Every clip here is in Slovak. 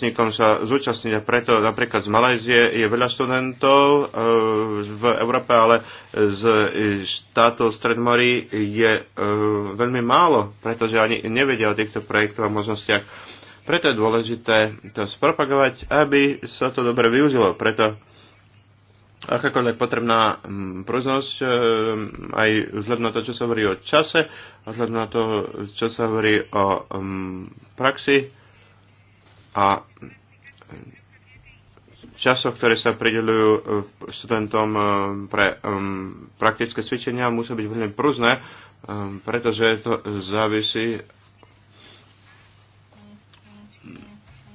účastníkom sa zúčastniť a preto napríklad z Malajzie je veľa študentov e, v Európe, ale z e, štátov Stredmory je e, veľmi málo, pretože ani nevedia o týchto projektoch a možnostiach. Preto je dôležité to spropagovať, aby sa to dobre využilo. Preto akákoľvek potrebná prúznosť, aj vzhľadom na to, čo sa hovorí o čase, a vzhľadom na to, čo sa hovorí o praxi, a časov, ktoré sa pridelujú e, študentom e, pre e, praktické cvičenia, musia byť veľmi prúzne, pretože to závisí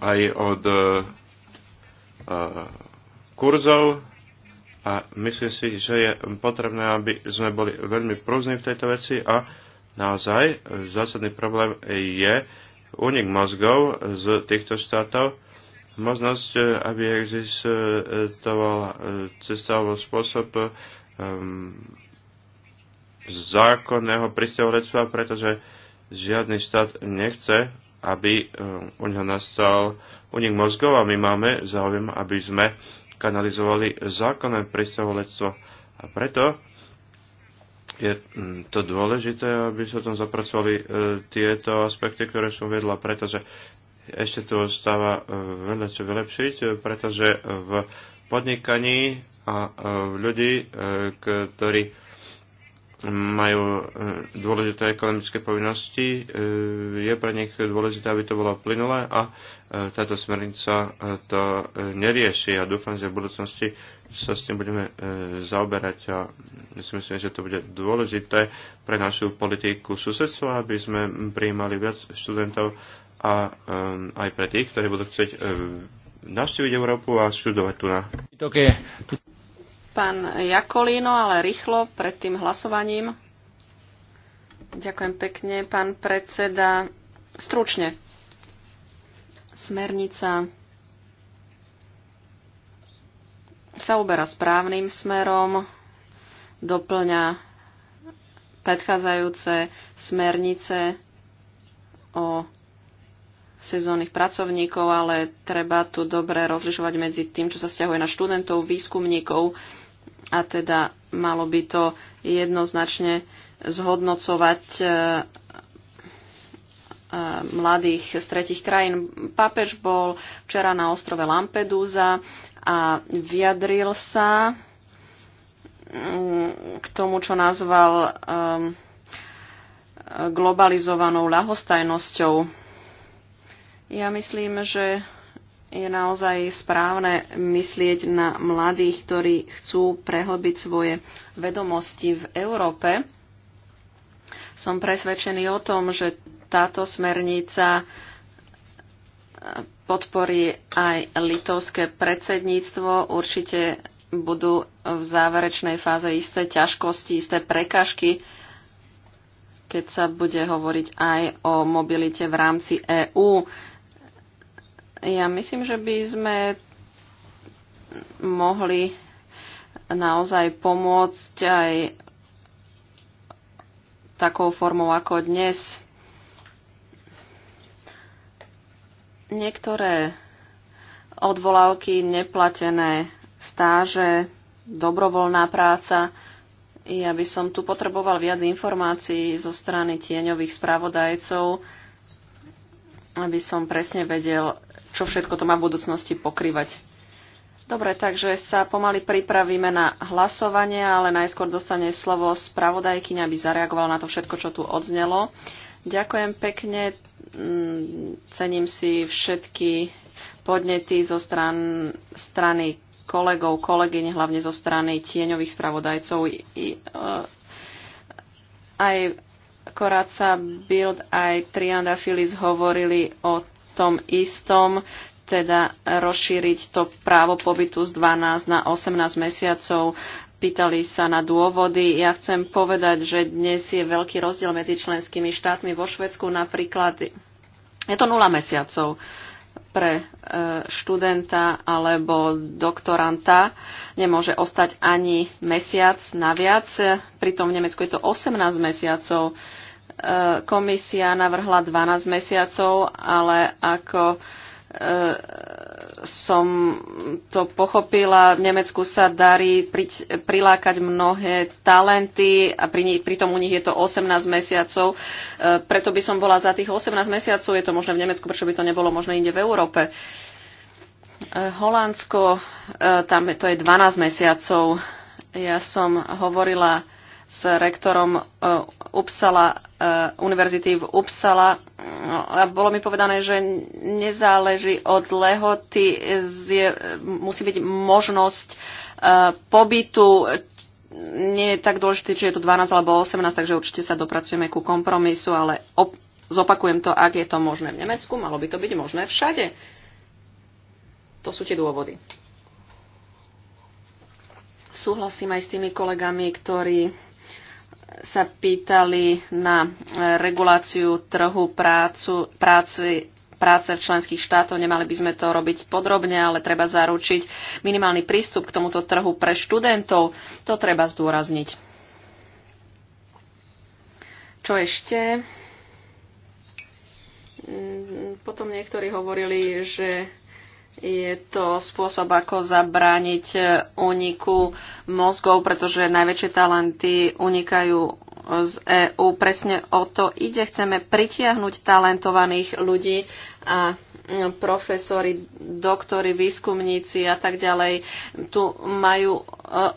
aj od kurzov a myslím si, že je potrebné, aby sme boli veľmi prúzni v tejto veci a naozaj zásadný problém je, únik mozgov z týchto štátov, možnosť, e, aby existoval e, cesta alebo spôsob um, zákonného pristavolectva, pretože žiadny štát nechce, aby um, u neho nastal unik mozgov a my máme záujem, aby sme kanalizovali zákonné pristavolectvo. A preto je mm, to dôležité, aby sa tam zapracovali e, tieto aspekty, ktoré som vedla, pretože ešte tu ostáva e, veľa čo vylepšiť, e, pretože v podnikaní a ľudí, ktorí majú dôležité ekonomické povinnosti, je pre nich dôležité, aby to bolo plynulé a táto smernica to nerieši a dúfam, že v budúcnosti sa s tým budeme e, zaoberať a si myslím, že to bude dôležité pre našu politiku susedstva, aby sme prijímali viac študentov a e, aj pre tých, ktorí budú chcieť e, navštíviť Európu a študovať tu na. Pán Jakolino, ale rýchlo pred tým hlasovaním. Ďakujem pekne, pán predseda. Stručne. Smernica sa uberá správnym smerom, doplňa predchádzajúce smernice o sezónnych pracovníkov, ale treba tu dobre rozlišovať medzi tým, čo sa stiahuje na študentov, výskumníkov a teda malo by to jednoznačne zhodnocovať E, mladých z tretich krajín. Papež bol včera na ostrove Lampedusa a vyjadril sa mm, k tomu, čo nazval globalizovanou ľahostajnosťou. Ja myslím, že je naozaj správne myslieť na mladých, ktorí chcú prehlbiť svoje vedomosti v Európe. Som presvedčený o tom, že táto smernica podporí aj litovské predsedníctvo. Určite budú v záverečnej fáze isté ťažkosti, isté prekažky, keď sa bude hovoriť aj o mobilite v rámci EÚ. Ja myslím, že by sme mohli naozaj pomôcť aj takou formou ako dnes Niektoré odvolávky, neplatené stáže, dobrovoľná práca. Ja by som tu potreboval viac informácií zo strany tieňových spravodajcov, aby som presne vedel, čo všetko to má v budúcnosti pokrývať. Dobre, takže sa pomaly pripravíme na hlasovanie, ale najskôr dostane slovo spravodajkyňa, aby zareagovala na to všetko, čo tu odznelo. Ďakujem pekne. Mm, cením si všetky podnety zo stran, strany kolegov, kolegyň, hlavne zo strany tieňových spravodajcov. I, uh, aj Koráca Bild, aj Trianda Filis hovorili o tom istom, teda rozšíriť to právo pobytu z 12 na 18 mesiacov Pýtali sa na dôvody. Ja chcem povedať, že dnes je veľký rozdiel medzi členskými štátmi. Vo Švedsku napríklad je to 0 mesiacov pre e, študenta alebo doktoranta. Nemôže ostať ani mesiac naviac. Pritom v Nemecku je to 18 mesiacov. E, komisia navrhla 12 mesiacov, ale ako e, som to pochopila, v Nemecku sa darí pri, prilákať mnohé talenty a pri, tom u nich je to 18 mesiacov. E, preto by som bola za tých 18 mesiacov, je to možné v Nemecku, prečo by to nebolo možné inde v Európe. E, Holandsko, e, tam to je 12 mesiacov. Ja som hovorila s rektorom e, Upsala, e, univerzity v Upsala. No, a bolo mi povedané, že nezáleží od lehoty, je, musí byť možnosť e, pobytu, nie je tak dôležité, či je to 12 alebo 18, takže určite sa dopracujeme ku kompromisu, ale op- zopakujem to, ak je to možné v Nemecku, malo by to byť možné všade. To sú tie dôvody. Súhlasím aj s tými kolegami, ktorí sa pýtali na e, reguláciu trhu prácu, práci, práce v členských štátoch. Nemali by sme to robiť podrobne, ale treba zaručiť minimálny prístup k tomuto trhu pre študentov. To treba zdôrazniť. Čo ešte? Mm, potom niektorí hovorili, že je to spôsob, ako zabrániť e, úniku mozgov, pretože najväčšie talenty unikajú z EÚ. Presne o to ide. Chceme pritiahnuť talentovaných ľudí a e, profesori, doktori, výskumníci a tak ďalej tu majú e,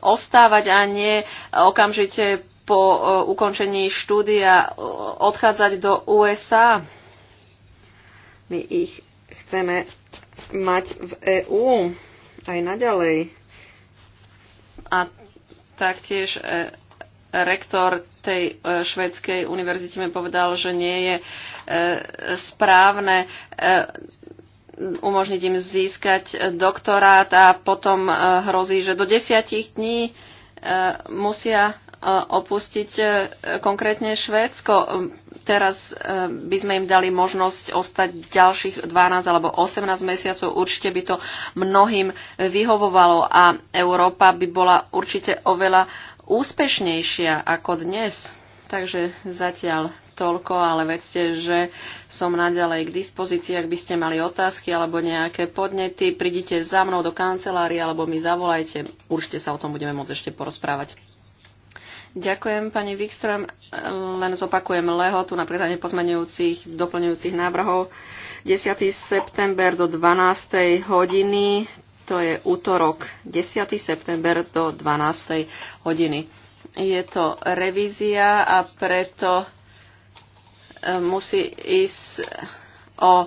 ostávať a nie okamžite po ukončení štúdia odchádzať do USA. My ich chceme mať v EÚ aj naďalej. A taktiež e, rektor tej e, švedskej univerzity mi povedal, že nie je e, správne umožniť im získať doktorát a potom hrozí, že do desiatich dní musia opustiť konkrétne Švédsko. Teraz e, by sme im dali možnosť ostať ďalších 12 alebo 18 mesiacov. Určite by to mnohým vyhovovalo a Európa by bola určite oveľa úspešnejšia ako dnes. Takže zatiaľ toľko, ale vedzte, že som naďalej k dispozícii, ak by ste mali otázky alebo nejaké podnety, prídite za mnou do kancelárie alebo mi zavolajte, určite sa o tom budeme môcť ešte porozprávať. Ďakujem pani Wikström. Len zopakujem leho, na predanie pozmenujúcich, doplňujúcich návrhov. 10. september do 12. hodiny, to je útorok 10. september do 12. hodiny. Je to revízia a preto e, musí ísť e, o e,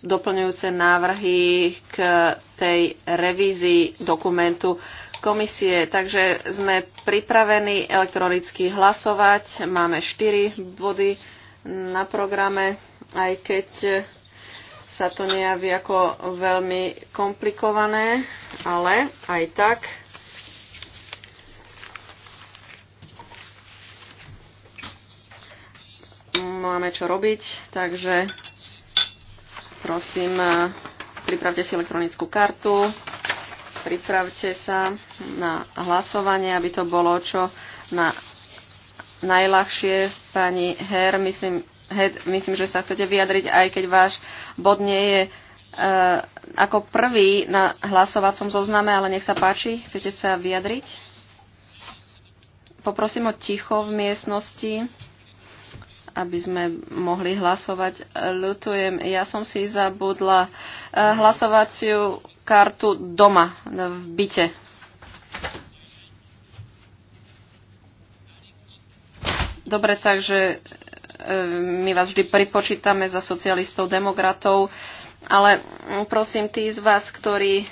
doplňujúce návrhy k tej revízii dokumentu, komisie. Takže sme pripravení elektronicky hlasovať. Máme 4 body na programe, aj keď sa to nejaví ako veľmi komplikované, ale aj tak máme čo robiť, takže prosím, pripravte si elektronickú kartu pripravte sa na hlasovanie, aby to bolo čo na najľahšie. Pani Her, myslím, Head, myslím, že sa chcete vyjadriť, aj keď váš bod nie je uh, ako prvý na hlasovacom zozname, ale nech sa páči, chcete sa vyjadriť? Poprosím o ticho v miestnosti aby sme mohli hlasovať. Ľutujem, ja som si zabudla eh, hlasovaciu kartu doma, eh, v byte. Dobre, takže eh, my vás vždy pripočítame za socialistov, demokratov, ale mm, prosím tí z vás, ktorí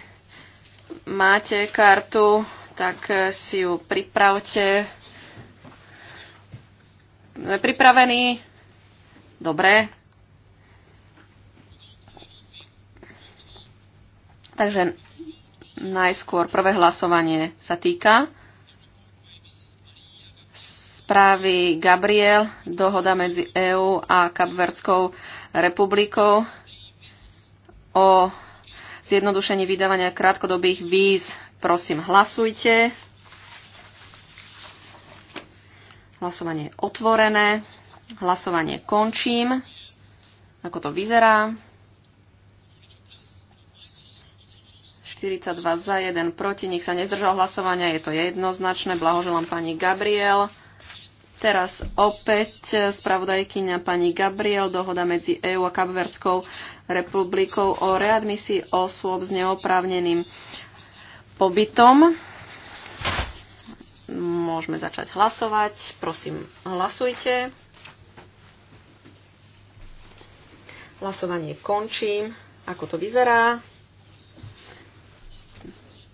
máte kartu, tak si ju pripravte sme pripravení? Dobre. Takže najskôr prvé hlasovanie sa týka správy Gabriel, dohoda medzi EÚ a Kapverdskou republikou o zjednodušení vydávania krátkodobých víz. Prosím, hlasujte. Hlasovanie je otvorené. Hlasovanie končím. Ako to vyzerá? 42 za, 1 proti. Nik sa nezdržal hlasovania. Je to jednoznačné. Blahoželám pani Gabriel. Teraz opäť spravodajkyňa pani Gabriel, dohoda medzi EÚ a Kapverdskou republikou o readmisii osôb s neoprávneným pobytom. Môžeme začať hlasovať. Prosím, hlasujte. Hlasovanie končím. Ako to vyzerá?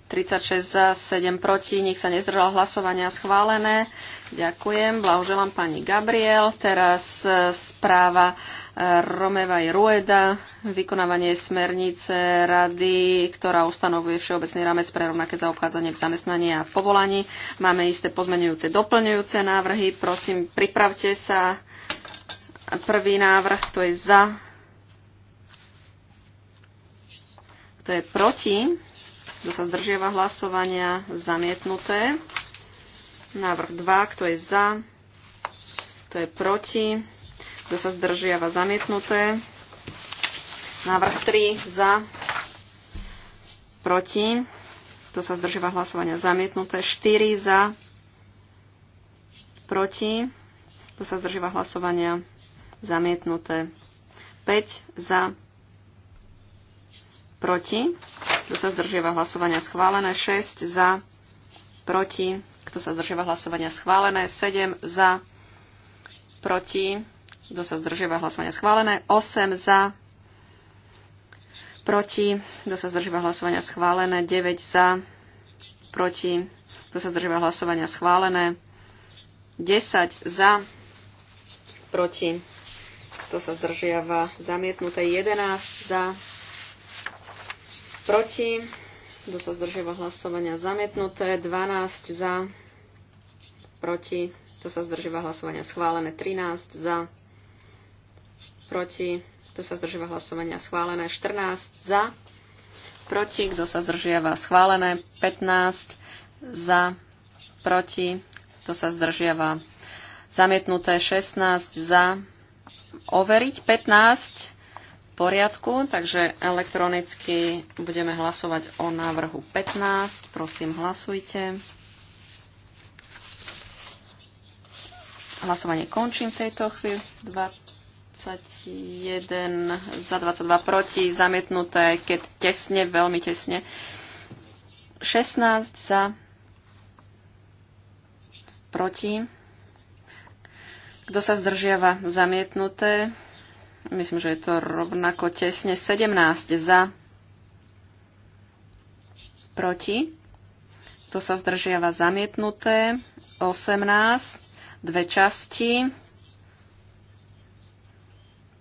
36 za, 7 proti, nik sa nezdržal hlasovania schválené. Ďakujem, blahoželám pani Gabriel. Teraz e, správa e, Romevaj Rueda, vykonávanie smernice rady, ktorá ustanovuje všeobecný ramec pre rovnaké zaobchádzanie v zamestnaní a v povolaní. Máme isté pozmenujúce, doplňujúce návrhy. Prosím, pripravte sa. Prvý návrh, kto je za, kto je proti, kto sa zdržiava hlasovania, zamietnuté. Návrh 2, kto je za, kto je proti, kto sa zdržiava zamietnuté. Návrh 3 za, proti, kto sa zdržiava hlasovania zamietnuté. 4 za, proti, kto sa zdržiava hlasovania zamietnuté. 5 za, proti, kto sa zdržiava hlasovania schválené. 6 za, proti, kto sa zdržiava hlasovania schválené? 7 za. Proti. Kto sa zdržiava hlasovania schválené? 8 za. Proti. Kto sa zdržiava hlasovania schválené? 9 za. Proti. Kto sa zdržiava hlasovania schválené? 10 za. Proti. Kto sa zdržiava zamietnuté? 11 za. Proti. Kto sa zdržiava hlasovania? Zamietnuté. 12 za. Proti. Kto sa zdržiava hlasovania? Schválené. 13 za. Proti. Kto sa zdržiava hlasovania? Schválené. 14 za. Proti. Kto sa zdržiava? Schválené. 15 za. Proti. Kto sa zdržiava? Zamietnuté. 16 za. Overiť. 15 poriadku, takže elektronicky budeme hlasovať o návrhu 15. Prosím, hlasujte. Hlasovanie končím v tejto chvíli. 21 za 22 proti, zamietnuté, keď tesne, veľmi tesne. 16 za proti. Kto sa zdržiava? Zamietnuté. Myslím, že je to rovnako tesne 17 za, proti. To sa zdržiava zamietnuté. 18, dve časti.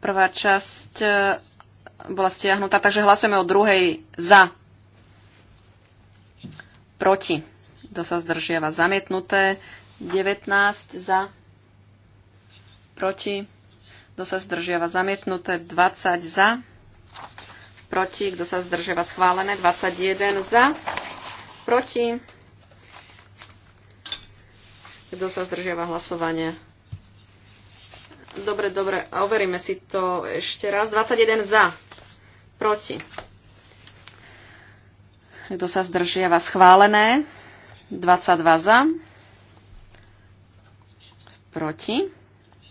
Prvá časť e, bola stiahnutá, takže hlasujeme o druhej za. Proti. To sa zdržiava zamietnuté. 19 za. Proti kto sa zdržiava zamietnuté, 20 za, proti, kto sa zdržiava schválené, 21 za, proti, kto sa zdržiava hlasovanie. Dobre, dobre, overíme si to ešte raz. 21 za, proti. Kto sa zdržiava schválené, 22 za, proti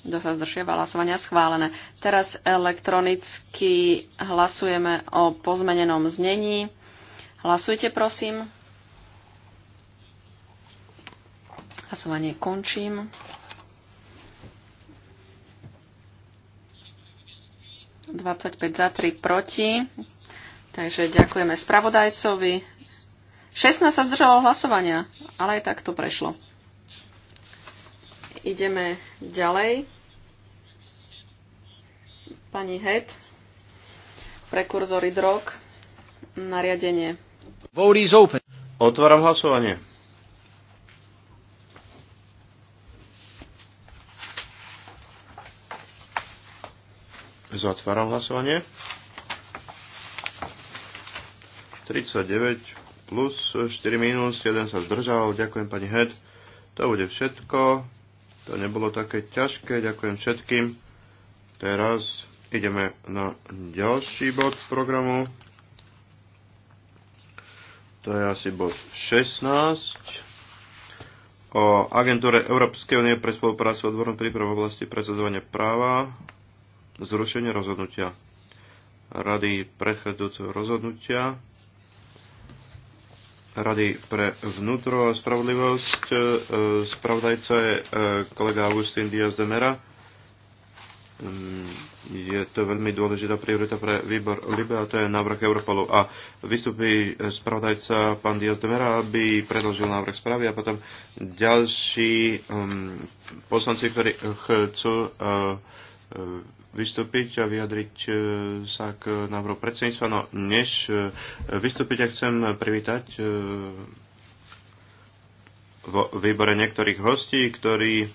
kto sa zdržiava hlasovania schválené. Teraz elektronicky hlasujeme o pozmenenom znení. Hlasujte prosím. Hlasovanie končím. 25 za 3 proti. Takže ďakujeme spravodajcovi. 16 sa zdržalo hlasovania, ale aj tak to prešlo. Ideme ďalej pani Het, prekurzory drog, nariadenie. Vote is open. Otváram hlasovanie. Zatváram hlasovanie. 39 plus 4 minus, 1 sa zdržal. Ďakujem pani Head. To bude všetko. To nebolo také ťažké. Ďakujem všetkým. Teraz Ideme na ďalší bod programu. To je asi bod 16 o agentúre Európskej únie pre spoluprácu odbornú prípravu v oblasti predsedovania práva, zrušenie rozhodnutia Rady prechádzajúceho rozhodnutia Rady pre vnútro a spravodlivosť. E, spravodajca je e, kolega Agustín Díaz de Mera Mm, je to veľmi dôležitá priorita pre výbor Libe a to je návrh Europolu. A vystupí spravodajca pán Diaz Demera, aby predložil návrh správy a potom ďalší um, poslanci, ktorí chcú uh, vystúpiť a vyjadriť e, sa k návrhu predsedníctva. No než vystúpiť, ja chcem privítať vo výbore niektorých hostí, ktorí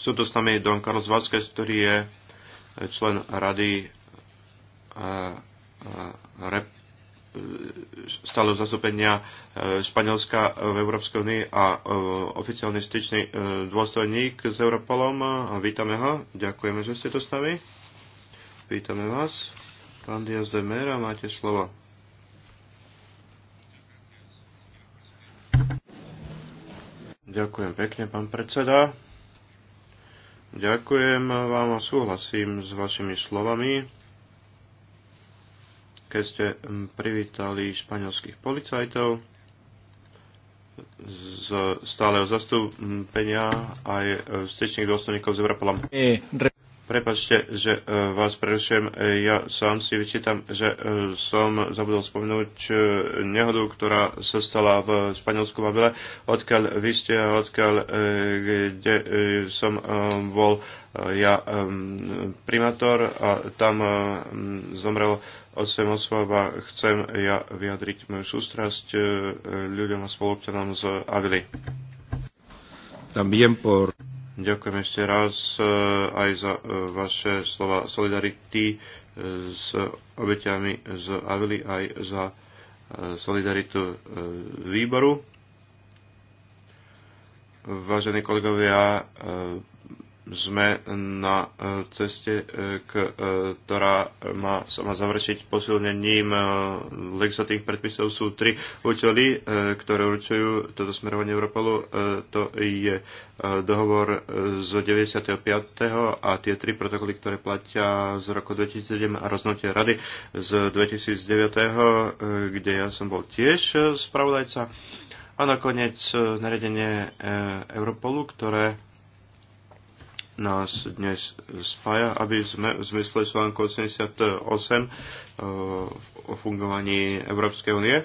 sú to s nami Don Carlos Vázquez, ktorý je eh, člen rady eh, eh, stáleho zastúpenia Španielska v Európskej únii a oficiálny styčný dôstojník s Europolom. Vítame ho. Ďakujeme, že ste to s nami. Vítame vás. Pán Diaz de Mera, máte slovo. Ďakujem pekne, pán predseda. Ďakujem vám a súhlasím s vašimi slovami, keď ste privítali španielských policajtov z stáleho zastúpenia aj e, stečných dôstojníkov z Europolom. Eh, Prepačte, že e, vás prerušujem. E, ja sám si vyčítam, že e, som zabudol spomenúť nehodu, ktorá sa stala v Španielsku Babile, odkiaľ vy ste a odkiaľ kde som bol ja primátor a tam zomrel 8 osôb a chcem ja vyjadriť moju sústrasť ľuďom a spolupčanom z Avily. También por Ďakujem ešte raz e, aj za e, vaše slova solidarity e, s obeťami z Avily, aj za solidaritu výboru. Vážení kolegovia, sme na e, ceste, e, e, ktorá má sa má završiť posilnením legislatívnych predpisov. Sú tri účely, ktoré určujú toto smerovanie Europolu. To je dohovor z 95. a tie tri protokoly, ktoré platia z roku 2007 a roznotie rady z 2009, kde ja som bol tiež spravodajca. A nakoniec nariadenie Europolu, ktoré nás dnes spája, aby sme v zmysle článku 88 o fungovaní Európskej únie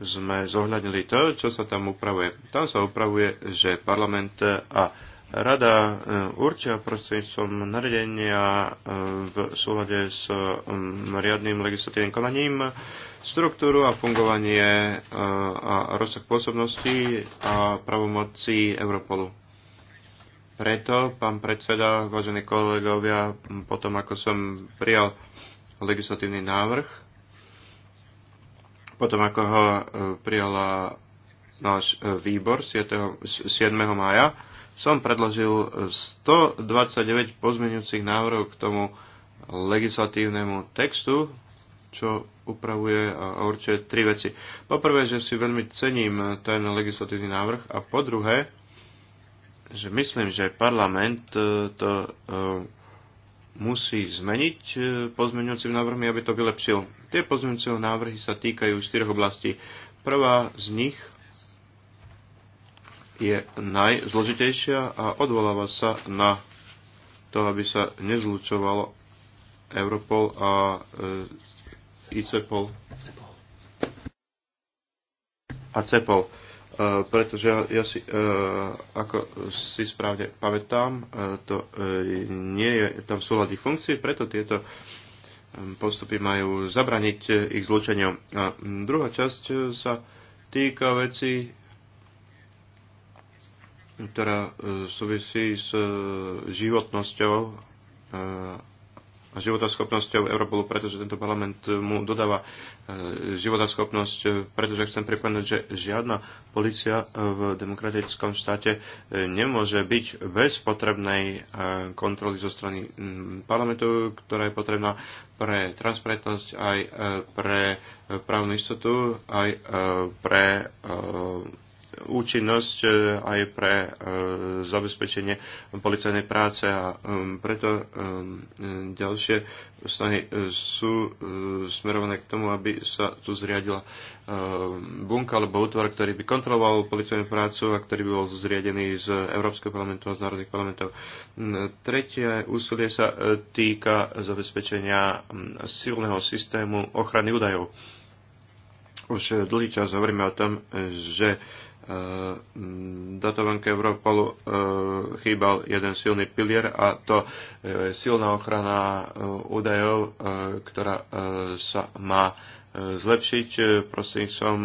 sme zohľadnili to, čo sa tam upravuje. Tam sa upravuje, že parlament a rada e, určia prostredníctvom naredenia e, v súlade s e, riadnym legislatívnym konaním štruktúru a fungovanie a rozsah pôsobnosti a pravomocí Europolu. Preto, pán predseda, vážení kolegovia, potom ako som prijal legislatívny návrh, potom ako ho e, prijala náš e, výbor 7. mája, som predložil 129 pozmeňujúcich návrhov k tomu legislatívnemu textu, čo upravuje a určuje tri veci. Poprvé, že si veľmi cením ten legislatívny návrh a po druhé, že myslím, že parlament e, to e, musí zmeniť e, pozmeňujúcim návrhmi, aby to vylepšil. Tie pozmeňujúce návrhy sa týkajú štyroch oblastí. Prvá z nich je najzložitejšia a odvoláva sa na to, aby sa nezlučovalo Europol a ICEPOL a CEPOL. Eh, pretože ja, ja si, eh, ako si správne pamätám, eh, to nie je tam súľad ich funkcií, preto tieto postupy majú zabraniť ich zlučeniu. A mm, druhá časť sa týka veci, ktorá súvisí s životnosťou životaschopnosťou Europolu, pretože tento parlament mu dodáva e, životaschopnosť, e, pretože chcem pripomenúť, že žiadna policia v demokratickom štáte e, nemôže byť bez potrebnej kontroly zo strany parlamentu, ktorá je potrebná pre transparentnosť, aj pre právnu istotu, aj pre účinnosť e, aj pre e, zabezpečenie policajnej práce a um, preto um, e, ďalšie snahy sú smerované k tomu, aby sa tu zriadila bunka alebo útvar, ktorý by kontroloval policajnú prácu a ktorý by bol zriadený z Európskeho parlamentu a z národných parlamentov. Tretie úsilie sa týka zabezpečenia silného systému ochrany údajov. Už dlhý čas hovoríme o tom, že v ehm, Europolu ehm, chýbal jeden silný pilier a to je ehm, silná ochrana údajov, ktorá sa má zlepšiť prostredníctvom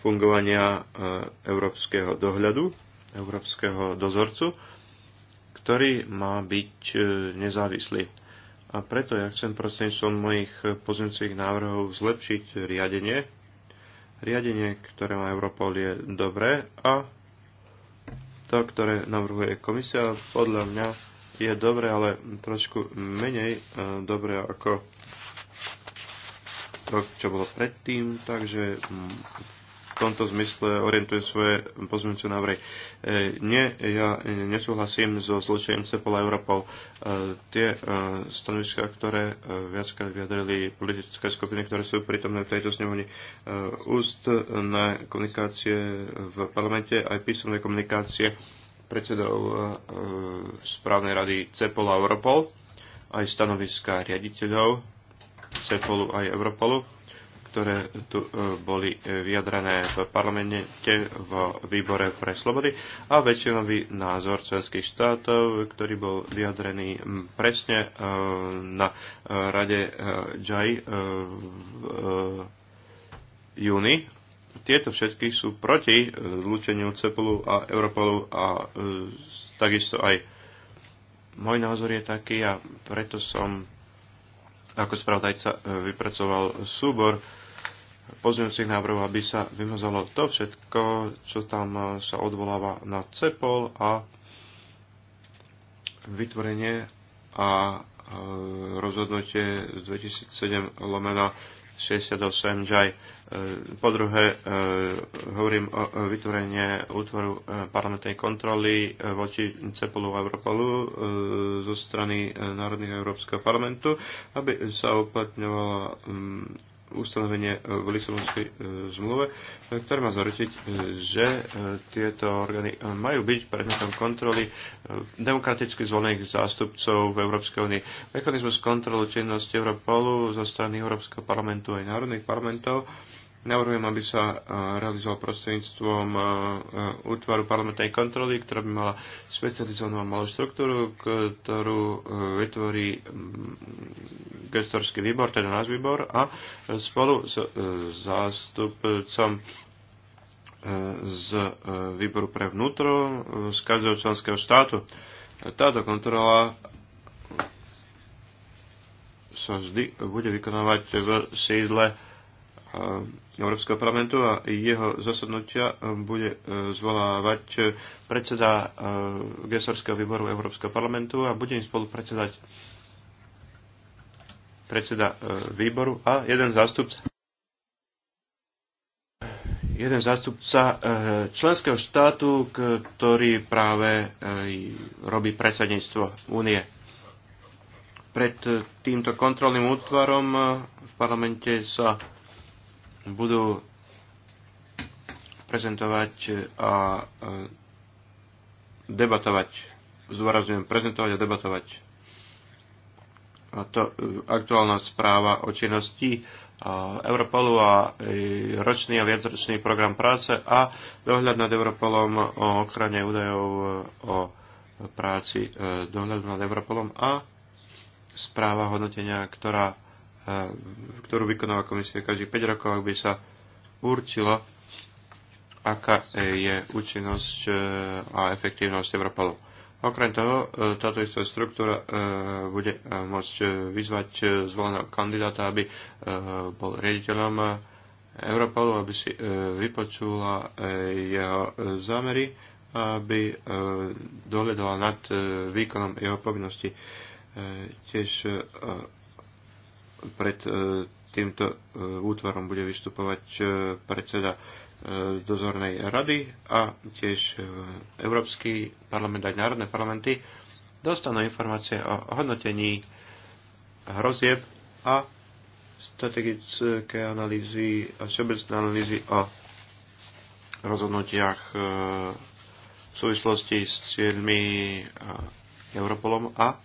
fungovania európskeho dohľadu, európskeho dozorcu, ktorý má byť nezávislý. A preto ja chcem prostredníctvom mojich pozemcích návrhov zlepšiť riadenie Riadenie, ktoré má Europol, je dobré a to, ktoré navrhuje komisia, podľa mňa je dobré, ale trošku menej e, dobré ako to, čo bolo predtým, takže mm, v tomto zmysle orientuje svoje pozmeňujúce návrhy. E, nie, ja nesúhlasím so zločením Cepola a Europol. E, tie e, stanoviská, ktoré viackrát vyjadrili politické skupiny, ktoré sú prítomné v tejto snemovni, ústne komunikácie v parlamente, aj písomné komunikácie predsedov správnej rady Cepola Europol, aj stanoviska riaditeľov CEPOLu aj Europolu ktoré tu e, boli e, vyjadrané v parlamente v výbore pre slobody a väčšinový názor členských štátov, ktorý bol vyjadrený presne e, na rade JAI v júni tieto všetky sú proti zlúčeniu Cepolu a Europolu a takisto aj môj názor je taký a preto som ako spravodajca vypracoval súbor pozmeňujúcich návrhov, aby sa vymazalo to všetko, čo tam e, sa odvoláva na CEPOL a vytvorenie a e, rozhodnutie z 2007 lomena 68 ďaj. E, po druhé, hovorím o vytvorenie útvoru parlamentnej kontroly voči CEPOLu a Europolu zo strany Národného Európskeho parlamentu, aby sa uplatňovala mm, ustanovenie e, v Lisabonskej e, zmluve, e, ktoré má zaručiť, že tieto orgány majú byť predmetom kontroly demokraticky zvolených zástupcov v Európskej únii. Mechanizmus kontrolu činnosti Europolu zo strany Európskeho parlamentu aj národných parlamentov Navrhujem, aby sa eh, realizoval prostredníctvom eh, eh, útvaru parlamentnej kontroly, ktorá by mala specializovanú malú štruktúru, ktorú vytvorí mm, gestorský výbor, teda náš výbor, a spolu s zástupcom z výboru pre vnútro z každého členského štátu. Táto kontrola sa vždy bude vykonávať v sídle Európskeho parlamentu a jeho zasadnutia e, bude e, zvolávať e, predseda gestorského výboru Európskeho parlamentu a bude im spolu predsedať predseda výboru a jeden zástupca jeden zástupca členského štátu, ktorý práve robí predsedníctvo únie. Pred týmto kontrolným útvarom v parlamente sa budú prezentovať a debatovať. Zdôrazňujem, prezentovať a debatovať. A to e, aktuálna správa o činnosti e, Europolu a e, ročný a viacročný program práce a dohľad nad Europolom o ochrane údajov o práci dohľadu nad Europolom a správa hodnotenia, ktorá ktorú vykonáva komisia každých 5 rokov, aby by sa určilo, aká je účinnosť e, a efektívnosť Europolu. Okrem toho, e, táto istá struktúra e, bude môcť vyzvať zvoleného kandidáta, aby bol riaditeľom Europolu, aby si vypočula jeho zámery, aby dohľadala nad výkonom jeho povinnosti. Tiež pred e, týmto e, útvarom bude vystupovať e, predseda dozornej rady a tiež Európsky parlament aj národné parlamenty dostanú informácie o hodnotení hrozieb a strategické analýzy a všeobecné analýzy o rozhodnutiach v súvislosti s cieľmi Europolom a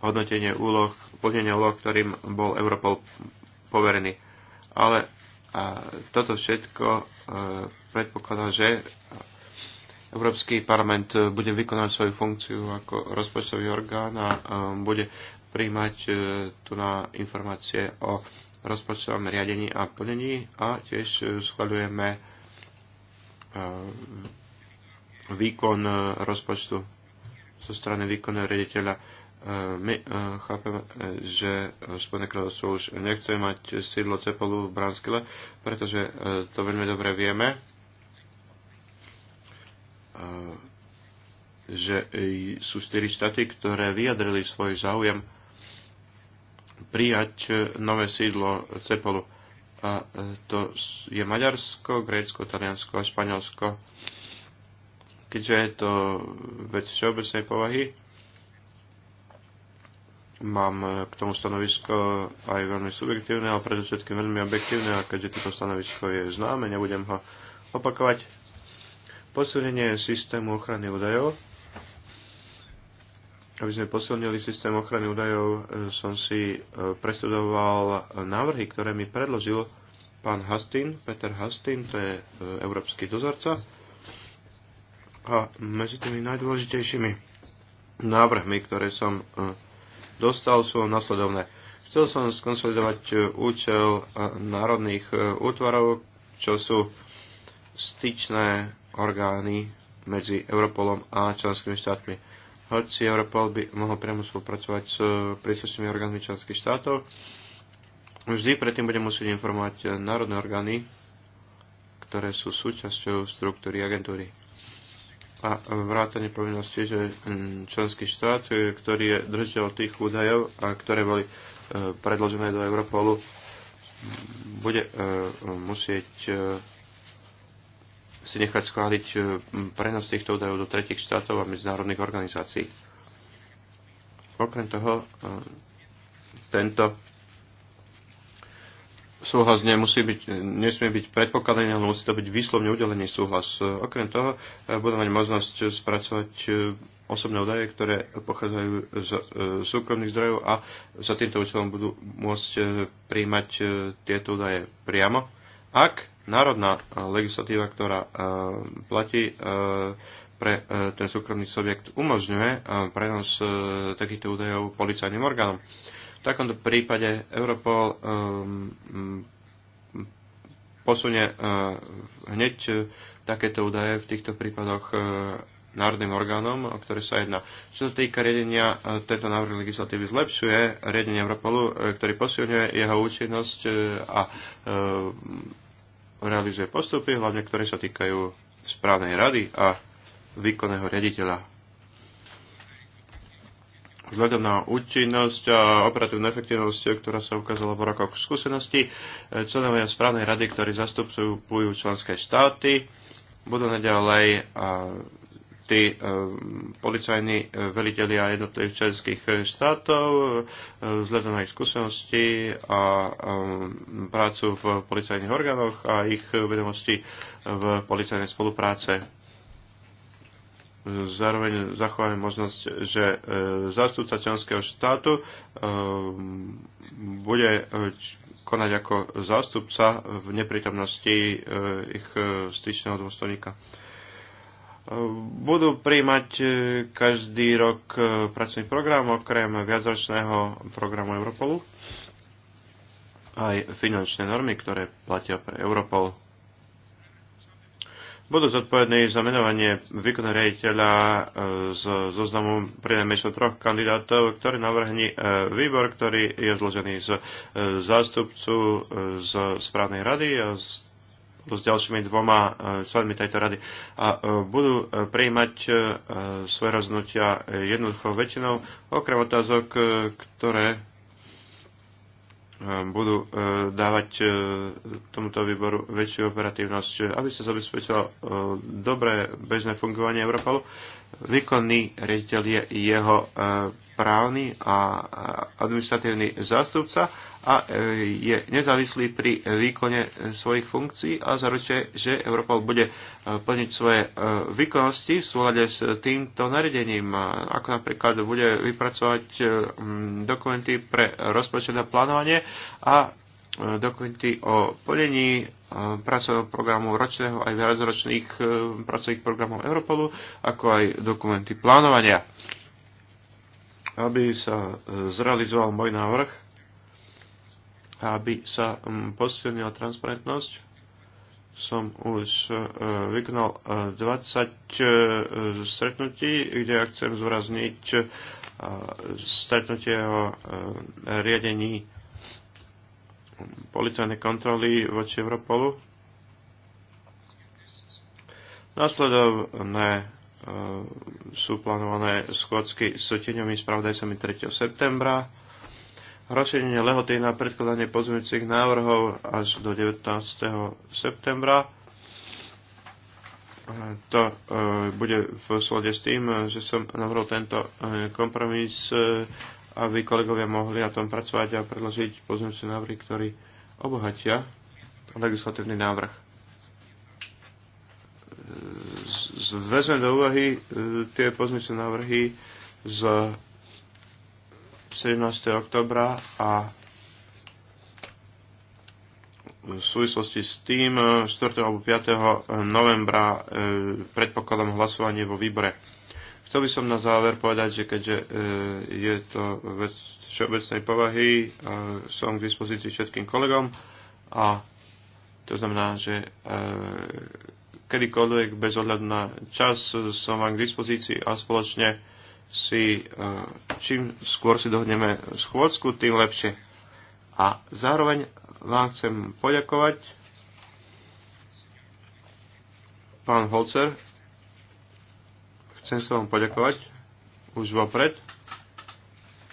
hodnotenie úloh, plnenia úloh, ktorým bol Europol poverený. Ale a toto všetko e, predpokladá, že Európsky parlament bude vykonať svoju funkciu ako rozpočtový orgán a e, bude príjmať e, tu na informácie o rozpočtovom riadení a plnení a tiež schvaľujeme e, výkon e, rozpočtu zo strany výkonného riaditeľa E, my e, chápeme, e, že Spojené kráľovstvo už nechce mať sídlo Cepolu v Branskile, pretože to veľmi dobre vieme, že sú štyri štáty, ktoré vyjadrili svoj záujem prijať nové sídlo Cepolu. A to je Maďarsko, Grécko, Taliansko a Španielsko. Keďže je to vec všeobecnej povahy, mám eh, k tomu stanovisko aj veľmi subjektívne, ale predovšetkým veľmi objektívne a keďže toto stanovisko je známe, nebudem ho opakovať. Posilnenie systému ochrany údajov. Aby sme posilnili systém ochrany údajov, eh, som si eh, prestudoval návrhy, ktoré mi predložil pán Hastin, Peter Hastin, to je európsky dozorca. A medzi tými najdôležitejšími návrhmi, ktoré som dostal, sú nasledovné. Chcel som skonsolidovať e, účel e, národných e, útvarov, čo sú styčné orgány medzi Europolom a členskými štátmi. Hoci Europol by mohol priamo spolupracovať s príslušnými orgánmi členských štátov, vždy predtým bude musieť informovať národné orgány, ktoré sú súčasťou štruktúry agentúry a vrátanie povinnosti, že mm, členský štát, e, ktorý je držiteľ tých údajov, a ktoré boli e, predložené do Europolu, bude e, musieť si nechať skladiť prenos týchto údajov do tretich štátov a medzinárodných organizácií. Okrem toho, tento súhlas nemusí byť, nesmie byť predpokladaný, ale musí to byť výslovne udelený súhlas. Okrem toho eh, budú mať možnosť spracovať eh, osobné údaje, ktoré pochádzajú z eh, súkromných zdrojov a za týmto účelom budú môcť príjmať tieto údaje priamo, ak národná legislatíva, ktorá platí pre ten súkromný subjekt, umožňuje prenos takýchto údajov policajným orgánom. V takomto prípade Europol um, mm, posunie uh, hneď uh, takéto údaje v týchto prípadoch uh, národným orgánom, o ktoré sa jedná. Čo sa týka riadenia, uh, tento návrh legislatívy zlepšuje riadenie Europolu, uh, ktorý posilňuje jeho účinnosť a realizuje postupy, hlavne ktoré sa týkajú správnej rady a výkonného riaditeľa vzhľadom na účinnosť a operatívnu efektivnosť, ktorá sa ukázala v rokoch skúsenosti. Eh, členovia správnej rady, ktorí zastupujú členské štáty, budú naďalej eh, tí eh, policajní velitelia jednotlivých členských štátov vzhľadom na ich skúsenosti a prácu v policajných orgánoch a ich vedomosti v policajnej spolupráce zároveň zachováme možnosť, že e, zástupca členského štátu e, bude e, konať ako zástupca v neprítomnosti ich styčného dôstojníka. Budú príjmať každý rok pracovný program okrem viacročného programu Europolu aj finančné normy, ktoré platia pre Europol budú zodpovední za menovanie výkonného riaditeľa e, z zoznamu prinajmenšie troch kandidátov, ktorý navrhne výbor, ktorý je zložený z e, zástupcu e, z správnej rady a z s ďalšími dvoma členmi tejto rady a budú prijímať svoje rozhodnutia jednoduchou väčšinou, okrem otázok, ktoré Eh, budú eh, dávať eh, tomuto výboru väčšiu operatívnosť, aby sa zabezpečilo dobré bežné fungovanie Europolu. Výkonný riaditeľ je jeho právny a administratívny zástupca a e, je nezávislý pri výkone e, svojich funkcií a zaručuje, že Europol bude e, plniť svoje výkonnosti v súlade s týmto nariadením, ako napríklad bude vypracovať dokumenty pre rozpočet a plánovanie a dokumenty o plnení pracovného programu ročného aj viacročných pracovných programov Europolu, ako aj dokumenty plánovania. Aby sa zrealizoval môj návrh, aby sa um, posilnila transparentnosť som už uh, vykonal 20 uh, uh, stretnutí, kde ja chcem zvrazniť stretnutie o riadení um, policajnej kontroly voči Europolu. Následovné sú plánované schôdzky s tieňovými spravdajcami 3. septembra rozšírenie lehoty na predkladanie pozmeňujúcich návrhov až do 19. septembra. To e, bude v slode s tým, že som navrhol tento e, kompromis, e, aby kolegovia mohli na tom pracovať a predložiť pozmeňujúce návrhy, ktorí obohatia legislatívny návrh. Zvezme do úvahy tie pozmeňujúce návrhy z 17. oktobra a v súvislosti s tým 4. E, alebo 5. novembra e, predpokladám hlasovanie vo výbore. Chcel by som na záver povedať, že keďže e, je to vec všeobecnej povahy, som k dispozícii všetkým kolegom a to znamená, že kedykoľvek bez ohľadu na čas som vám k dispozícii a spoločne si, e, čím skôr si dohodneme schôdzku, tým lepšie. A zároveň vám chcem poďakovať, pán Holcer, chcem sa vám poďakovať už vopred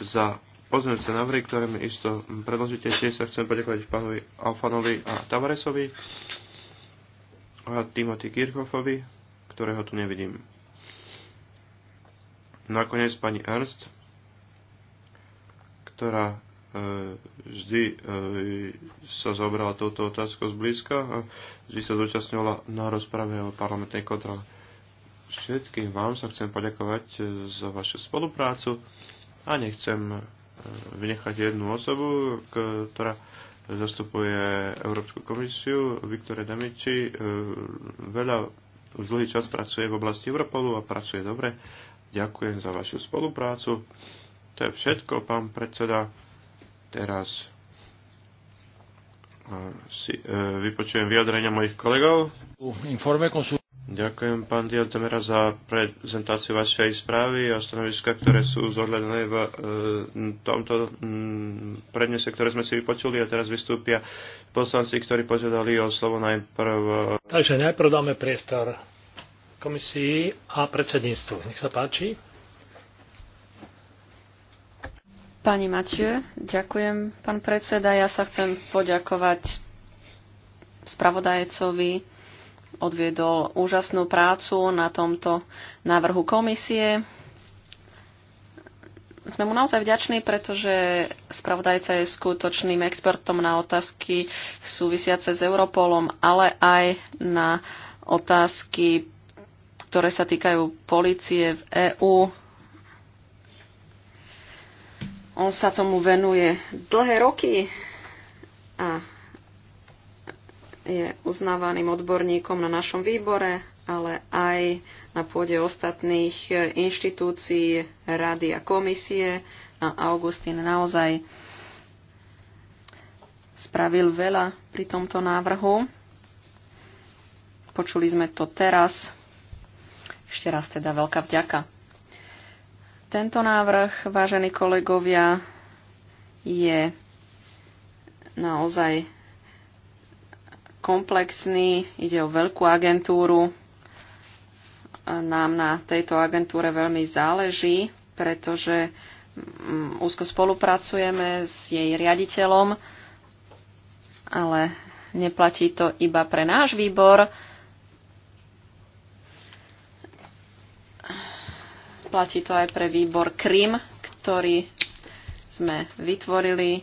za pozmeňujúce návrhy, ktoré mi isto predložíte. Tiež sa chcem poďakovať pánovi Alfanovi a Tavaresovi a Timothy Kirchhoffovi, ktorého tu nevidím nakoniec pani Ernst, ktorá e, vždy e, sa zobrala touto otázkou zblízka a vždy sa zúčastňovala na rozprave o parlamentnej kontrole. Všetkým vám sa chcem poďakovať e, za vašu spoluprácu a nechcem vynechať jednu osobu, ktorá zastupuje Európsku komisiu, Viktore Damiči, veľa už dlhý čas pracuje v oblasti Europolu a pracuje dobre Ďakujem za vašu spoluprácu. To je všetko, pán predseda. Teraz e, si e, vypočujem vyjadrenia mojich kolegov. Ďakujem, pán Diatemera, za prezentáciu vašej správy a stanoviska, ktoré sú zohľadené v e, tomto prednese, ktoré sme si vypočuli a teraz vystúpia poslanci, ktorí požiadali o slovo najprv. Takže najprv dáme priestor komisii a predsedníctvu. Nech sa páči. Pani Matie, ďakujem, pán predseda. Ja sa chcem poďakovať spravodajcovi. Odviedol úžasnú prácu na tomto návrhu komisie. Sme mu naozaj vďační, pretože spravodajca je skutočným expertom na otázky súvisiace s Europolom, ale aj na otázky ktoré sa týkajú policie v EÚ. On sa tomu venuje dlhé roky a je uznávaným odborníkom na našom výbore, ale aj na pôde ostatných inštitúcií, rady a komisie. A Augustín naozaj spravil veľa pri tomto návrhu. Počuli sme to teraz. Ešte raz teda veľká vďaka. Tento návrh, vážení kolegovia, je naozaj komplexný, ide o veľkú agentúru. Nám na tejto agentúre veľmi záleží, pretože mm, úzko spolupracujeme s jej riaditeľom, ale neplatí to iba pre náš výbor, Platí to aj pre výbor Krim, ktorý sme vytvorili.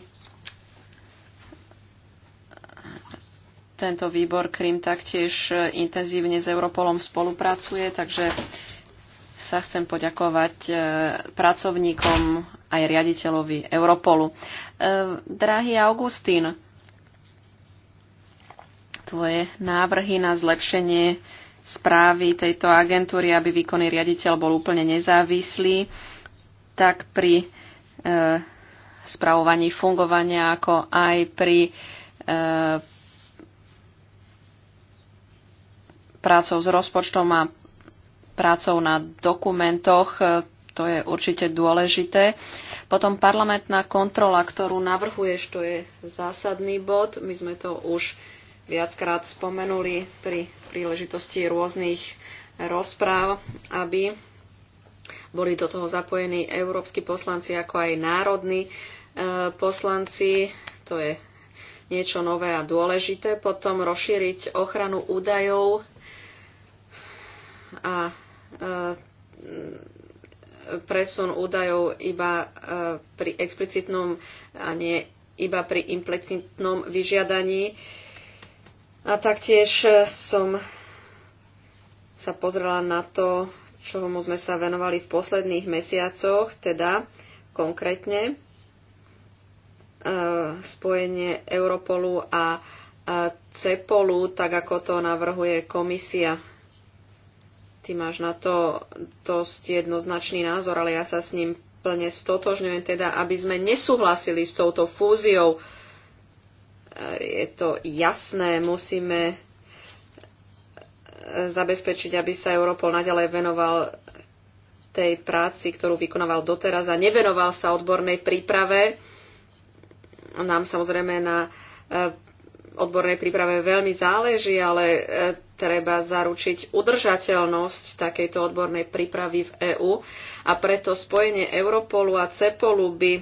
Tento výbor Krim taktiež intenzívne s Europolom spolupracuje, takže sa chcem poďakovať e, pracovníkom aj riaditeľovi Europolu. E, drahý Augustín, tvoje návrhy na zlepšenie správy tejto agentúry, aby výkonný riaditeľ bol úplne nezávislý, tak pri e, spravovaní fungovania, ako aj pri e, prácou s rozpočtom a prácou na dokumentoch. E, to je určite dôležité. Potom parlamentná kontrola, ktorú navrhuješ, to je zásadný bod. My sme to už viackrát spomenuli pri príležitosti rôznych rozpráv, aby boli do toho zapojení európsky poslanci ako aj národní e, poslanci. To je niečo nové a dôležité. Potom rozšíriť ochranu údajov a e, presun údajov iba e, pri explicitnom a nie iba pri implicitnom vyžiadaní a taktiež eh, som sa pozrela na to, čomu sme sa venovali v posledných mesiacoch, teda konkrétne eh, spojenie Europolu a eh, CEPOLu, tak ako to navrhuje komisia. Ty máš na to dosť jednoznačný názor, ale ja sa s ním plne stotožňujem, teda aby sme nesúhlasili s touto fúziou je to jasné, musíme eh, zabezpečiť, aby sa Europol naďalej venoval tej práci, ktorú vykonával doteraz a nevenoval sa odbornej príprave. Nám samozrejme na eh, odbornej príprave veľmi záleží, ale eh, treba zaručiť udržateľnosť takejto odbornej prípravy v EÚ a preto spojenie Europolu a CEPOLu by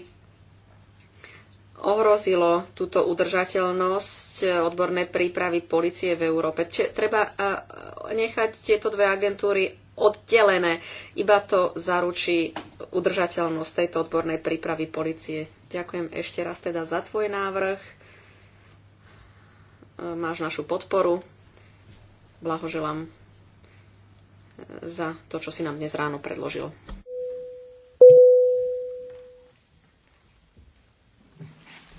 ohrozilo túto udržateľnosť odbornej prípravy policie v Európe. Čiže treba e, nechať tieto dve agentúry oddelené. Iba to zaručí udržateľnosť tejto odbornej prípravy policie. Ďakujem ešte raz teda za tvoj návrh. E, máš našu podporu. Blahoželám e, za to, čo si nám dnes ráno predložil.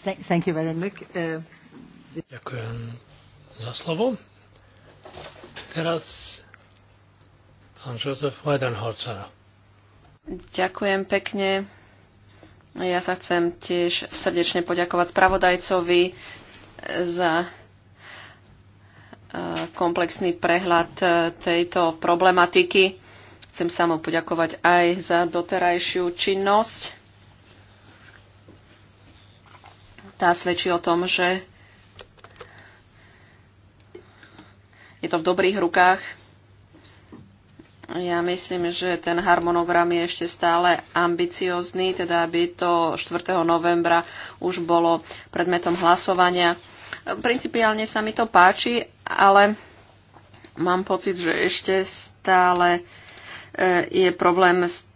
Thank you very much. Uh, Ďakujem za slovo. Teraz pán Josef Weidenholzer. Ďakujem pekne. Ja sa chcem tiež srdečne poďakovať spravodajcovi za e, komplexný prehľad e, tejto problematiky. Chcem sa mu poďakovať aj za doterajšiu činnosť tá svedčí o tom, že je to v dobrých rukách. Ja myslím, že ten harmonogram je ešte stále ambiciózny, teda aby to 4. novembra už bolo predmetom hlasovania. Principiálne sa mi to páči, ale mám pocit, že ešte stále e, je problém s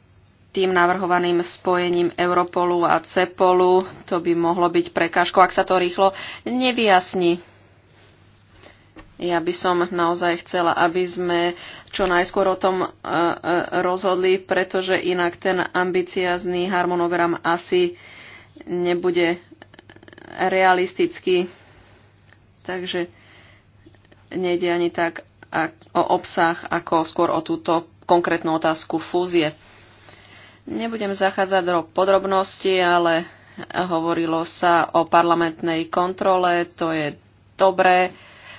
tým navrhovaným spojením Europolu a Cepolu. To by mohlo byť prekážko, ak sa to rýchlo nevyjasní. Ja by som naozaj chcela, aby sme čo najskôr o tom e, e, rozhodli, pretože inak ten ambiciazný harmonogram asi nebude realistický. Takže nejde ani tak o obsah, ako skôr o túto konkrétnu otázku fúzie. Nebudem zachádzať do podrobnosti, ale hovorilo sa o parlamentnej kontrole, to je dobré.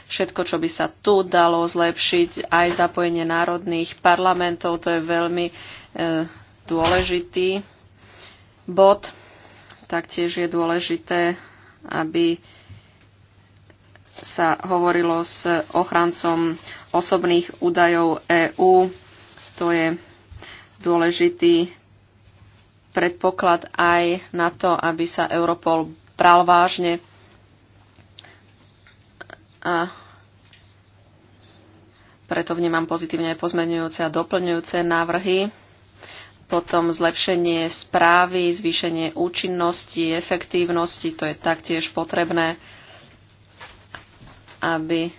Všetko, čo by sa tu dalo zlepšiť, aj zapojenie národných parlamentov, to je veľmi e, dôležitý bod. Taktiež je dôležité, aby sa hovorilo s ochrancom osobných údajov EÚ. To je dôležitý predpoklad aj na to, aby sa Europol bral vážne a preto vnímam pozitívne aj pozmenujúce a doplňujúce návrhy. Potom zlepšenie správy, zvýšenie účinnosti, efektívnosti, to je taktiež potrebné, aby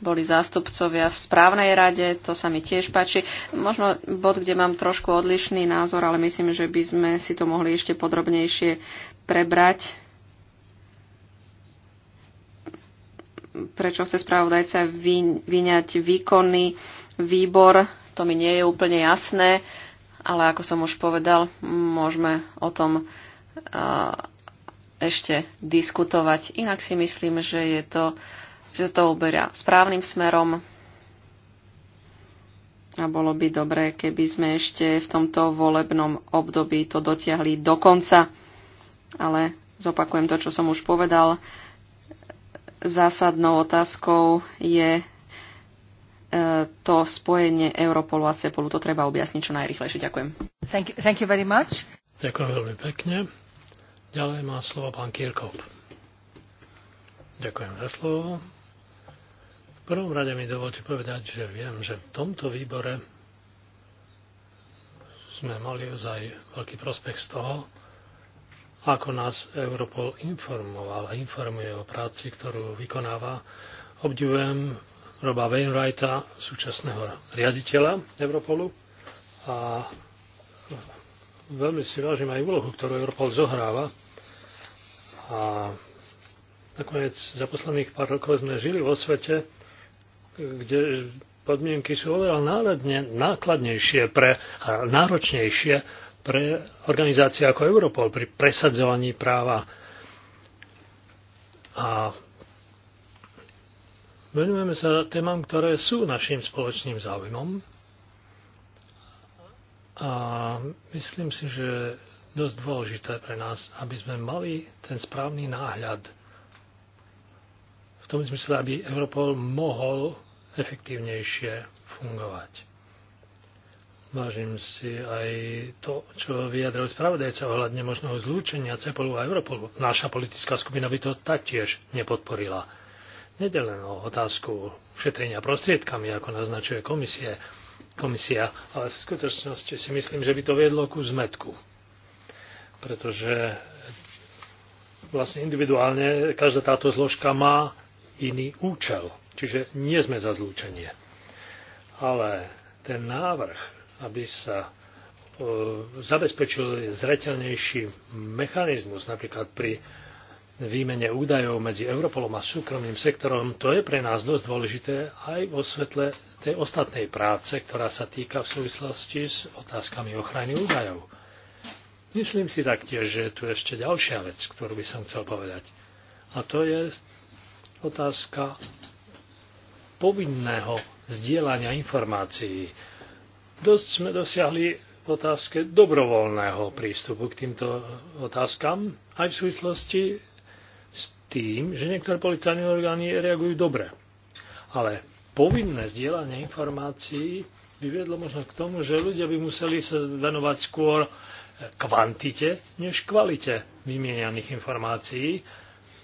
boli zástupcovia v správnej rade, to sa mi tiež páči. Možno bod, kde mám trošku odlišný názor, ale myslím, že by sme si to mohli ešte podrobnejšie prebrať. Prečo chce spravodajca vy, vyňať výkonný výbor, to mi nie je úplne jasné, ale ako som už povedal, môžeme o tom ešte diskutovať. Inak si myslím, že je to uh, že sa to uberia správnym smerom. A bolo by dobré, keby sme ešte v tomto volebnom období to dotiahli do konca. Ale zopakujem to, čo som už povedal. Zásadnou otázkou je e, to spojenie Europolu a Cepolu. To treba objasniť čo najrychlejšie. Ďakujem. Thank you, thank you very much. Ďakujem veľmi pekne. Ďalej má slovo pán Kirkop. Ďakujem za slovo prvom rade mi dovolte povedať, že viem, že v tomto výbore sme mali ozaj veľký prospech z toho, ako nás Europol informoval a informuje o práci, ktorú vykonáva. Obdivujem Roba Wainwrighta, súčasného riaditeľa Europolu a veľmi si vážim aj úlohu, ktorú Europol zohráva. A nakoniec za posledných pár rokov sme žili vo svete, kde podmienky sú oveľa náladne, nákladnejšie pre, a náročnejšie pre organizácie ako Europol pri presadzovaní práva. A venujeme sa témam, ktoré sú našim spoločným záujmom. A myslím si, že dosť dôležité pre nás, aby sme mali ten správny náhľad. V tom zmysle, aby Europol mohol efektívnejšie fungovať. Vážim si aj to, čo vyjadril spravodajca ohľadne možného zlúčenia Cepolu a Europolu. Naša politická skupina by to taktiež nepodporila. Nede len o otázku šetrenia prostriedkami, ako naznačuje komisie, komisia, ale v skutočnosti si myslím, že by to viedlo ku zmetku. Pretože vlastne individuálne každá táto zložka má iný účel. Čiže nie sme za zlúčenie. Ale ten návrh, aby sa e, zabezpečil zretelnejší mechanizmus, napríklad pri výmene údajov medzi Europolom a súkromným sektorom, to je pre nás dosť dôležité aj vo svetle tej ostatnej práce, ktorá sa týka v súvislosti s otázkami ochrany údajov. Myslím si taktiež, že tu je ešte ďalšia vec, ktorú by som chcel povedať. A to je otázka povinného zdieľania informácií. Dosť sme dosiahli v otázke dobrovoľného prístupu k týmto otázkam, aj v súvislosti s tým, že niektoré policajné orgány reagujú dobre. Ale povinné zdieľanie informácií by viedlo možno k tomu, že ľudia by museli sa venovať skôr kvantite než kvalite vymienianých informácií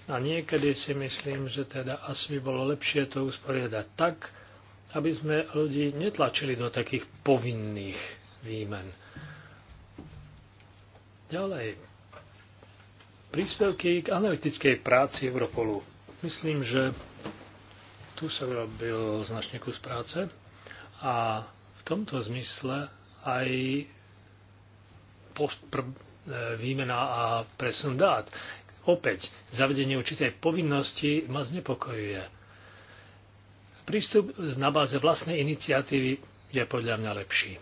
a niekedy si myslím, že teda asi by bolo lepšie to usporiadať tak, aby sme ľudí netlačili do takých povinných výmen. Ďalej. Príspevky k analytickej práci Europolu. Myslím, že tu sa urobil značne kus práce a v tomto zmysle aj e, výmena a presun dát opäť zavedenie určitej povinnosti ma znepokojuje. Prístup na báze vlastnej iniciatívy je podľa mňa lepší.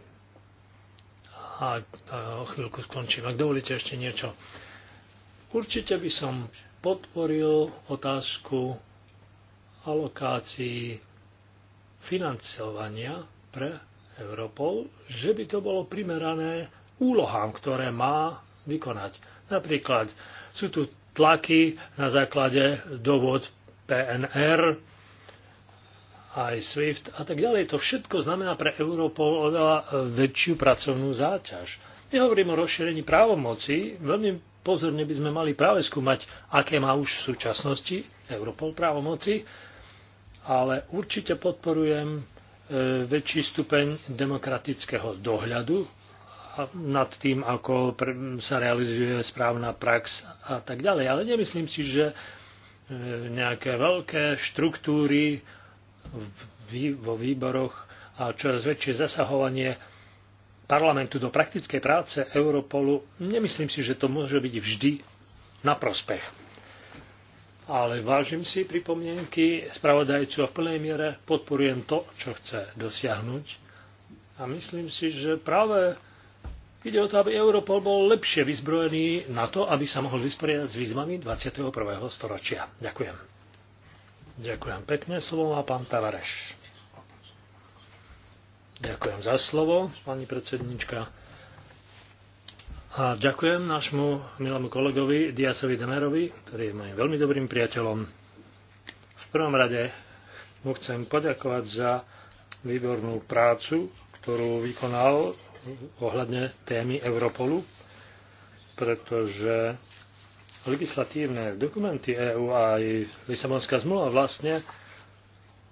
A, a o chvíľku skončím. Ak dovolíte ešte niečo. Určite by som podporil otázku alokácií financovania pre Europol, že by to bolo primerané úlohám, ktoré má vykonať. Napríklad sú tu tlaky na základe dôvod PNR, aj SWIFT a tak ďalej. To všetko znamená pre Europol oveľa e, väčšiu pracovnú záťaž. Nehovorím o rozšírení právomoci, veľmi pozorne by sme mali práve skúmať, aké má už v súčasnosti Europol právomoci, ale určite podporujem e, väčší stupeň demokratického dohľadu nad tým, ako sa realizuje správna prax a tak ďalej. Ale nemyslím si, že e, nejaké veľké štruktúry vo výboroch a čoraz väčšie zasahovanie parlamentu do praktickej práce Europolu, nemyslím si, že to môže byť vždy na prospech. Ale vážim si pripomienky spravodajcu a v plnej miere podporujem to, čo chce dosiahnuť. A myslím si, že práve Ide o to, aby Europol bol lepšie vyzbrojený na to, aby sa mohol vysporiadať s výzvami 21. storočia. Ďakujem. Ďakujem pekne. Slovo má pán Tavareš. Ďakujem za slovo, pani predsednička. A ďakujem nášmu milému kolegovi Diasovi Demerovi, ktorý je mojim veľmi dobrým priateľom. V prvom rade mu chcem poďakovať za výbornú prácu, ktorú vykonal ohľadne témy Europolu, pretože legislatívne dokumenty EÚ a aj Lisabonská zmluva vlastne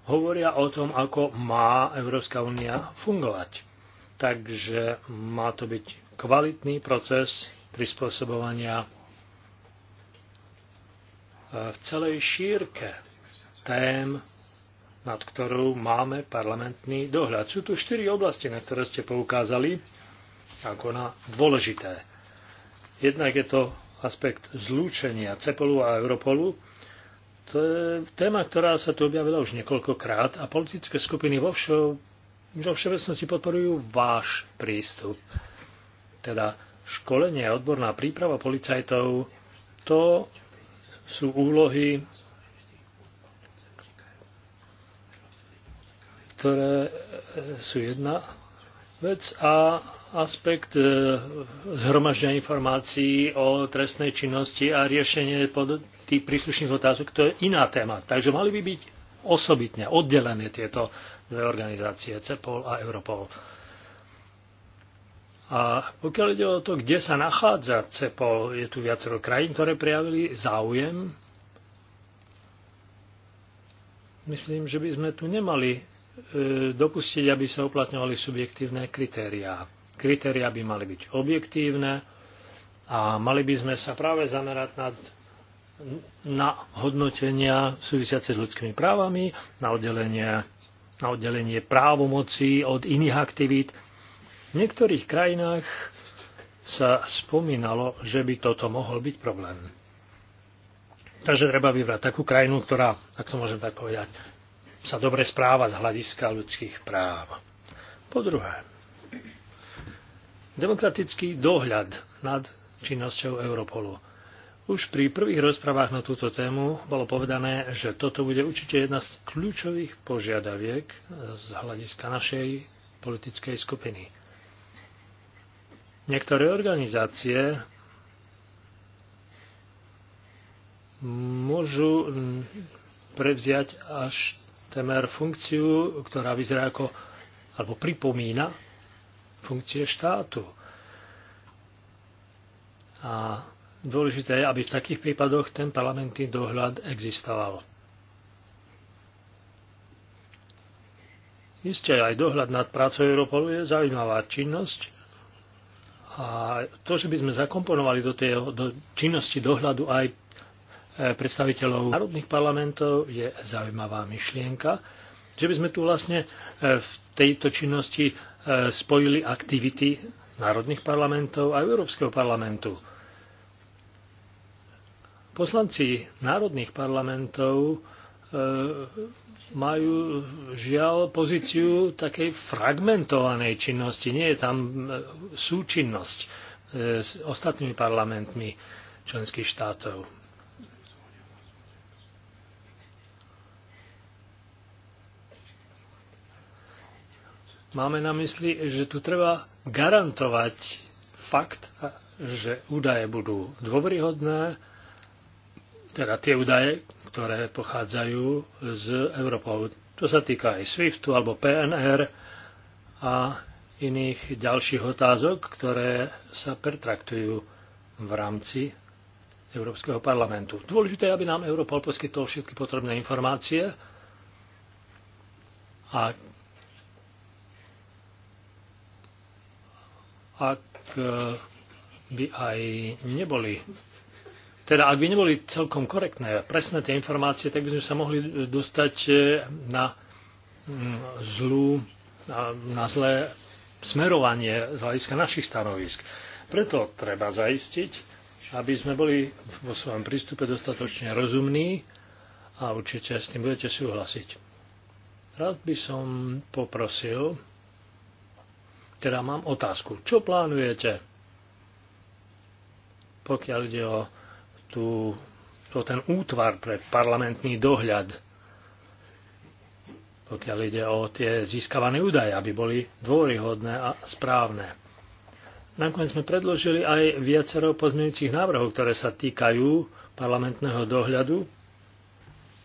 hovoria o tom, ako má Európska únia fungovať. Takže má to byť kvalitný proces prispôsobovania e, v celej šírke tém nad ktorou máme parlamentný dohľad. Sú tu štyri oblasti, na ktoré ste poukázali ako na dôležité. Jednak je to aspekt zlúčenia CEPOLu a Europolu. To je téma, ktorá sa tu objavila už niekoľkokrát a politické skupiny vo, všo, vo všeobecnosti podporujú váš prístup. Teda školenie a odborná príprava policajtov, to sú úlohy ktoré e, sú jedna vec a aspekt e, zhromažďa informácií o trestnej činnosti a riešenie tých príslušných otázok, to je iná téma. Takže mali by byť osobitne oddelené tieto dve organizácie, CEPOL a Europol. A pokiaľ ide o to, kde sa nachádza CEPOL, je tu viacero krajín, ktoré prijavili záujem myslím, že by sme tu nemali E, dopustiť, aby sa uplatňovali subjektívne kritériá. Kritériá by mali byť objektívne a mali by sme sa práve zamerať na, na hodnotenia súvisiace s ľudskými právami, na oddelenie, na oddelenie právomocí od iných aktivít. V niektorých krajinách sa spomínalo, že by toto mohol byť problém. Takže treba vybrať takú krajinu, ktorá, ak to môžem tak povedať, sa dobre správa z hľadiska ľudských práv. Po druhé, demokratický dohľad nad činnosťou Europolu. Už pri prvých rozprávach na túto tému bolo povedané, že toto bude určite jedna z kľúčových požiadaviek z hľadiska našej politickej skupiny. Niektoré organizácie môžu prevziať až temer funkciu, ktorá vyzerá ako, alebo pripomína funkcie štátu. A dôležité je, aby v takých prípadoch ten parlamentný dohľad existoval. Isté aj dohľad nad prácou Europolu je zaujímavá činnosť a to, že by sme zakomponovali do, tej, do činnosti dohľadu aj E, predstaviteľov národných parlamentov je zaujímavá myšlienka, že by sme tu vlastne e, v tejto činnosti e, spojili aktivity národných parlamentov a Európskeho parlamentu. Poslanci národných parlamentov majú žiaľ pozíciu takej fragmentovanej činnosti. Nie je tam súčinnosť s ostatnými parlamentmi členských štátov. máme na mysli, že tu treba garantovať fakt, že údaje budú dôveryhodné, teda tie údaje, ktoré pochádzajú z Europolu. To sa týka aj SWIFTu alebo PNR a iných ďalších otázok, ktoré sa pertraktujú v rámci Európskeho parlamentu. Dôležité je, aby nám Europol poskytol všetky potrebné informácie a ak eh, by aj neboli teda ak by neboli celkom korektné a presné tie informácie, tak by sme sa mohli dostať eh, na mm, zlú, na zlé smerovanie z hľadiska našich stanovisk. Preto treba zaistiť, aby sme boli vo svojom prístupe dostatočne rozumní a určite s tým budete súhlasiť. Rád by som poprosil teda mám otázku. Čo plánujete, pokiaľ ide o, tú, o ten útvar pre parlamentný dohľad, pokiaľ ide o tie získavané údaje, aby boli dôryhodné a správne. Nakoniec sme predložili aj viacero pozmeňujúcich návrhov, ktoré sa týkajú parlamentného dohľadu,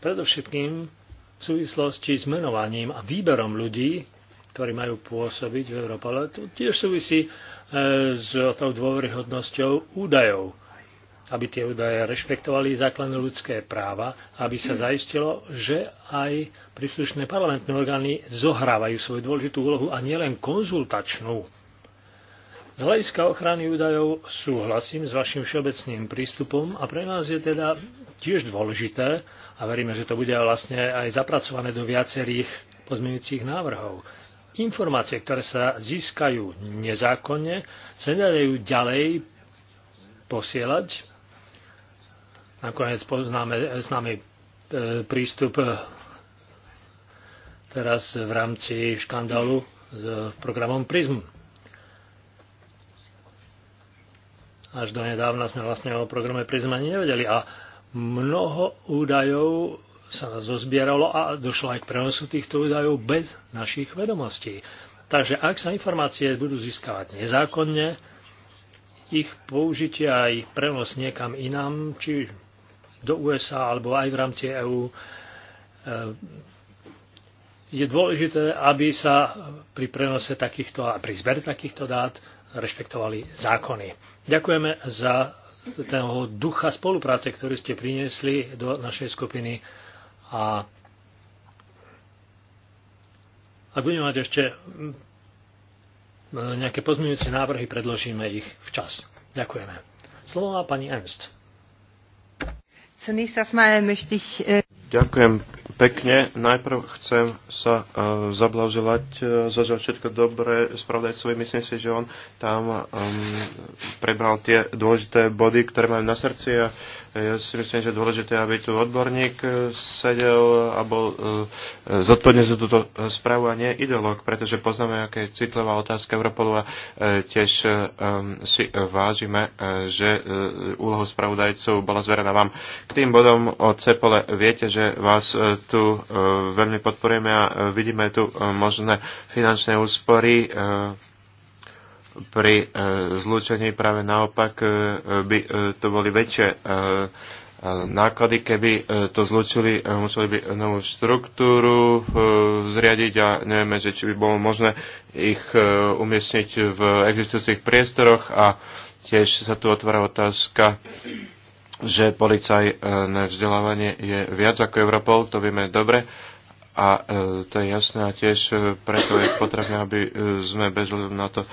predovšetkým v súvislosti s menovaním a výberom ľudí, ktorí majú pôsobiť v Európe. Ale to tiež súvisí e, s tou dôveryhodnosťou údajov aby tie údaje rešpektovali základné ľudské práva, aby sa zaistilo, že aj príslušné parlamentné orgány zohrávajú svoju dôležitú úlohu a nielen konzultačnú. Z hľadiska ochrany údajov súhlasím s vašim všeobecným prístupom a pre nás je teda tiež dôležité, a veríme, že to bude vlastne aj zapracované do viacerých pozmeňujúcich návrhov, informácie, ktoré sa získajú nezákonne, sa nedajú ďalej posielať. Nakoniec poznáme známy e, prístup e, teraz v rámci škandálu s programom PRISM. Až do nedávna sme vlastne o programe PRISM ani nevedeli a mnoho údajov sa nás zozbieralo a došlo aj k prenosu týchto údajov bez našich vedomostí. Takže ak sa informácie budú získavať nezákonne, ich použitie aj prenos niekam inám, či do USA alebo aj v rámci EÚ, e, je dôležité, aby sa pri prenose takýchto a pri zbere takýchto dát rešpektovali zákony. Ďakujeme za toho ducha spolupráce, ktorý ste priniesli do našej skupiny a ak budeme mať ešte mm, e, nejaké pozmeňujúce návrhy, predložíme ich včas. Ďakujeme. Slovo má pani Ernst. Äh, Ďakujem pekne. Najprv chcem sa uh, e, zablaželať e, uh, za všetko dobré spravodajcovi. Myslím si, že on tam um, prebral tie dôležité body, ktoré mám na srdci a ja si myslím, že je dôležité, aby tu odborník sedel a bol uh, zodpovedný za túto správu a nie ideológ, pretože poznáme, aké je citlivá otázka Europolu a uh, tiež um, si vážime, uh, že uh, úlohou spravodajcov bola zverená vám. K tým bodom o Cepole viete, že vás uh, tu e, veľmi podporujeme a e, vidíme tu e, možné finančné úspory pri zlúčení práve naopak by to boli väčšie náklady, keby to zlúčili, museli by novú štruktúru zriadiť a nevieme, že či by bolo možné ich umiestniť v existujúcich priestoroch a tiež sa tu otvára otázka že policajné e, vzdelávanie je viac ako Europol, to vieme dobre. A e, to je jasné a tiež e, preto je potrebné, aby sme bez hľadu na to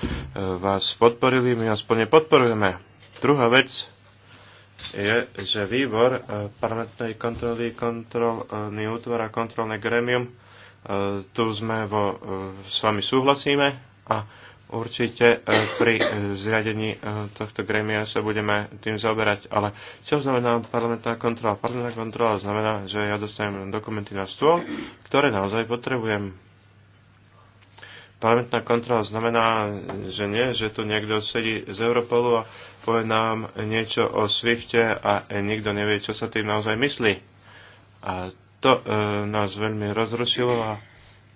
vás podporili. My aspoň podporujeme. Druhá vec je, že výbor parlamentnej kontroly, kontrolný útvar a kontrolné gremium, tu sme vo, s vami súhlasíme a Určite e, pri e, zriadení e, tohto gremia sa budeme tým zaoberať, ale čo znamená parlamentná kontrola? Parlamentná kontrola znamená, že ja dostanem dokumenty na stôl, ktoré naozaj potrebujem. Parlamentná kontrola znamená, že nie, že tu niekto sedí z Europolu a povie nám niečo o Swifte a nikto nevie, čo sa tým naozaj myslí. A to e, nás veľmi rozrušilo a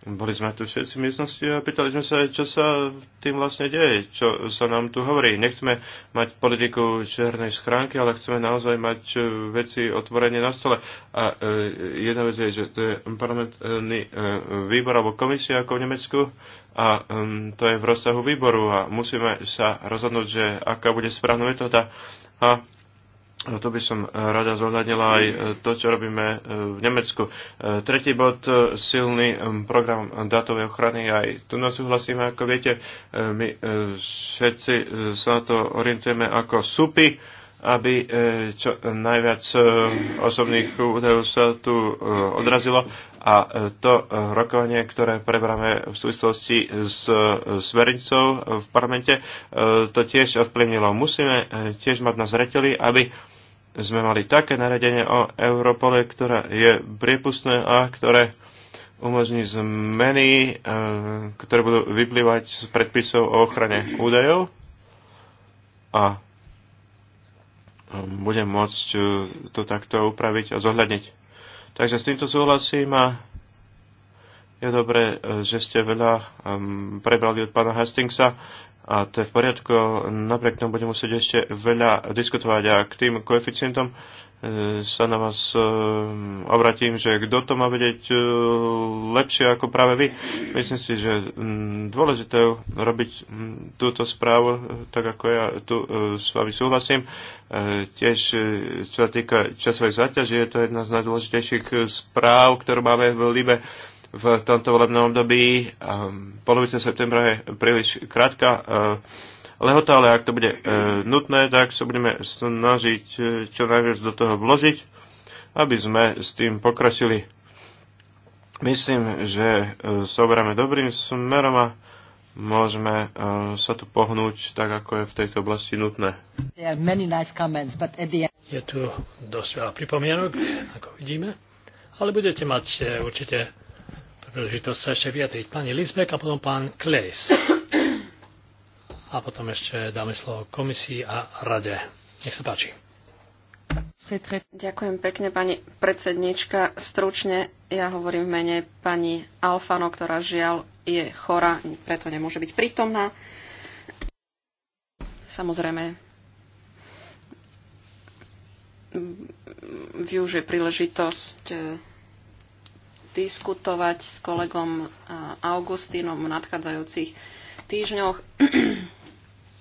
boli sme tu všetci v miestnosti a pýtali sme sa, čo sa tým vlastne deje, čo sa nám tu hovorí. Nechceme mať politiku černej schránky, ale chceme naozaj mať e, veci otvorene na stole. A e, jedna vec je, že to je parlamentný e, výbor alebo komisia ako v Nemecku a um, to je v rozsahu výboru a musíme sa rozhodnúť, že aká bude správna metóda. A to by som rada zohľadnila aj e, to, čo robíme e, v Nemecku. E, tretí bod, silný program dátovej ochrany, aj tu nás súhlasíme, ako viete, my všetci sa na to orientujeme ako súpy, aby čo najviac osobných údajov sa tu odrazilo a to rokovanie, ktoré prebráme v súvislosti s svernicou v parlamente, to tiež ovplyvnilo. Musíme tiež mať na zreteli, aby sme mali také naredenie o Europole, ktoré je priepustné a ktoré umožní zmeny, e, ktoré budú vyplývať z predpisov o ochrane údajov a e, budem môcť e, to takto upraviť a zohľadniť. Takže s týmto súhlasím a je dobré, že ste veľa prebrali od pána Hastingsa. A to je v poriadku, napriek tomu budeme musieť ešte veľa diskutovať a k tým koeficientom e, sa na vás e, obratím, že kto to má vedieť e, lepšie ako práve vy. Myslím si, že dôležité robiť túto správu, tak ako ja tu s vami súhlasím. Tiež, čo sa týka časovej záťaže, je to jedna z najdôležitejších správ, ktorú máme v Libe v tomto volebnom období. Ehm, polovica septembra je príliš krátka ehm, lehota, ale ak to bude ehm, nutné, tak sa budeme snažiť eh, čo najviac do toho vložiť, aby sme s tým pokračili. Myslím, že eh, sa oberáme dobrým smerom a môžeme eh, sa tu pohnúť tak, ako je v tejto oblasti nutné. Je tu dosť veľa pripomienok, ako vidíme, ale budete mať určite príležitosť sa ešte vyjadriť. Pani Lisbeck a potom pán Klejs. A potom ešte dáme slovo komisii a rade. Nech sa páči. Ďakujem pekne, pani predsednička. Stručne ja hovorím v mene pani Alfano, ktorá žiaľ je chora, preto nemôže byť prítomná. Samozrejme, využije príležitosť diskutovať s kolegom Augustínom v nadchádzajúcich týždňoch.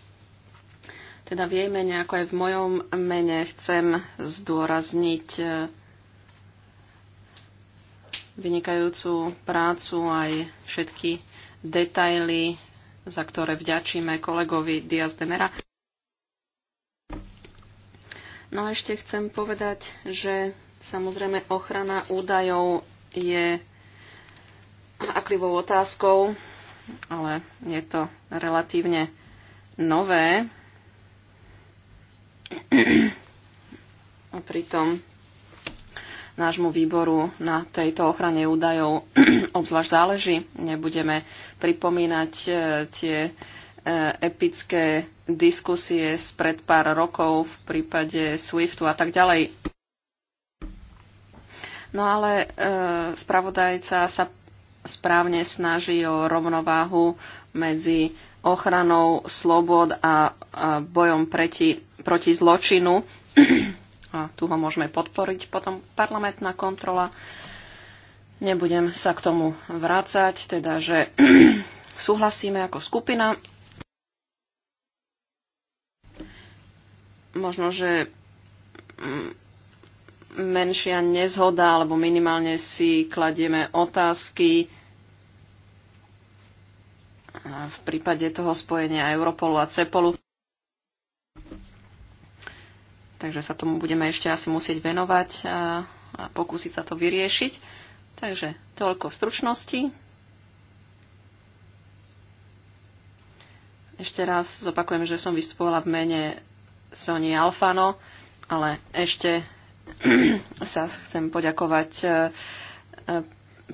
teda v jej mene, ako aj v mojom mene, chcem zdôrazniť e, vynikajúcu prácu aj všetky detaily, za ktoré vďačíme kolegovi Diaz de Mera. No a ešte chcem povedať, že samozrejme ochrana údajov je aklivou otázkou, ale je to relatívne nové. A pritom nášmu výboru na tejto ochrane údajov obzvlášť záleží. Nebudeme pripomínať e, tie e, epické diskusie spred pred pár rokov v prípade SWIFTu a tak ďalej. No ale e, spravodajca sa správne snaží o rovnováhu medzi ochranou slobod a, a bojom preti, proti zločinu. A tu ho môžeme podporiť. Potom parlamentná kontrola. Nebudem sa k tomu vrácať, teda že súhlasíme ako skupina. Možno, že mm, menšia nezhoda, alebo minimálne si kladieme otázky v prípade toho spojenia Europolu a Cepolu. Takže sa tomu budeme ešte asi musieť venovať a, a pokúsiť sa to vyriešiť. Takže toľko v stručnosti. Ešte raz zopakujem, že som vystupovala v mene Sony Alfano, ale ešte sa chcem poďakovať e, e,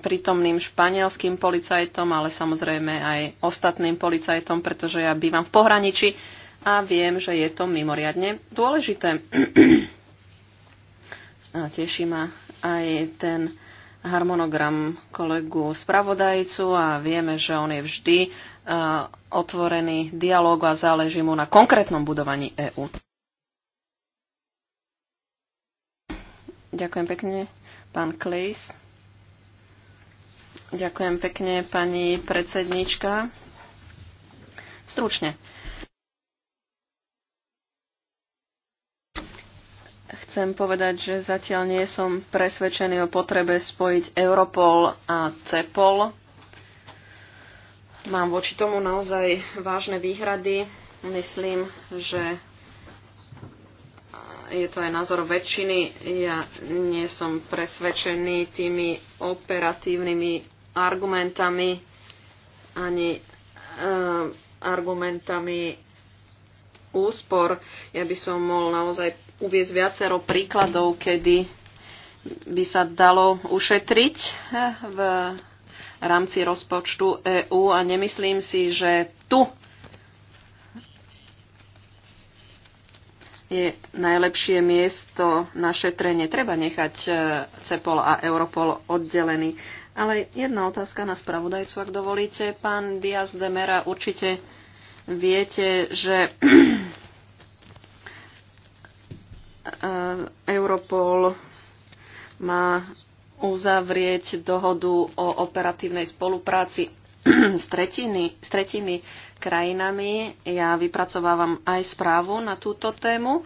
prítomným španielským policajtom, ale samozrejme aj ostatným policajtom, pretože ja bývam v pohraničí a viem, že je to mimoriadne dôležité. A teší ma aj ten harmonogram kolegu spravodajcu a vieme, že on je vždy uh, otvorený dialogu a záleží mu na konkrétnom budovaní EÚ. Ďakujem pekne, pán Klejs. Ďakujem pekne, pani predsednička. Stručne. Chcem povedať, že zatiaľ nie som presvedčený o potrebe spojiť Europol a CEPOL. Mám voči tomu naozaj vážne výhrady. Myslím, že je to aj názor väčšiny. Ja nie som presvedčený tými operatívnymi argumentami ani uh, argumentami úspor. Ja by som mohol naozaj uviezť viacero príkladov, kedy by sa dalo ušetriť eh, v rámci rozpočtu EÚ a nemyslím si, že tu je vlastne najlepšie miesto na šetrenie. Treba nechať e, CEPOL a Europol oddelený. Ale jedna otázka na spravodajcu, ak dovolíte. Pán Diaz de Mera, určite viete, že e, Europol má uzavrieť dohodu o operatívnej spolupráci s, tretiny, s tretimi krajinami. Ja vypracovávam aj správu na túto tému,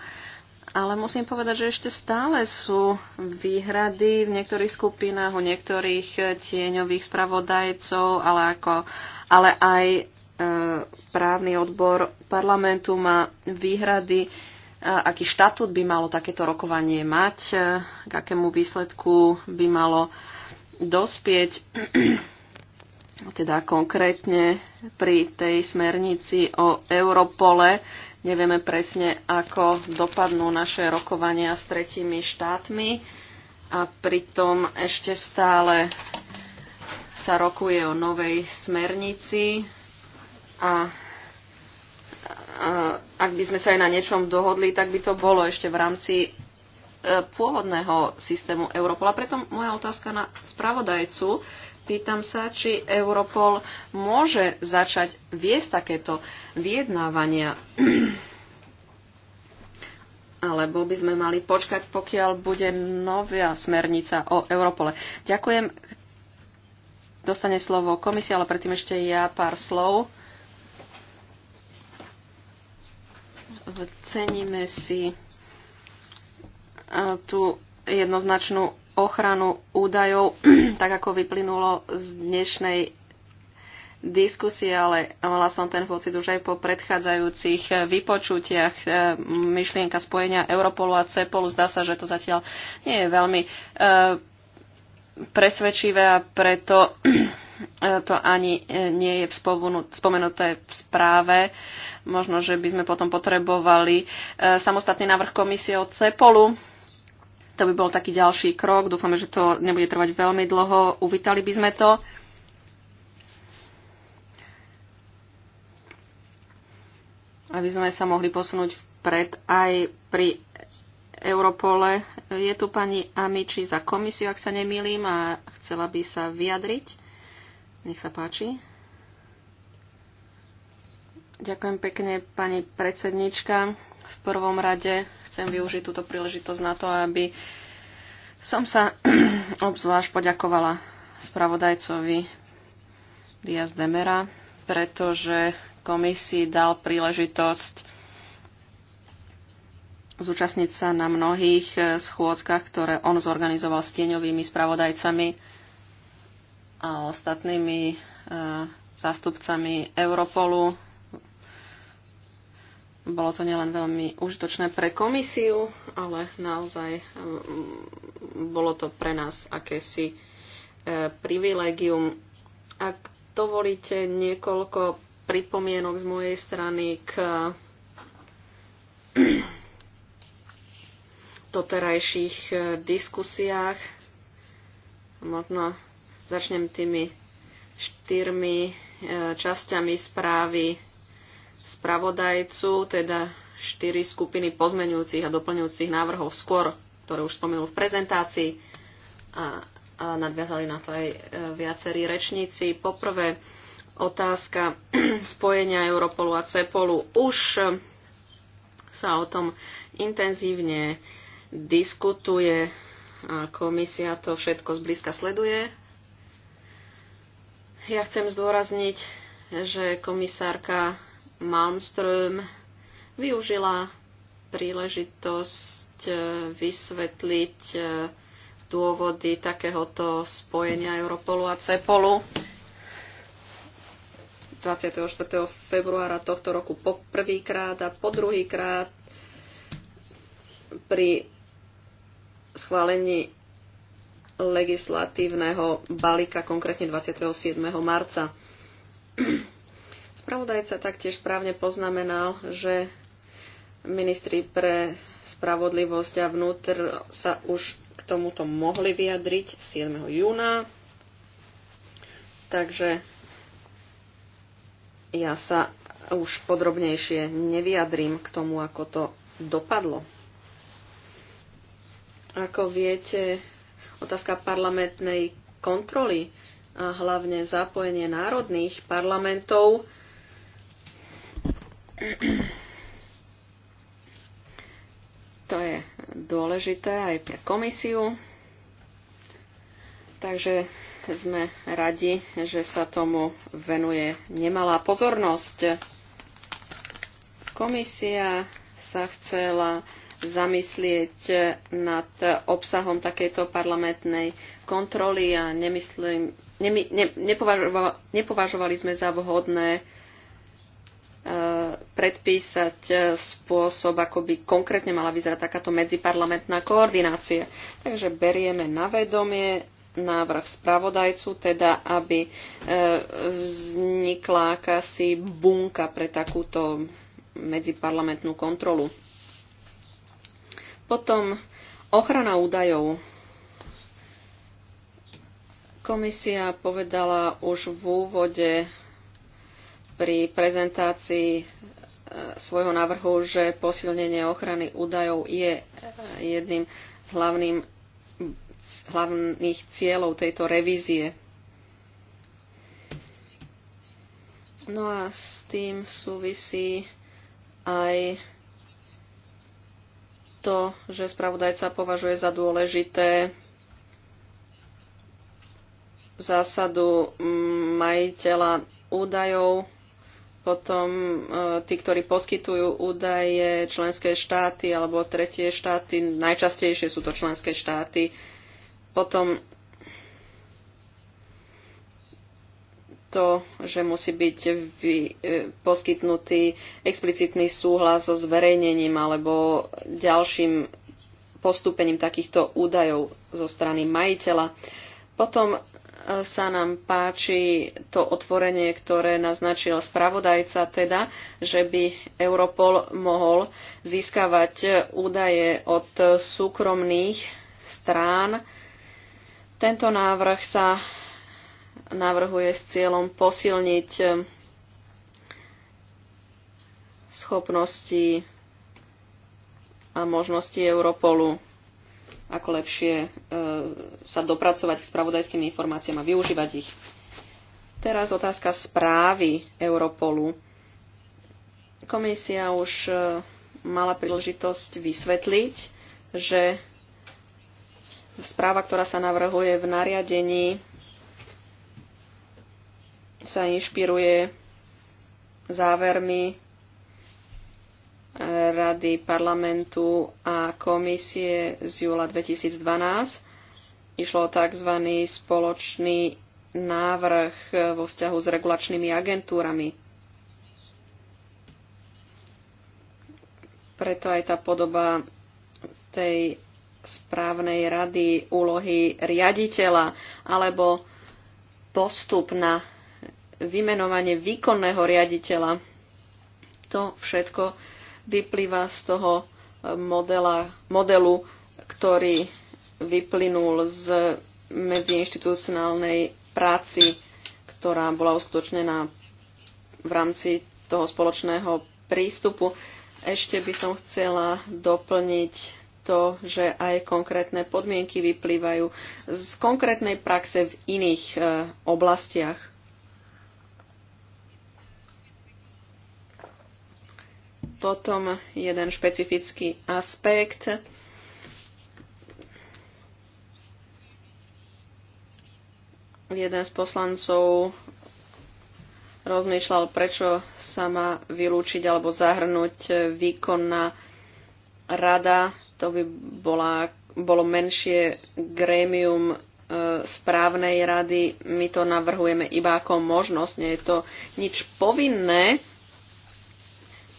ale musím povedať, že ešte stále sú výhrady v niektorých skupinách, u niektorých tieňových spravodajcov, ale, ako, ale aj e, právny odbor parlamentu má výhrady, e, aký štatút by malo takéto rokovanie mať, e, k akému výsledku by malo dospieť. teda konkrétne pri tej smernici o Europole. Nevieme presne, ako dopadnú naše rokovania s tretími štátmi a pritom ešte stále sa rokuje o novej smernici a ak by sme sa aj na niečom dohodli, tak by to bolo ešte v rámci e, pôvodného systému Europola. Preto moja otázka na spravodajcu Pýtam sa, či Europol môže začať viesť takéto vyjednávania. Alebo by sme mali počkať, pokiaľ bude nová smernica o Europole. Ďakujem. Dostane slovo komisia, ale predtým ešte ja pár slov. Ceníme si eh, tú jednoznačnú ochranu údajov, tak ako vyplynulo z dnešnej diskusie, ale mala som ten pocit už aj po predchádzajúcich vypočutiach e, myšlienka spojenia Europolu a CEPOLu. Zdá sa, že to zatiaľ nie je veľmi e, presvedčivé a preto e, to ani nie je spomenuté v správe. Možno, že by sme potom potrebovali samostatný návrh komisie od CEPOLu to by bol taký ďalší krok. Dúfame, že to nebude trvať veľmi dlho. Uvítali by sme to. aby sme sa mohli posunúť vpred aj pri Europole. Je tu pani Amiči za komisiu, ak sa nemýlim, a chcela by sa vyjadriť. Nech sa páči. Ďakujem pekne, pani predsednička prvom rade chcem využiť túto príležitosť na to, aby som sa obzvlášť poďakovala spravodajcovi Diaz Demera, pretože komisii dal príležitosť zúčastniť sa na mnohých eh, schôdzkach, ktoré on zorganizoval s tieňovými spravodajcami a ostatnými eh, zástupcami Europolu, bolo to nielen veľmi užitočné pre komisiu, ale naozaj mm, bolo to pre nás akési e, privilegium. Ak dovolíte niekoľko pripomienok z mojej strany k doterajších e, diskusiách. Možno začnem tými štyrmi e, časťami správy spravodajcu, teda štyri skupiny pozmenujúcich a doplňujúcich návrhov skôr, ktoré už spomenul v prezentácii a, a nadviazali na to aj e, viacerí rečníci. Poprvé, otázka spojenia Europolu a Cepolu. Už e, sa o tom intenzívne diskutuje a komisia to všetko zblízka sleduje. Ja chcem zdôrazniť, že komisárka Malmström využila príležitosť e, vysvetliť e, dôvody takéhoto spojenia Europolu a Cepolu. 24. februára tohto roku po prvýkrát a po druhýkrát pri schválení legislatívneho balíka, konkrétne 27. marca. Spravodajca taktiež správne poznamenal, že ministri pre spravodlivosť a vnútr sa už k tomuto mohli vyjadriť 7. júna. Takže ja sa už podrobnejšie nevyjadrím k tomu, ako to dopadlo. Ako viete, otázka parlamentnej kontroly a hlavne zapojenie národných parlamentov to je dôležité aj pre komisiu. Takže sme radi, že sa tomu venuje nemalá pozornosť. Komisia sa chcela zamyslieť nad obsahom takejto parlamentnej kontroly a nemyslím, ne, nepovažovali sme za vhodné predpísať e, spôsob, ako by konkrétne mala vyzerať takáto medziparlamentná koordinácia. Takže berieme na vedomie návrh spravodajcu, teda aby e, vznikla akási bunka pre takúto medziparlamentnú kontrolu. Potom ochrana údajov. Komisia povedala už v úvode pri prezentácii svojho návrhu, že posilnenie ochrany údajov je e, jedným z, hlavným, z hlavných cieľov tejto revízie. No a s tým súvisí aj to, že spravodajca považuje za dôležité zásadu majiteľa údajov potom e, tí, ktorí poskytujú údaje, členské štáty alebo tretie štáty, najčastejšie sú to členské štáty, potom to, že musí byť vy, e, poskytnutý explicitný súhlas so zverejnením alebo ďalším postúpením takýchto údajov zo strany majiteľa. Potom sa nám páči to otvorenie, ktoré naznačil spravodajca, teda, že by Europol mohol získavať údaje od súkromných strán. Tento návrh sa navrhuje s cieľom posilniť schopnosti a možnosti Europolu ako lepšie e, sa dopracovať k spravodajským informáciám a využívať ich. Teraz otázka správy Europolu. Komisia už e, mala príležitosť vysvetliť, že správa, ktorá sa navrhuje v nariadení, sa inšpiruje závermi Rady parlamentu a komisie z júla 2012. Išlo o tzv. spoločný návrh vo vzťahu s regulačnými agentúrami. Preto aj tá podoba tej správnej rady úlohy riaditeľa alebo postup na vymenovanie výkonného riaditeľa. To všetko vyplýva z toho eh, modela, modelu, ktorý vyplynul z medziinstitucionálnej práci, ktorá bola uskutočnená v rámci toho spoločného prístupu. Ešte by som chcela doplniť to, že aj konkrétne podmienky vyplývajú z konkrétnej praxe v iných eh, oblastiach. Potom jeden špecifický aspekt. Jeden z poslancov rozmýšľal, prečo sa má vylúčiť alebo zahrnúť výkonná rada. To by bola, bolo menšie grémium e, správnej rady. My to navrhujeme iba ako možnosť, nie je to nič povinné,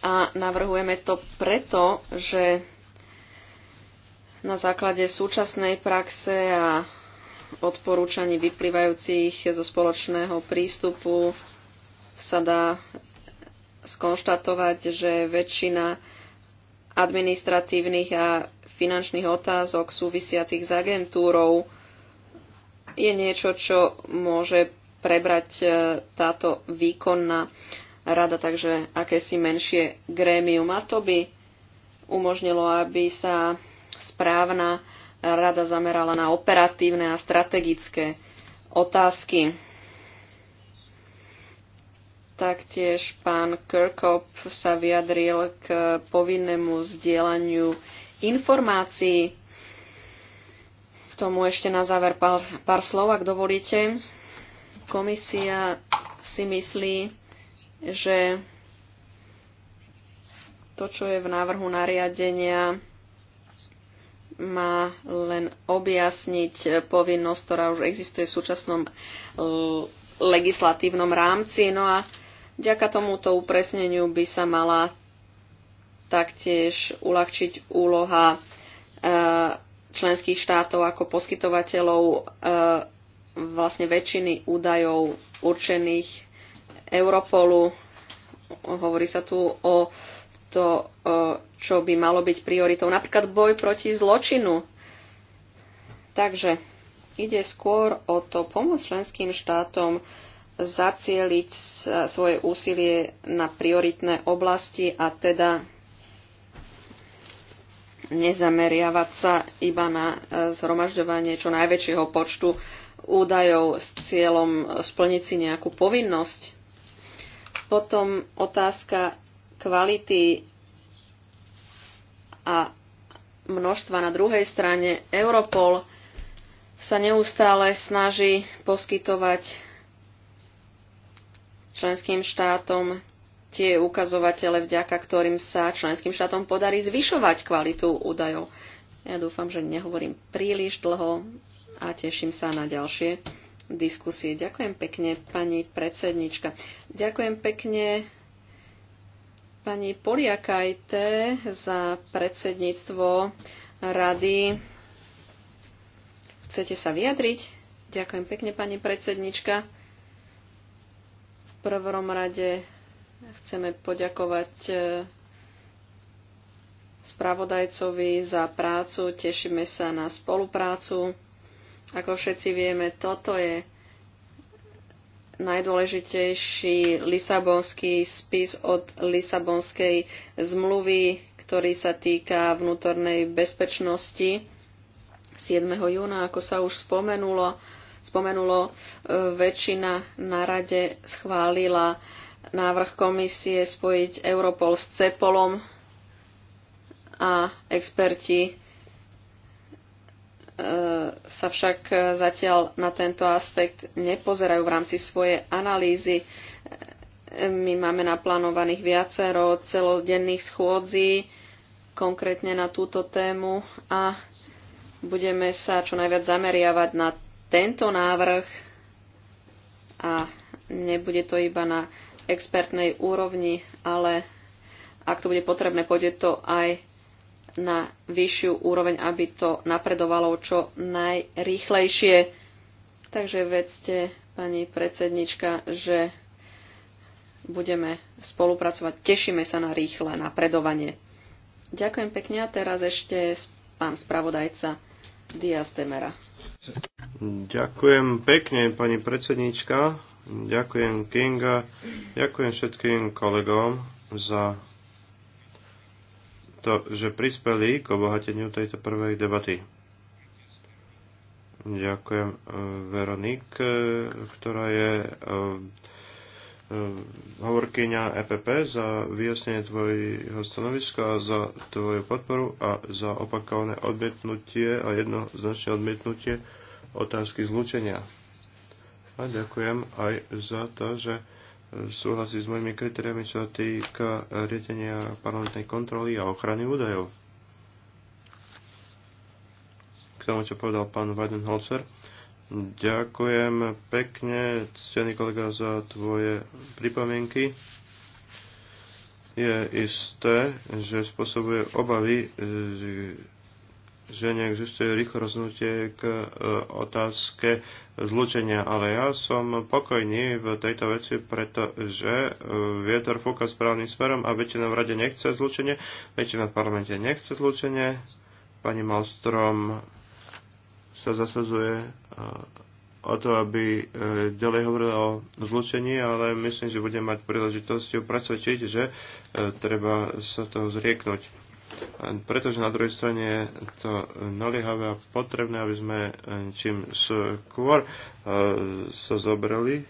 a navrhujeme to preto, že na základe súčasnej praxe a odporúčaní vyplývajúcich zo spoločného prístupu sa dá skonštatovať, že väčšina administratívnych a finančných otázok súvisiacich s agentúrou je niečo, čo môže prebrať e, táto výkonná rada, takže akési menšie grémium. A to by umožnilo, aby sa správna rada zamerala na operatívne a strategické otázky. Taktiež pán Kirkop sa vyjadril k povinnému zdieľaniu informácií. K tomu ešte na záver pár, pár slov, ak dovolíte. Komisia si myslí, že to, čo je v návrhu nariadenia, má len objasniť povinnosť, ktorá už existuje v súčasnom e, legislatívnom rámci. No a vďaka tomuto upresneniu by sa mala taktiež uľahčiť úloha e, členských štátov ako poskytovateľov e, vlastne väčšiny údajov určených Europolu. Hovorí sa tu o to, e, čo by malo byť prioritou. Napríklad boj proti zločinu. Takže ide skôr o to pomôcť členským štátom zacieliť svoje úsilie na prioritné oblasti a teda nezameriavať sa iba na e, zhromažďovanie čo najväčšieho počtu údajov s cieľom splniť si nejakú povinnosť. Potom otázka kvality a množstva na druhej strane. Europol sa neustále snaží poskytovať členským štátom tie ukazovatele, vďaka ktorým sa členským štátom podarí zvyšovať kvalitu údajov. Ja dúfam, že nehovorím príliš dlho a teším sa na ďalšie diskusie. Ďakujem pekne, pani predsednička. Ďakujem pekne pani Poliakajte za predsedníctvo rady. Chcete sa vyjadriť? Ďakujem pekne, pani predsednička. V prvom rade chceme poďakovať e, spravodajcovi za prácu. Tešíme sa na spoluprácu. Ako všetci vieme, toto je najdôležitejší lisabonský spis od Lisabonskej zmluvy, ktorý sa týka vnútornej bezpečnosti. 7. júna, ako sa už spomenulo, spomenulo e, väčšina na rade schválila návrh komisie spojiť Europol s CEPOLom a experti E, sa však e, zatiaľ na tento aspekt nepozerajú v rámci svojej analýzy. E, my máme naplánovaných viacero celodenných schôdzí konkrétne na túto tému a budeme sa čo najviac zameriavať na tento návrh a nebude to iba na expertnej úrovni, ale ak to bude potrebné, pôjde to aj na vyššiu úroveň, aby to napredovalo čo najrýchlejšie. Takže vedzte, pani predsednička, že budeme spolupracovať. Tešíme sa na rýchle napredovanie. Ďakujem pekne a teraz ešte pán spravodajca Diaz Demera. Ďakujem pekne, pani predsednička. Ďakujem Kinga. Ďakujem všetkým kolegom za to, že prispeli k obohateniu tejto prvej debaty. Ďakujem e, Veronik, e, ktorá je e, hovorkyňa EPP za vyjasnenie tvojho stanoviska, za tvoju podporu a za opakované odmietnutie a jednoznačné odmietnutie otázky zlúčenia. A ďakujem aj za to, že súhlasí s mojimi kritériami, čo sa týka riadenia parlamentnej kontroly a ochrany údajov. K tomu, čo povedal pán Weidenholzer. Ďakujem pekne, ctený kolega, za tvoje pripomienky. Je isté, že spôsobuje obavy, že neexistuje rýchlo rozhodnutie k e, otázke zlučenia, ale ja som pokojný v tejto veci, pretože e, vietor fúka správnym smerom a väčšina v rade nechce zlučenie, väčšina v parlamente nechce zlučenie. Pani Malstrom sa zasadzuje e, o to, aby ďalej hovorila o zlučení, ale myslím, že budem mať príležitosť ju presvedčiť, že treba sa toho zrieknúť pretože na druhej strane je to naliehavé a potrebné, aby sme eh, čím skôr eh, sa zobrali eh,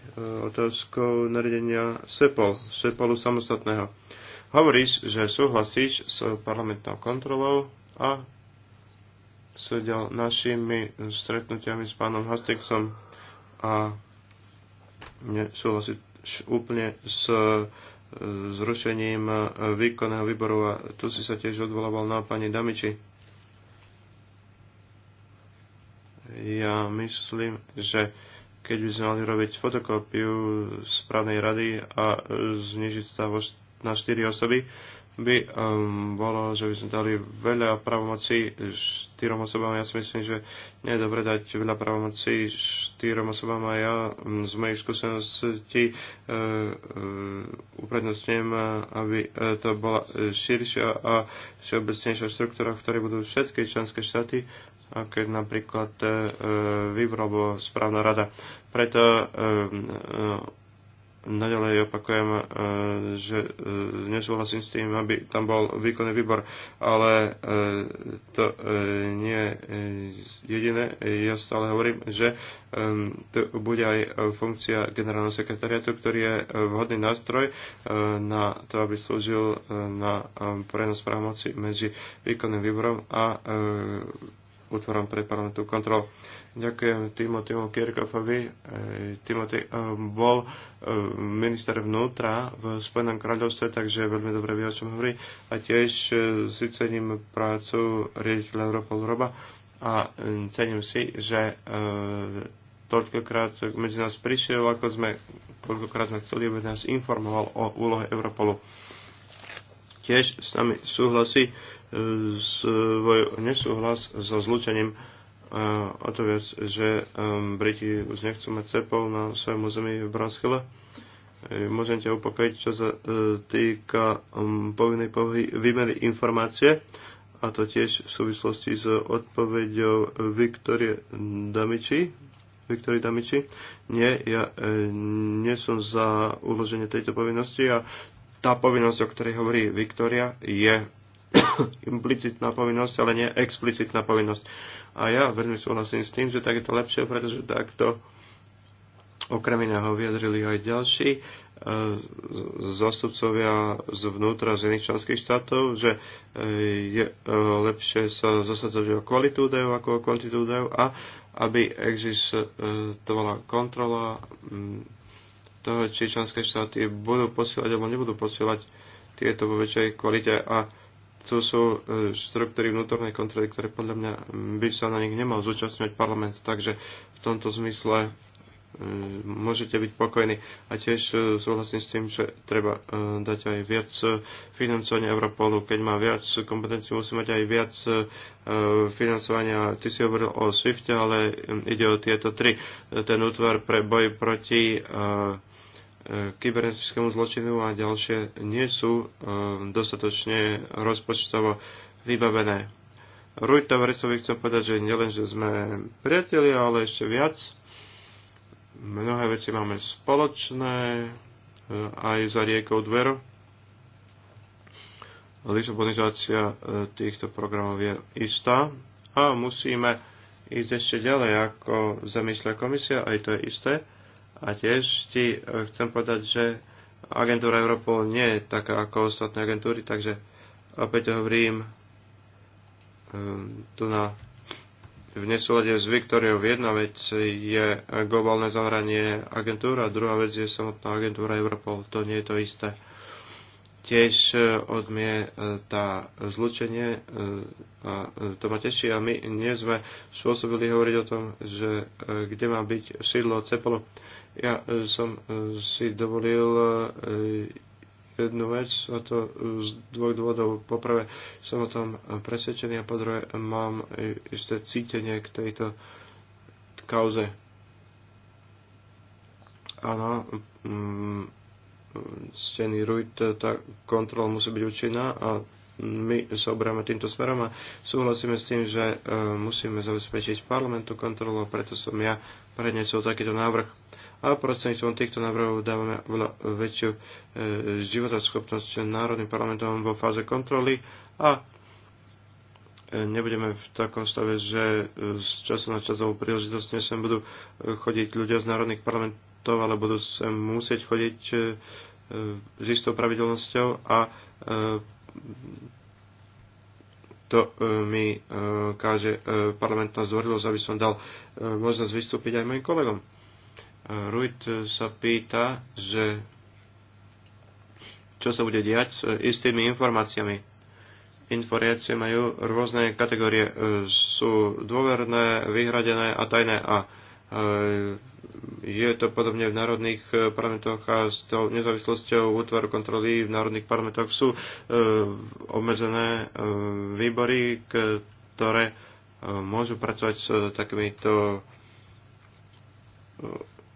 otázkou naredenia SEPOL, SEPOLu samostatného. Hovoríš, že súhlasíš s parlamentnou kontrolou a s našimi stretnutiami s pánom Hastiksom a nesúhlasíš úplne s uh, zrušením e, výkonného výboru a tu si sa tiež odvolával na pani Damiči. Ja myslím, že keď by sme mali robiť fotokópiu správnej rady a e, znižiť stav na 4 osoby, by um, bolo, že by sme dali veľa pravomocí štyrom osobám. Ja si myslím, že nie je dobre dať veľa pravomocí štyrom osobám a ja um, z mojich skúseností uh, uh, uprednostňujem, uh, aby uh, to bola širšia a všeobecnejšia štruktúra, v ktorej budú všetky členské štáty a keď napríklad e, výbor alebo správna rada. Preto e, e, naďalej opakujem, e, že e, nesúhlasím s tým, aby tam bol výkonný výbor, ale e, to nie je jediné. Ja stále hovorím, že to bude aj funkcia generálneho sekretariatu, ktorý je vhodný nástroj na to, aby slúžil na prenos právomoci medzi výkonným výborom a útvorom pre parlamentu kontrolu. Ďakujem Timotimu Kirkofovi. E, Timothy e, bol e, minister vnútra v Spojenom kráľovstve, takže veľmi dobre vie, o čom hovorí. A tiež si cením prácu riaditeľa Europol Roba a cením si, že toľkokrát medzi nás prišiel, ako sme, koľkokrát sme chceli, aby nás informoval o úlohe Europolu. Tiež s nami súhlasí svoj nesúhlas so zlučením o to viac, že um, Briti už nechcú mať cepov na svojom území v Branskyle. E, môžem ťa upokojiť, čo sa e, týka um, povinnej výmeny informácie, a to tiež v súvislosti s odpoveďou Viktorie Damiči. Viktori Damiči. Nie, ja e, nie som za uloženie tejto povinnosti a tá povinnosť, o ktorej hovorí Viktoria, je implicitná povinnosť, ale nie explicitná povinnosť. A ja veľmi súhlasím s tým, že tak je to lepšie, pretože takto okrem iného vyjadrili aj ďalší e, zastupcovia zvnútra z iných členských štátov, že e, je e, lepšie sa zasadzať o kvalitu údajov ako o kvantitu údajov a aby existovala kontrola toho, či členské štáty budú posielať alebo nebudú posielať tieto vo väčšej kvalite a to sú štruktúry e, vnútornej kontroly, ktoré podľa mňa by sa na nich nemal zúčastňovať parlament. Takže v tomto zmysle e, môžete byť pokojní. A tiež e, súhlasím s tým, že treba dať aj viac financovania Europolu. Keď má viac kompetencií, musí mať aj viac financovania. Ty si hovoril o Swifte, ale ide o tieto tri. Ten útvar pre boj proti kybernetickému zločinu a ďalšie nie sú e, dostatočne rozpočtovo vybavené. Rujtovarecovi chcem povedať, že nielen, že sme priatelia, ale ešte viac. Mnohé veci máme spoločné, e, aj za riekou dveru. Lisabonizácia e, týchto programov je istá a musíme ísť ešte ďalej, ako zamýšľa komisia, aj to je isté a tiež ti e, chcem povedať, že agentúra Europol nie je taká ako ostatné agentúry, takže opäť hovorím um, tu na v nesúlade s Viktoriou jedna vec je globálne zahranie agentúra, druhá vec je samotná agentúra Europol. To nie je to isté tiež e, odmieta e, zlučenie e, a to ma teší a my nie sme spôsobili hovoriť o tom, že kde má byť sídlo Cepolo. Ja som si dovolil jednu vec a to z dvoch dôvodov. Poprvé som o tom presvedčený a podruhé mám isté cítenie k tejto kauze. Áno, mm, steny Ruit, e, tá kontrola musí byť účinná a my sa obráme týmto smerom a súhlasíme s tým, že e, musíme zabezpečiť parlamentu kontrolu a preto som ja prednesol takýto návrh. A prostredníctvom týchto návrhov dávame veľa väčšiu e, životaschopnosť národným parlamentom vo fáze kontroly a e, nebudeme v takom stave, že z času na čas alebo príležitosť sem budú chodiť ľudia z národných parlamentov to, ale budú sem musieť chodiť e, e, s istou pravidelnosťou a e, to mi káže parlamentná zdvorilosť, aby som dal možnosť vystúpiť aj mojim kolegom. Ruit sa pýta, že čo sa bude diať s istými informáciami. Informácie majú rôzne kategórie. Sú dôverné, vyhradené a tajné a E, je to podobne v národných e, parlamentoch a s tou nezávislosťou útvaru kontroly v národných parlamentoch sú e, obmedzené výbory, ktoré môžu pracovať s takýmito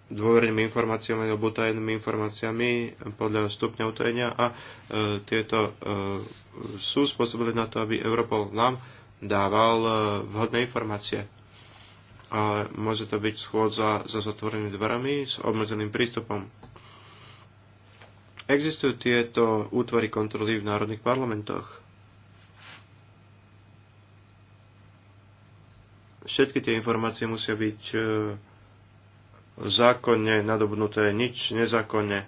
dôvernými informáciami alebo tajnými informáciami podľa stupňa utajenia a e, tieto e, sú spôsobili na to, aby Europol nám dával e, vhodné informácie ale môže to byť schôdza za zatvorenými dverami s obmedzeným prístupom. Existujú tieto útvary kontroly v národných parlamentoch. Všetky tie informácie musia byť e, zákonne nadobnuté, nič nezákonne.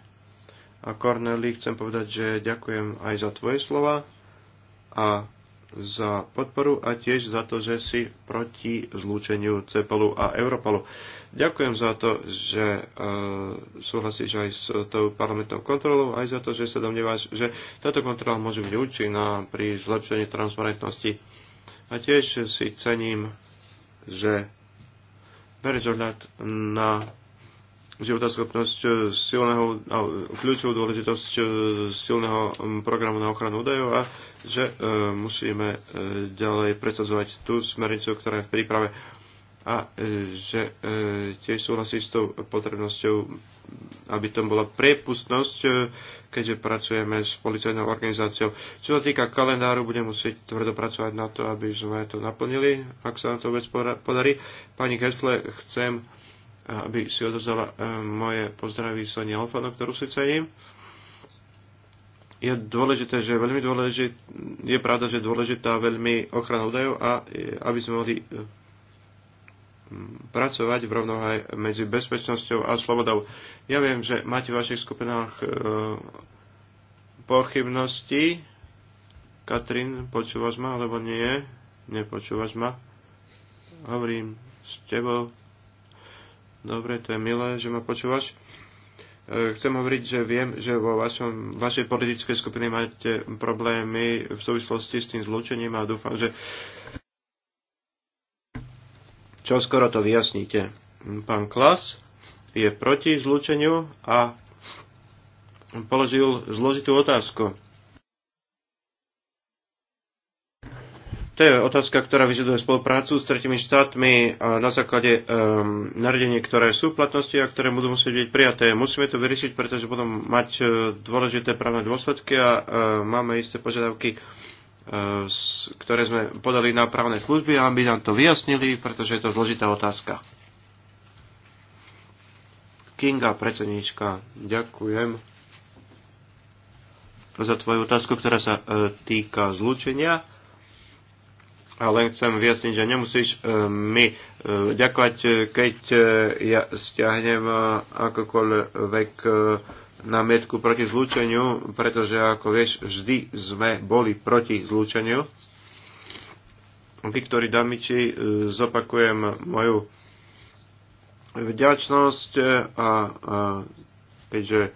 A Corneli, chcem povedať, že ďakujem aj za tvoje slova a za podporu a tiež za to, že si proti zlúčeniu CEPOLu a Europolu. Ďakujem za to, že e, súhlasíš aj s tou parlamentnou kontrolou, aj za to, že sa domnieváš, že táto kontrola môže byť účinná pri zlepšení transparentnosti. A tiež si cením, že bereš ohľad na životaschopnosť e, silného, kľúčovú dôležitosť e, silného programu na ochranu údajov a že e, musíme ďalej presadzovať tú smernicu, ktorá je v príprave a že tiež súhlasí s tou potrebnosťou, aby tam bola priepustnosť, keďže pracujeme s policajnou organizáciou. Čo sa týka kalendáru, budem musieť tvrdo pracovať na to, aby sme to naplnili, ak sa nám to vôbec podarí. Pani Kessle, chcem aby si odozdala e, moje pozdravy Sonia Alfano, ktorú si cením. Je dôležité, že veľmi dôležité, je pravda, že je dôležitá veľmi ochrana údajov a e, aby sme mohli e, pracovať v rovnováhe medzi bezpečnosťou a slobodou. Ja viem, že máte v vašich skupinách e, pochybnosti. Katrin, počúvaš ma alebo nie? Nepočúvaš ma? Hovorím s tebou. Dobre, to je milé, že ma počúvaš. E, chcem hovoriť, že viem, že vo vašom, vašej politickej skupine máte problémy v súvislosti s tým zlúčením a dúfam, že čo skoro to vyjasníte. Pán Klas je proti zlúčeniu a položil zložitú otázku To je otázka, ktorá vyžaduje spoluprácu s tretimi štátmi na základe um, nariadení, ktoré sú v platnosti a ktoré budú musieť byť prijaté. Musíme to vyriešiť, pretože budú mať uh, dôležité právne dôsledky a uh, máme isté požiadavky, uh, ktoré sme podali na právne služby, aby nám to vyjasnili, pretože je to zložitá otázka. Kinga, predsednička, ďakujem za tvoju otázku, ktorá sa uh, týka zlúčenia ale chcem vyjasniť, že nemusíš e, mi e, ďakovať, e, keď ja stiahnem akokoľvek námietku proti zlúčeniu, pretože ako vieš, vždy sme boli proti zlúčeniu. Viktori Damiči, zopakujem moju vďačnosť a, a keďže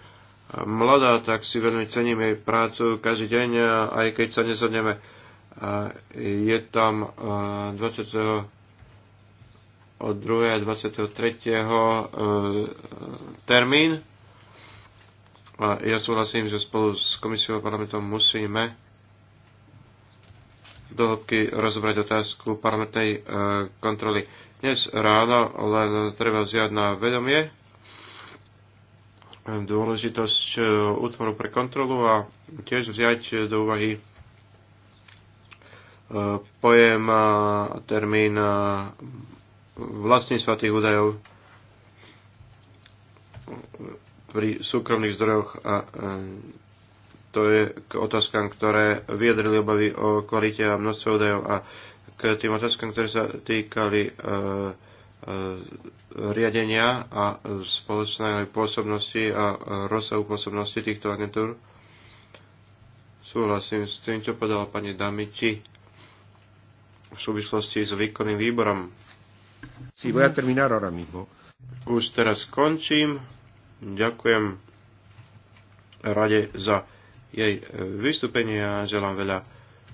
mladá, tak si veľmi cením jej prácu každý deň, aj keď sa nezhodneme je tam 20 e, od 2. a 23. E, termín. A ja súhlasím, že spolu s komisiou a parlamentom musíme dohlbky rozobrať otázku parlamentnej e, kontroly. Dnes ráno len treba vziať na vedomie dôležitosť útvoru pre kontrolu a tiež vziať do úvahy pojem a termín vlastníctva tých údajov pri súkromných zdrojoch a e, to je k otázkam, ktoré vyjadrili obavy o kvalite a množstve údajov a k tým otázkam, ktoré sa týkali e, e, riadenia a spoločnej pôsobnosti a rozsahu pôsobnosti týchto agentúr. Súhlasím s tým, čo povedala pani Damiči v súvislosti s výkonným výborom. Si voy a terminar ahora mismo. Už teraz končím. Ďakujem rade za jej e, vystúpenie a želám veľa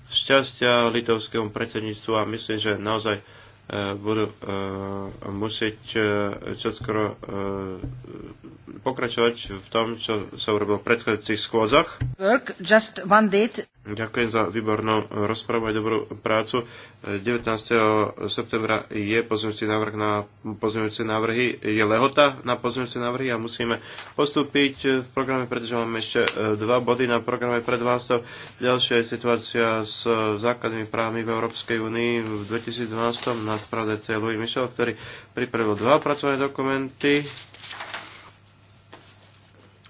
šťastia litovskému predsedníctvu a myslím, že naozaj e, budú e, musieť čoskoro pokračovať v tom, čo sa urobilo v predchádzajúcich schôdzach. Ďakujem za výbornú rozpravu a dobrú prácu. 19. septembra je pozmeňujúci návrh na pozmeňujúce návrhy, je lehota na pozmeňujúce návrhy a musíme postúpiť v programe, pretože máme ešte e, dva body na programe pred vás. Ďalšia je situácia s základnými právami v Európskej únii v 2012 na spravodajce Louis Michel, ktorý pripravil dva pracovné dokumenty.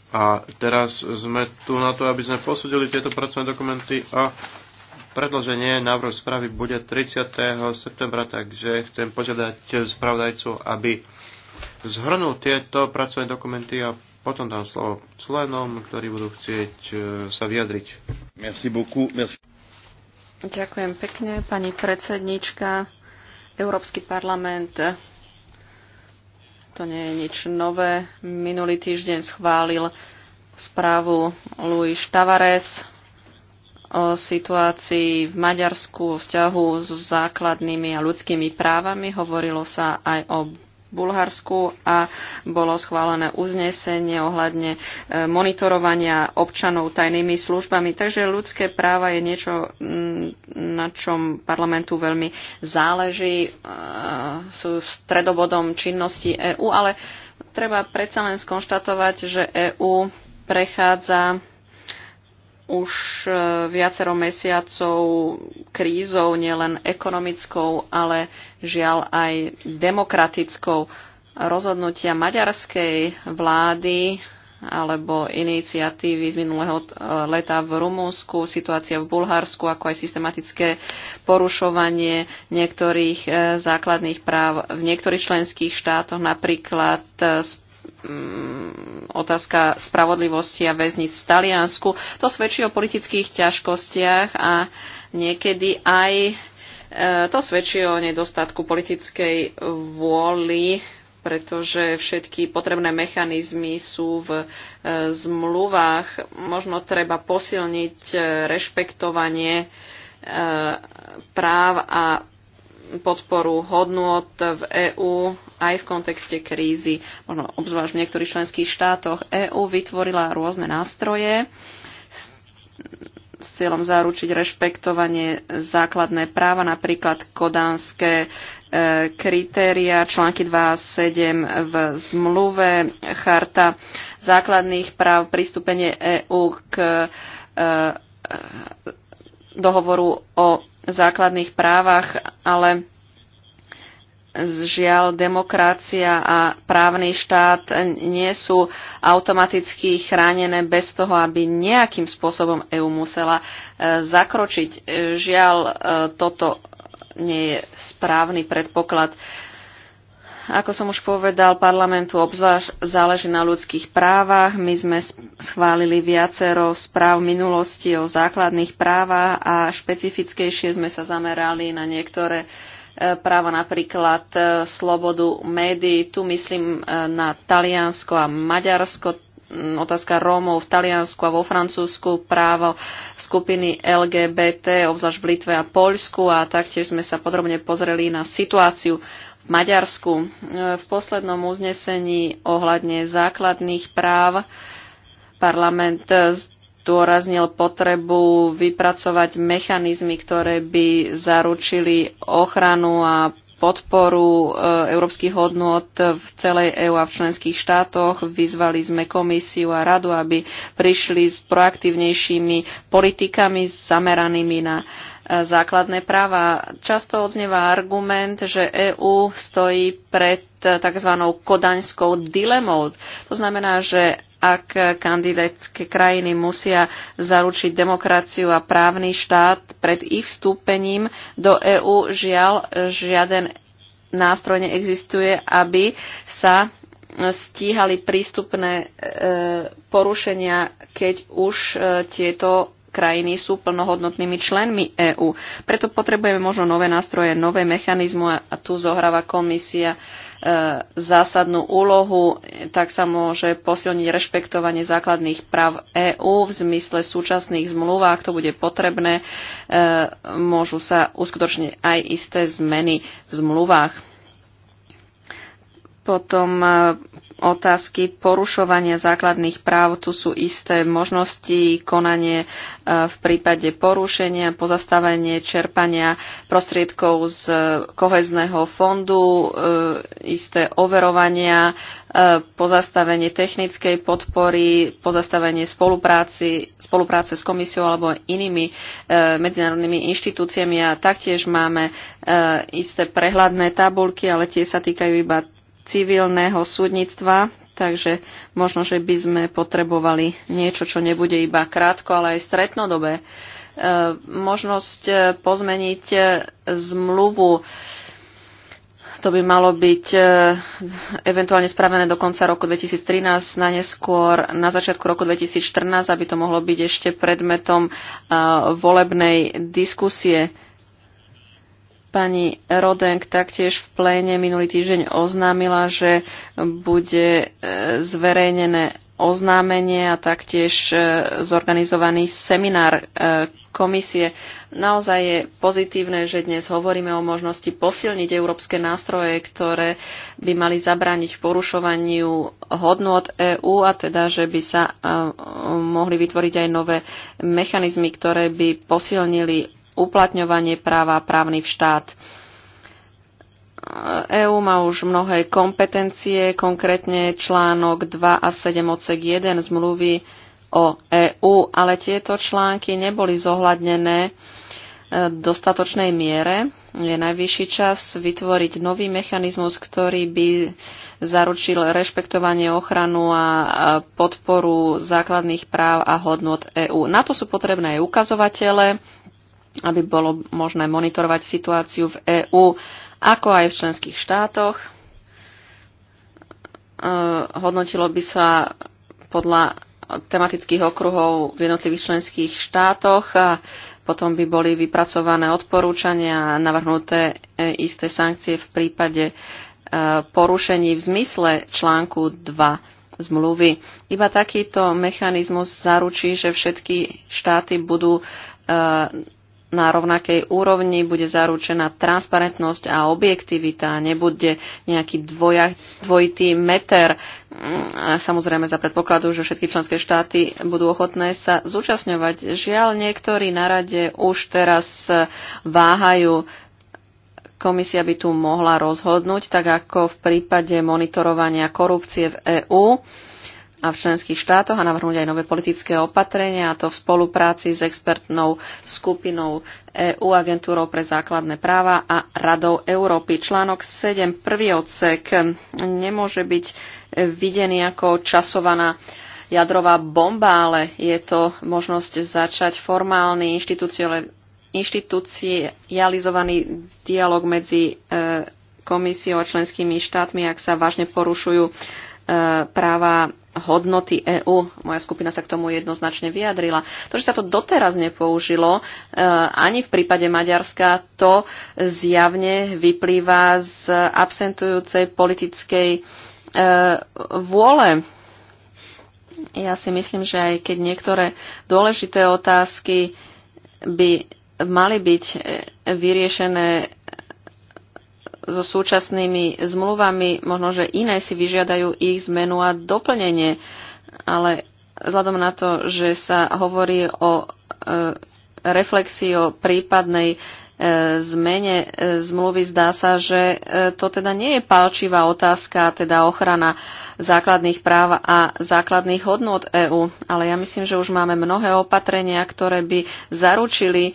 A teraz sme tu na to, aby sme posúdili tieto pracovné dokumenty a predloženie návrh správy bude 30. septembra, takže chcem požiadať spravodajcu, aby zhrnul tieto pracovné dokumenty a potom dám slovo členom, ktorí budú chcieť e, sa vyjadriť. Merci beaucoup. Merci. Ďakujem pekne, pani predsednička. Európsky parlament to nie je nič nové. Minulý týždeň schválil správu Luis Tavares o situácii v Maďarsku, o vzťahu s základnými a ľudskými právami. Hovorilo sa aj o Bulharsku a bolo schválené uznesenie ohľadne e, monitorovania občanov tajnými službami. Takže ľudské práva je niečo, mm, na čom parlamentu veľmi záleží. E, sú stredobodom činnosti EÚ, ale treba predsa len skonštatovať, že EÚ prechádza už e, viacero mesiacov krízou, nielen ekonomickou, ale žiaľ aj demokratickou. Rozhodnutia maďarskej vlády alebo iniciatívy z minulého e, leta v Rumúnsku, situácia v Bulharsku, ako aj systematické porušovanie niektorých e, základných práv v niektorých členských štátoch, napríklad Mm, otázka spravodlivosti a väznic v Taliansku. To svedčí o politických ťažkostiach a niekedy aj e, to svedčí o nedostatku politickej vôly, pretože všetky potrebné mechanizmy sú v e, zmluvách. Možno treba posilniť e, rešpektovanie práv a podporu hodnot v EÚ aj v kontexte krízy, možno obzvlášť v niektorých členských štátoch. EÚ vytvorila rôzne nástroje s, s cieľom zaručiť rešpektovanie základné práva, napríklad kodánske e, kritéria, články 2 a 7 v zmluve, charta základných práv, pristúpenie EÚ k e, e, dohovoru o základných právach, ale žiaľ demokracia a právny štát nie sú automaticky chránené bez toho, aby nejakým spôsobom EÚ musela e, zakročiť. E, žiaľ, e, toto nie je správny predpoklad. Ako som už povedal, parlamentu obzvlášť záleží na ľudských právach. My sme schválili viacero správ minulosti o základných právach a špecifickejšie sme sa zamerali na niektoré e, práva napríklad e, slobodu médií. Tu myslím e, na Taliansko a Maďarsko mm, otázka Rómov v Taliansku a vo Francúzsku, právo skupiny LGBT, obzvlášť v Litve a Poľsku a taktiež sme sa podrobne pozreli na situáciu Maďarsku. E, v poslednom uznesení ohľadne základných práv parlament zdôraznil potrebu vypracovať mechanizmy, ktoré by zaručili ochranu a podporu e, európskych hodnôt v celej EÚ a v členských štátoch. Vyzvali sme komisiu a radu, aby prišli s proaktívnejšími politikami zameranými na základné práva. Často odznieva argument, že EÚ stojí pred tzv. kodaňskou dilemou. To znamená, že ak kandidátske krajiny musia zaručiť demokraciu a právny štát pred ich vstúpením do EÚ, žiaľ, žiaden nástroj neexistuje, aby sa stíhali prístupné e, porušenia, keď už e, tieto krajiny sú plnohodnotnými členmi EÚ. Preto potrebujeme možno nové nástroje, nové mechanizmu a tu zohráva komisia e, zásadnú úlohu, tak sa môže posilniť rešpektovanie základných práv EÚ v zmysle súčasných zmluv, ak to bude potrebné, e, môžu sa uskutočniť aj isté zmeny v zmluvách. Potom e, otázky porušovania základných práv. Tu sú isté možnosti konanie e, v prípade porušenia, pozastavenie čerpania prostriedkov z e, kohezného fondu, e, isté overovania, pozastavenie technickej podpory, pozastavenie spolupráci, spolupráce s komisiou alebo inými medzinárodnými inštitúciami a taktiež máme isté prehľadné tabulky, ale tie sa týkajú iba civilného súdnictva, takže možno, že by sme potrebovali niečo, čo nebude iba krátko, ale aj stretnodobé. E, možnosť e, pozmeniť e, zmluvu to by malo byť eventuálne spravené do konca roku 2013, na neskôr na začiatku roku 2014, aby to mohlo byť ešte predmetom volebnej diskusie. Pani Rodenk taktiež v pléne minulý týždeň oznámila, že bude e, zverejnené oznámenie a taktiež e, zorganizovaný seminár e, komisie. Naozaj je pozitívne, že dnes hovoríme o možnosti posilniť európske nástroje, ktoré by mali zabrániť porušovaniu hodnot EÚ a teda, že by sa mohli vytvoriť aj nové mechanizmy, ktoré by posilnili uplatňovanie práva a právny štát. EÚ e má už mnohé kompetencie, konkrétne článok 2 a 7 odsek 1 zmluvy o EÚ, ale tieto články neboli zohľadnené e, v dostatočnej miere. Je najvyšší čas vytvoriť nový mechanizmus, ktorý by zaručil rešpektovanie, ochranu a podporu základných práv a hodnot EÚ. Na to sú potrebné aj ukazovatele, aby bolo možné monitorovať situáciu v EÚ, ako aj v členských štátoch. E, hodnotilo by sa podľa tematických okruhov v jednotlivých členských štátoch a potom by boli vypracované odporúčania a navrhnuté e, isté sankcie v prípade e, porušení v zmysle článku 2 zmluvy. Iba takýto mechanizmus zaručí, že všetky štáty budú na rovnakej úrovni bude zaručená transparentnosť a objektivita, nebude nejaký dvoja, dvojitý meter. A samozrejme za predpokladu, že všetky členské štáty budú ochotné sa zúčastňovať. Žiaľ, niektorí na rade už teraz váhajú. Komisia by tu mohla rozhodnúť, tak ako v prípade monitorovania korupcie v EÚ a v členských štátoch a navrhnúť aj nové politické opatrenia, a to v spolupráci s expertnou skupinou EU agentúrou pre základné práva a Radou Európy. Článok 7, prvý odsek, nemôže byť videný ako časovaná jadrová bomba, ale je to možnosť začať formálny inštitucionalizovaný dialog medzi e, komisiou a členskými štátmi, ak sa vážne porušujú e, práva hodnoty EÚ. Moja skupina sa k tomu jednoznačne vyjadrila. To, že sa to doteraz nepoužilo, e, ani v prípade Maďarska, to zjavne vyplýva z absentujúcej politickej e, vôle. Ja si myslím, že aj keď niektoré dôležité otázky by mali byť e, vyriešené so súčasnými zmluvami, možno, že iné si vyžiadajú ich zmenu a doplnenie, ale vzhľadom na to, že sa hovorí o e, reflexii o prípadnej zmene e, zmluvy. Zdá sa, že e, to teda nie je palčivá otázka, teda ochrana základných práv a základných hodnôt EÚ. Ale ja myslím, že už máme mnohé opatrenia, ktoré by zaručili e,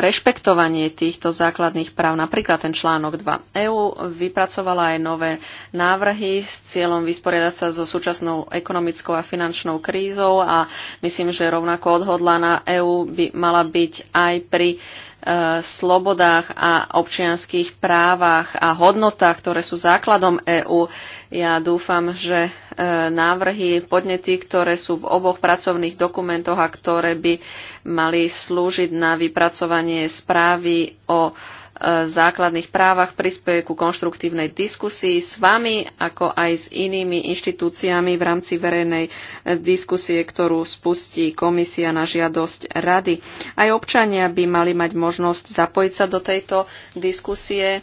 rešpektovanie týchto základných práv. Napríklad ten článok 2. EÚ vypracovala aj nové návrhy s cieľom vysporiadať sa so súčasnou ekonomickou a finančnou krízou a myslím, že rovnako odhodlaná EÚ by mala byť aj pri Eh, slobodách a občianských právach a hodnotách, ktoré sú základom EÚ. Ja dúfam, že eh, návrhy, podnety, ktoré sú v oboch pracovných dokumentoch a ktoré by mali slúžiť na vypracovanie správy o základných právach prispieje ku konštruktívnej diskusii s vami, ako aj s inými inštitúciami v rámci verejnej diskusie, ktorú spustí komisia na žiadosť rady. Aj občania by mali mať možnosť zapojiť sa do tejto diskusie.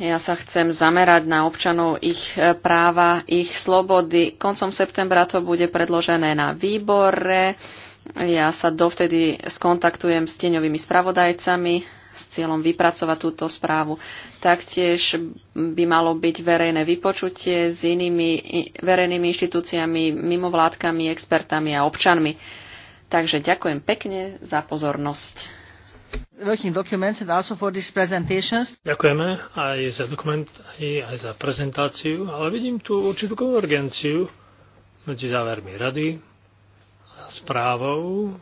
Ja sa chcem zamerať na občanov, ich e, práva, ich slobody. Koncom septembra to bude predložené na výbore. Ja sa dovtedy skontaktujem s tieňovými spravodajcami s cieľom vypracovať túto správu. Taktiež by malo byť verejné vypočutie s inými verejnými inštitúciami, mimovládkami, expertami a občanmi. Takže ďakujem pekne za pozornosť. Ďakujeme aj za dokument, aj za prezentáciu, ale vidím tu určitú konvergenciu medzi závermi rady a správou,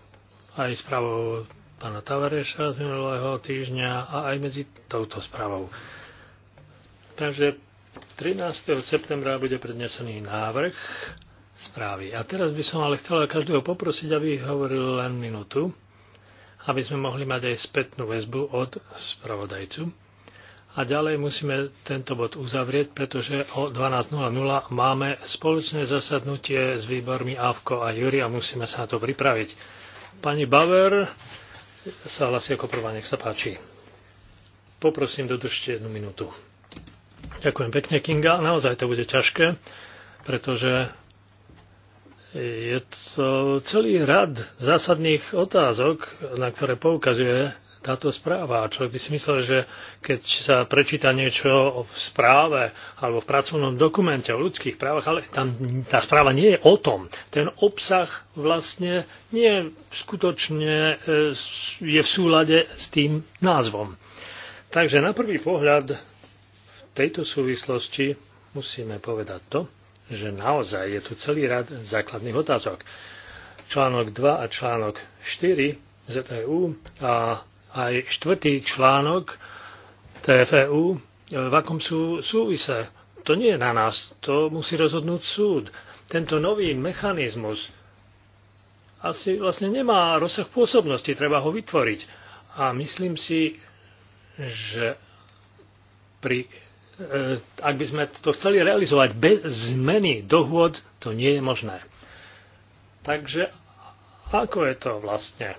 aj správou pána Tavareša z minulého týždňa a aj medzi touto správou. Takže 13. septembra bude prednesený návrh správy. A teraz by som ale chcela každého poprosiť, aby hovoril len minútu, aby sme mohli mať aj spätnú väzbu od spravodajcu. A ďalej musíme tento bod uzavrieť, pretože o 12.00 máme spoločné zasadnutie s výbormi AVKO a júria a musíme sa na to pripraviť. Pani Baver, sa hlasí ako prvá, nech sa páči. Poprosím, dodržte jednu minútu. Ďakujem pekne, Kinga. Naozaj to bude ťažké, pretože je to celý rad zásadných otázok, na ktoré poukazuje táto správa. Človek by si myslel, že keď sa prečíta niečo v správe alebo v pracovnom dokumente o ľudských právach, ale tam tá správa nie je o tom. Ten obsah vlastne nie skutočne e, je v súlade s tým názvom. Takže na prvý pohľad v tejto súvislosti musíme povedať to, že naozaj je tu celý rad základných otázok. Článok 2 a článok 4 ZEU a aj štvrtý článok TFEU, e, v akom sú súvise. To nie je na nás, to musí rozhodnúť súd. Tento nový mechanizmus asi vlastne nemá rozsah pôsobnosti, treba ho vytvoriť. A myslím si, že pri e, ak by sme to chceli realizovať bez zmeny dohôd, to nie je možné. Takže ako je to vlastne?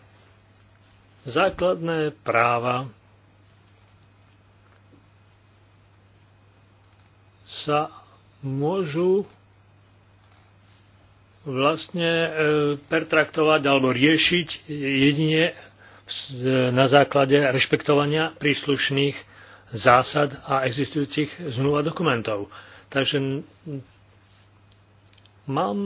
základné práva sa môžu vlastne e, pertraktovať alebo riešiť jedine e, na základe rešpektovania príslušných zásad a existujúcich zmluv a dokumentov. Takže mám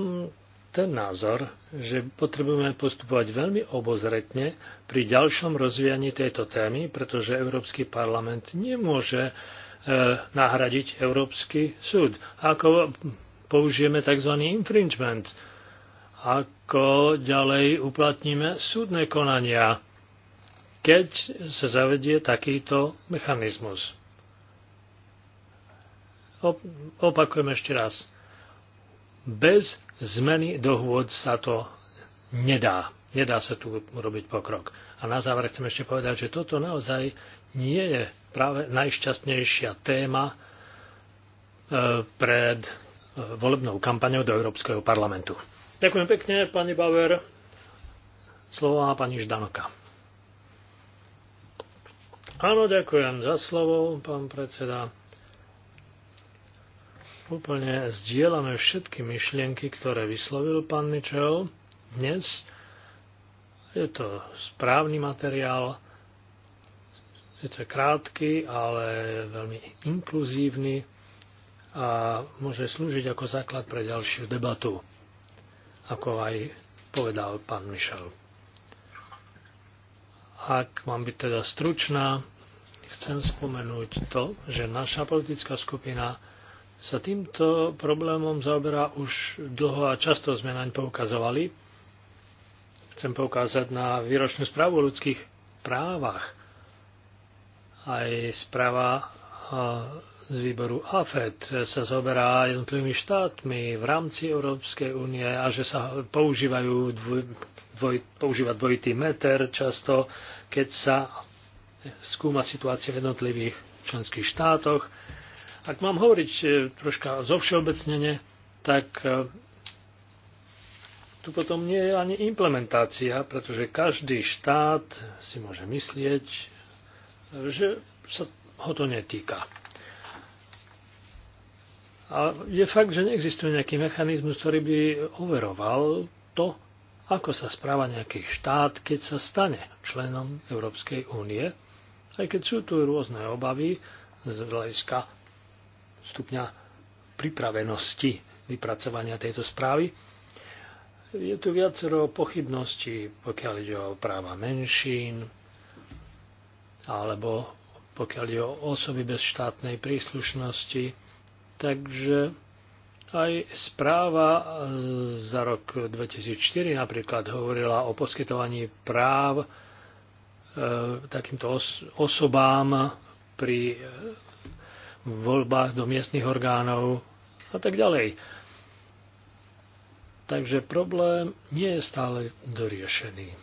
ten názor, že potrebujeme postupovať veľmi obozretne pri ďalšom rozvíjaní tejto témy, pretože Európsky parlament nemôže e, nahradiť Európsky súd. Ako použijeme tzv. infringement, ako ďalej uplatníme súdne konania, keď sa zavedie takýto mechanizmus. Opakujem ešte raz bez zmeny dohôd sa to nedá. Nedá sa tu urobiť pokrok. A na záver chcem ešte povedať, že toto naozaj nie je práve najšťastnejšia téma e, pred e, volebnou kampaňou do Európskeho parlamentu. Ďakujem pekne, pani Bauer. Slovo má pani Ždanoka. Áno, ďakujem za slovo, pán predseda. Úplne zdieľame všetky myšlienky, ktoré vyslovil pán Mičel dnes. Je to správny materiál, je to krátky, ale veľmi inkluzívny a môže slúžiť ako základ pre ďalšiu debatu, ako aj povedal pán Mišel. Ak mám byť teda stručná, chcem spomenúť to, že naša politická skupina sa týmto problémom zaoberá už dlho a často sme naň poukazovali. Chcem poukázať na výročnú správu o ľudských právach. Aj správa z výboru AFED sa zaoberá jednotlivými štátmi v rámci Európskej únie a že sa používajú dvoj, dvoj, používa dvojitý meter často, keď sa skúma situácia v jednotlivých členských štátoch ak mám hovoriť e, troška zovšeobecnene, tak e, tu potom nie je ani implementácia, pretože každý štát si môže myslieť, že sa ho to netýka. A je fakt, že neexistuje nejaký mechanizmus, ktorý by overoval to, ako sa správa nejaký štát, keď sa stane členom Európskej únie, aj keď sú tu rôzne obavy z hľadiska stupňa pripravenosti vypracovania tejto správy. Je tu viacero pochybností, pokiaľ ide o práva menšín, alebo pokiaľ ide o osoby bez štátnej príslušnosti. Takže aj správa za rok 2004 napríklad hovorila o poskytovaní práv e, takýmto osobám pri voľbách do miestnych orgánov a tak ďalej. Takže problém nie je stále doriešený.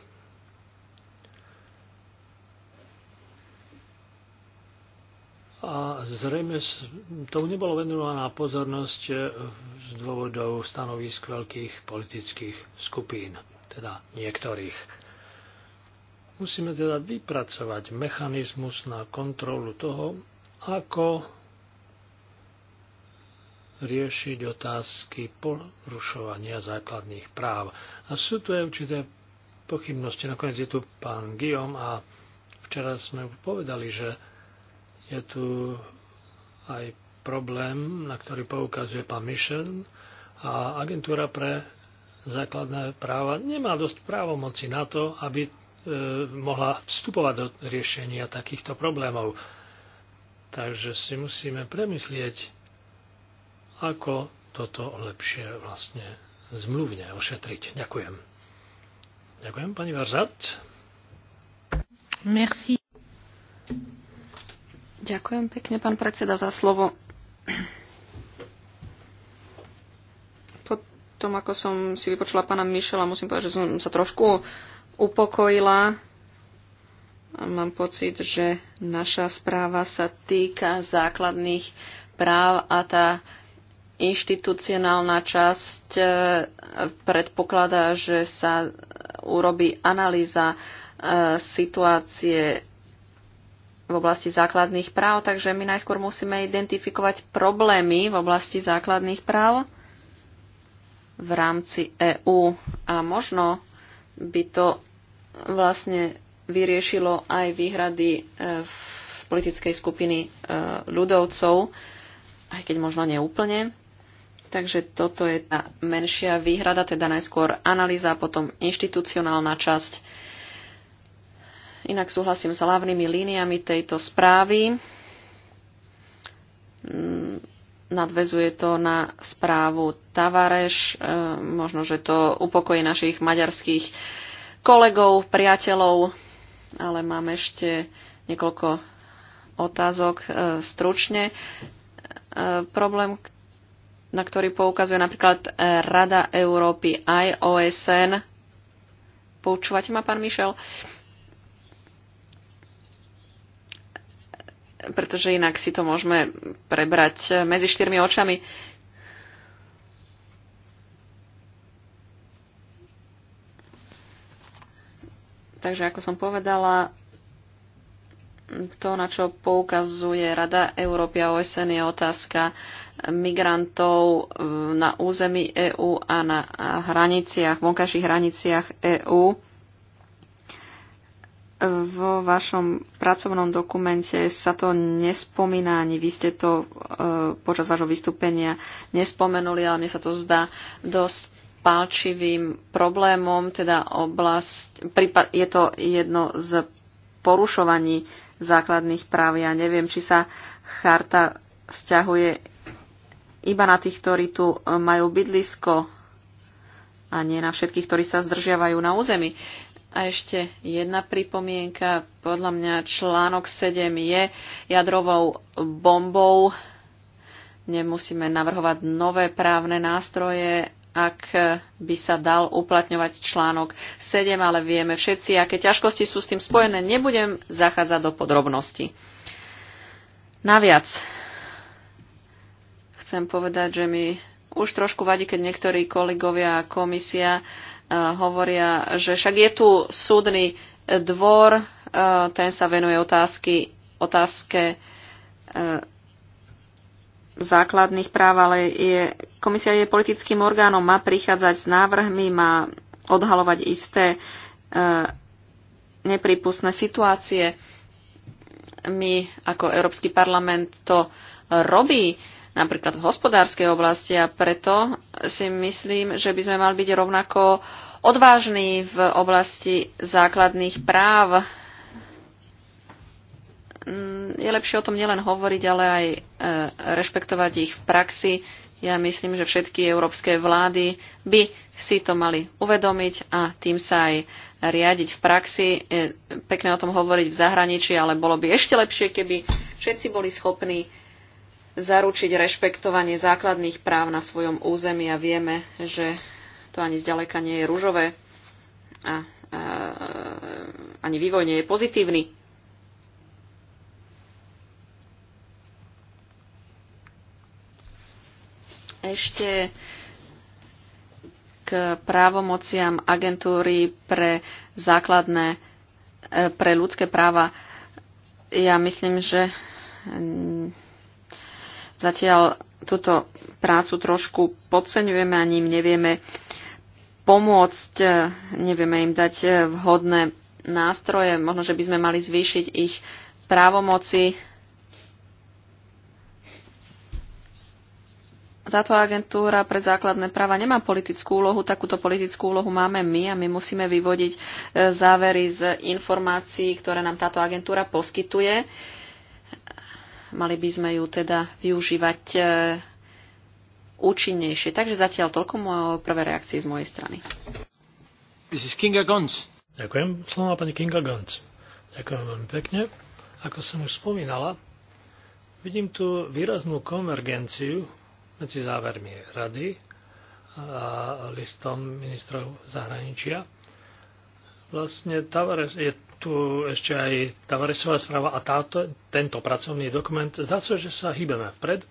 A zrejme tomu nebolo venovaná pozornosť e, z dôvodov stanovisk veľkých politických skupín, teda niektorých. Musíme teda vypracovať mechanizmus na kontrolu toho, ako riešiť otázky porušovania základných práv. A sú tu aj určité pochybnosti. Nakoniec je tu pán Guillaume a včera sme povedali, že je tu aj problém, na ktorý poukazuje pán Michel a agentúra pre základné práva nemá dosť právomoci na to, aby e, mohla vstupovať do riešenia takýchto problémov. Takže si musíme premyslieť, ako toto lepšie vlastne zmluvne ošetriť. Ďakujem. Ďakujem, pani Varzat. Merci. Ďakujem pekne, pán predseda, za slovo. Po tom, ako som si vypočula pána Mišela, musím povedať, že som sa trošku upokojila. Mám pocit, že naša správa sa týka základných práv a tá inštitucionálna časť e, predpokladá, že sa urobí analýza e, situácie v oblasti základných práv, takže my najskôr musíme identifikovať problémy v oblasti základných práv v rámci EÚ a možno by to vlastne vyriešilo aj výhrady e, v politickej skupiny ľudovcov, aj keď možno neúplne. Takže toto je tá menšia výhrada, teda najskôr analýza, potom inštitucionálna časť. Inak súhlasím s hlavnými líniami tejto správy. Mm, nadvezuje to na správu Tavareš. E, možno, že to upokojí našich maďarských kolegov, priateľov, ale mám ešte niekoľko otázok e, stručne. E, problém, na ktorý poukazuje napríklad e, Rada Európy aj OSN. Poučúvate ma, pán Mišel? Pretože inak si to môžeme prebrať e, medzi štyrmi očami. Takže ako som povedala, to, na čo poukazuje Rada Európy a OSN je otázka uh, migrantov eh, na území EÚ a na hraniciach, vonkajších hraniciach EÚ. Vo vašom pracovnom dokumente sa to nespomína, ani vy ste to eh, počas vášho vystúpenia nespomenuli, ale mne sa to zdá dosť palčivým problémom, teda oblasť, prípad je to jedno z porušovaní základných práv. Ja neviem, či sa charta vzťahuje iba na tých, ktorí tu e, majú bydlisko a nie na všetkých, ktorí sa zdržiavajú na území. A ešte jedna pripomienka. Podľa mňa článok 7 je jadrovou bombou. Nemusíme navrhovať nové právne nástroje, ak by sa dal uplatňovať článok 7, ale vieme všetci, aké ťažkosti sú s tým spojené. Nebudem zachádzať do podrobností. Naviac, Chcem povedať, že mi už trošku vadí, keď niektorí kolegovia a komisia e, hovoria, že však je tu súdny dvor, e, ten sa venuje otázky, otázke e, základných práv, ale je, komisia je politickým orgánom, má prichádzať s návrhmi, má odhalovať isté nepripustné situácie. My ako Európsky parlament to robí napríklad v hospodárskej oblasti a preto si myslím, že by sme mali byť rovnako odvážni v oblasti základných práv. Mm, je lepšie o tom nielen hovoriť, ale aj e, rešpektovať ich v praxi. Ja myslím, že všetky európske vlády by si to mali uvedomiť a tým sa aj riadiť v praxi. Je pekné o tom hovoriť v zahraničí, ale bolo by ešte lepšie, keby všetci boli schopní zaručiť rešpektovanie základných práv na svojom území a vieme, že to ani zďaleka nie je rúžové a, a ani vývoj nie je pozitívny. Ešte k právomociam agentúry pre základné e, pre ľudské práva. Ja myslím, že Zatiaľ túto prácu trošku podceňujeme, ani im nevieme pomôcť, nevieme im dať vhodné nástroje. Možno, že by sme mali zvýšiť ich právomoci. Táto agentúra pre základné práva nemá politickú úlohu, takúto politickú úlohu máme my a my musíme vyvodiť eh, závery z informácií, ktoré nám táto agentúra poskytuje. Uh, Mali by sme ju teda využívať e, účinnejšie. Takže zatiaľ toľko moje prvé reakcie z mojej strany. is Kinga Gons. Ďakujem. Slovo pani Kinga Gons. Ďakujem veľmi pekne. Ako som už spomínala, vidím tu výraznú konvergenciu medzi závermi rady a listom ministrov zahraničia. Vlastne Tavares je tu ešte aj tá Varesová správa a táto, tento pracovný dokument. Zdá sa, že sa hýbeme vpred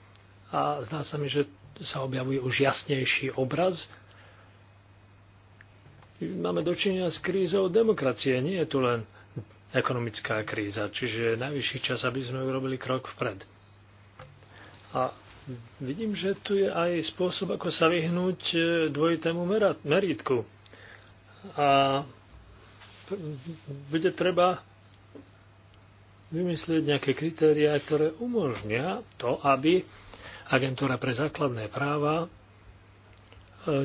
a zdá sa mi, že sa objavuje už jasnejší obraz. Máme dočinenia s krízou demokracie, nie je tu len ekonomická kríza, čiže je najvyšší čas, aby sme urobili krok vpred. A vidím, že tu je aj spôsob, ako sa vyhnúť dvojitému merítku. A bude treba vymyslieť nejaké kritériá, ktoré umožnia to, aby agentúra pre základné práva e,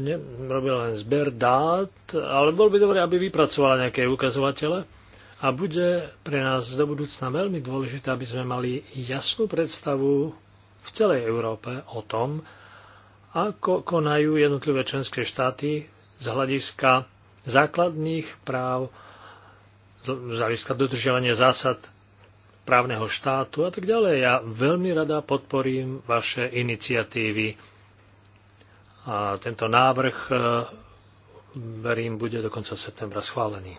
ne, robila len zber dát, ale bol by dobré, aby vypracovala nejaké ukazovatele a bude pre nás do budúcna veľmi dôležité, aby sme mali jasnú predstavu v celej Európe o tom, ako konajú jednotlivé členské štáty z hľadiska základných práv z hľadiska dodržiavania zásad právneho štátu a tak ďalej. Ja veľmi rada podporím vaše iniciatívy a tento návrh e, verím bude do konca septembra schválený.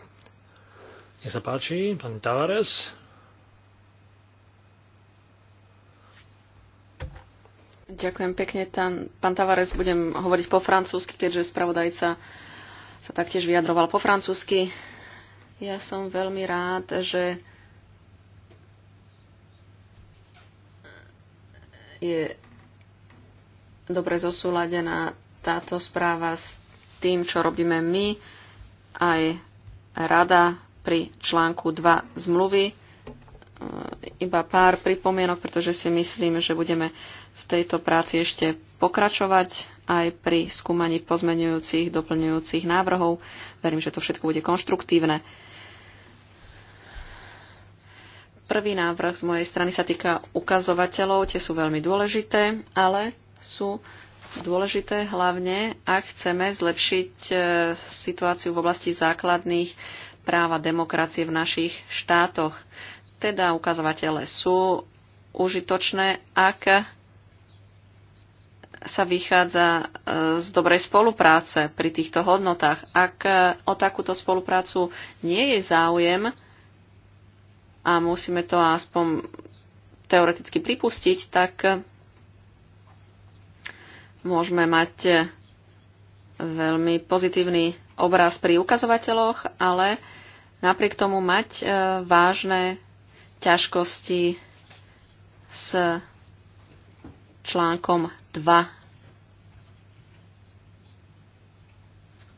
Nech sa páči, pán Tavares. Ďakujem pekne. Tam, pán Tavares, budem hovoriť po francúzsky, keďže spravodajca sa taktiež vyjadroval po francúzsky. Ja som veľmi rád, že je dobre zosúladená táto správa s tým, čo robíme my, aj rada pri článku 2 zmluvy E, iba pár pripomienok, pretože si myslím, že budeme v tejto práci ešte pokračovať aj pri skúmaní pozmenujúcich, doplňujúcich návrhov. Verím, že to všetko bude konštruktívne. Prvý návrh z mojej strany sa týka ukazovateľov, tie sú veľmi dôležité, ale sú dôležité hlavne, ak chceme zlepšiť e, situáciu v oblasti základných práv a demokracie v našich štátoch. Teda ukazovatele sú užitočné, ak sa vychádza e, z dobrej spolupráce pri týchto hodnotách. Ak o takúto spoluprácu nie je záujem a musíme to aspoň teoreticky pripustiť, tak môžeme mať veľmi pozitívny obraz pri ukazovateľoch, ale napriek tomu mať e, vážne ťažkosti s článkom 2.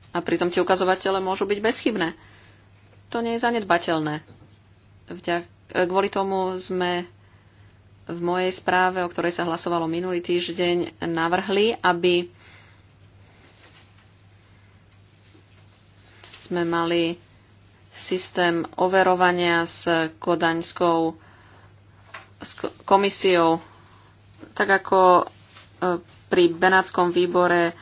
A pritom tie ukazovatele môžu byť bezchybné. To nie je zanedbateľné. E, kvôli tomu sme v mojej správe, o ktorej sa hlasovalo minulý týždeň, navrhli, aby sme mali systém overovania s kodaňskou s komisiou. Tak ako e, pri Benátskom výbore e,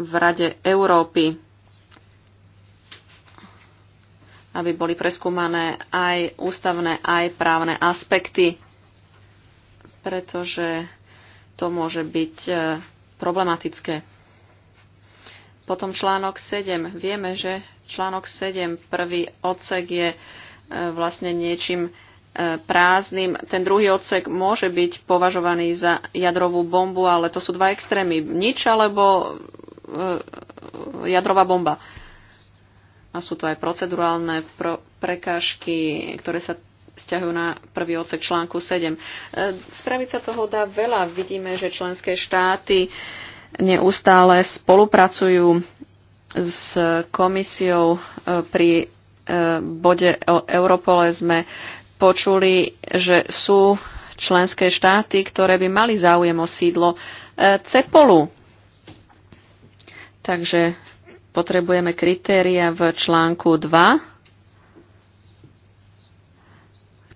v Rade Európy, aby boli preskúmané aj ústavné, aj právne aspekty, pretože to môže byť e, problematické. Potom článok 7. Vieme, že článok 7, prvý odsek je e, vlastne niečím e, prázdnym. Ten druhý odsek môže byť považovaný za jadrovú bombu, ale to sú dva extrémy. Nič alebo e, jadrová bomba. A sú to aj procedurálne pro- prekážky, ktoré sa vzťahujú na prvý odsek článku 7. Spraviť sa toho dá veľa. Vidíme, že členské štáty uh, neustále spolupracujú s komisiou e, pri e, bode o Europole sme počuli, že sú členské štáty, ktoré by mali záujem o sídlo e, CEPOLu. Takže potrebujeme kritéria v článku 2,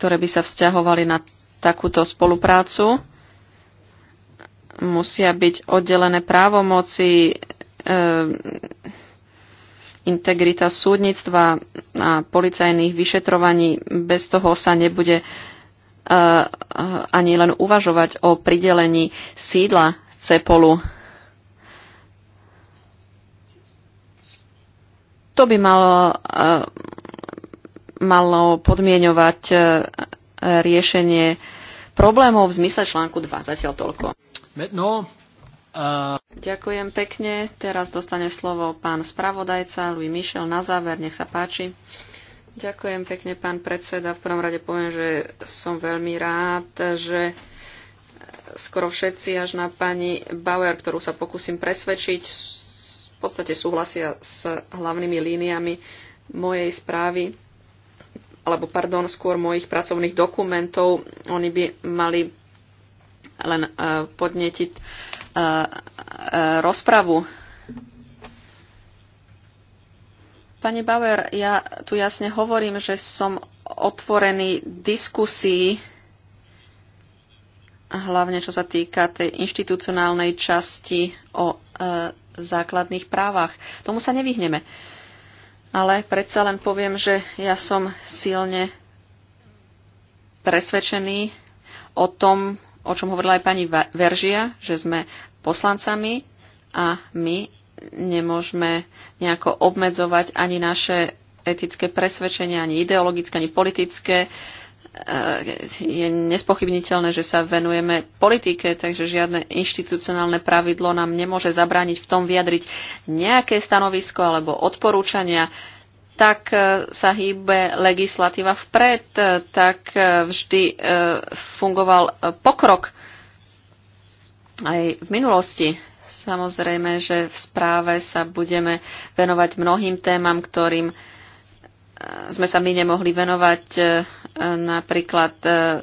ktoré by sa vzťahovali na takúto spoluprácu musia byť oddelené právomoci, e, integrita súdnictva a policajných vyšetrovaní. Bez toho sa nebude e, ani len uvažovať o pridelení sídla Cepolu. To by malo, e, malo podmienovať e, riešenie problémov v zmysle článku 2. Zatiaľ toľko. Maintenant, no, uh... Ďakujem pekne. Teraz dostane slovo pán spravodajca Louis Michel na záver. Nech sa páči. Ďakujem pekne, pán predseda. V prvom rade poviem, že som veľmi rád, že skoro všetci, až na pani Bauer, ktorú sa pokúsim presvedčiť, v podstate súhlasia s hlavnými líniami mojej správy, alebo pardon, skôr mojich pracovných dokumentov. Oni by mali len e, podnetiť e, e, rozpravu. Pani Bauer, ja tu jasne hovorím, že som otvorený diskusii, hlavne čo sa týka tej inštitucionálnej časti o e, základných právach. Tomu sa nevyhneme. Ale predsa len poviem, že ja som silne presvedčený o tom, o čom hovorila aj pani Veržia, že sme poslancami a my nemôžeme nejako obmedzovať ani naše etické presvedčenia, ani ideologické, ani politické. E, je nespochybniteľné, že sa venujeme politike, takže žiadne inštitucionálne pravidlo nám nemôže zabrániť v tom vyjadriť nejaké stanovisko alebo odporúčania tak e, sa hýbe legislatíva vpred, e, tak e, vždy fungoval pokrok aj v minulosti. Samozrejme, že v správe sa budeme venovať mnohým témam, ktorým sme sa my nemohli venovať, napríklad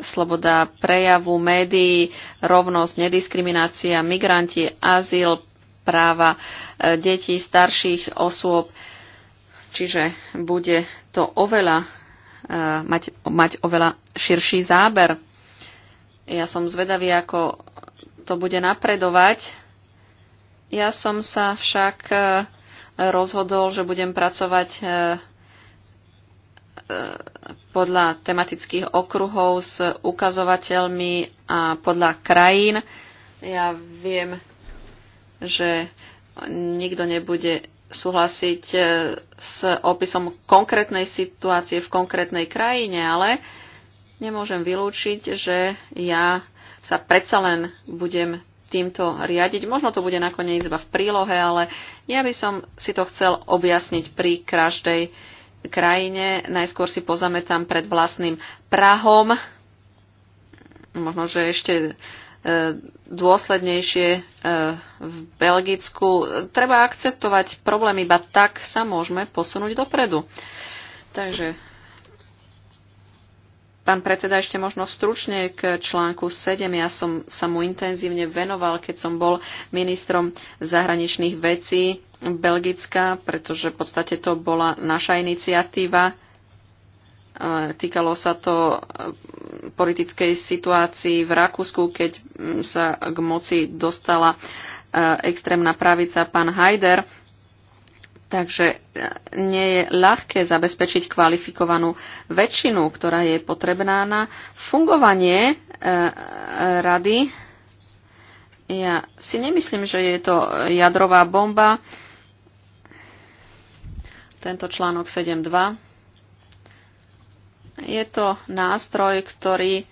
sloboda prejavu, médií, rovnosť, nediskriminácia, migranti, azyl, práva detí, starších osôb. Čiže bude to oveľa, eh, mať, mať oveľa širší záber. Ja som zvedavý, ako to bude napredovať. Ja som sa však eh, rozhodol, že budem pracovať eh, podľa tematických okruhov s ukazovateľmi a podľa krajín. Ja viem, že nikto nebude súhlasiť e, s opisom konkrétnej situácie v konkrétnej krajine, ale nemôžem vylúčiť, že ja sa predsa len budem týmto riadiť. Možno to bude nakoniec iba v prílohe, ale ja by som si to chcel objasniť pri každej krajine. Najskôr si pozametám pred vlastným Prahom. Možno, že ešte dôslednejšie e, v Belgicku. Treba akceptovať problém iba tak sa môžeme posunúť dopredu. Takže, pán predseda, ešte možno stručne k článku 7. Ja som sa mu intenzívne venoval, keď som bol ministrom zahraničných vecí Belgická, pretože v podstate to bola naša iniciatíva Týkalo sa to e, politickej situácii v Rakúsku, keď mm, sa k moci dostala e, extrémna pravica pán Hajder. Takže e, nie je ľahké zabezpečiť kvalifikovanú väčšinu, ktorá je potrebná na fungovanie rady. Ja si nemyslím, že je to jadrová bomba. Tento článok 7.2 je to nástroj, ktorý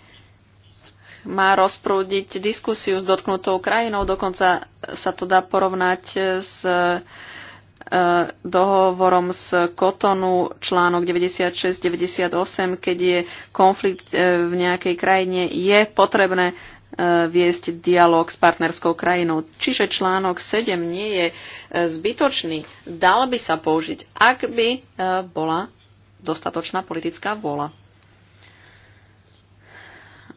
má rozprúdiť diskusiu s dotknutou krajinou. Dokonca sa to dá porovnať s e, dohovorom z Kotonu článok 96-98, keď je konflikt e, v nejakej krajine, je potrebné e, viesť dialog s partnerskou krajinou. Čiže článok 7 nie je zbytočný. Dal by sa použiť, ak by bola dostatočná politická vôľa.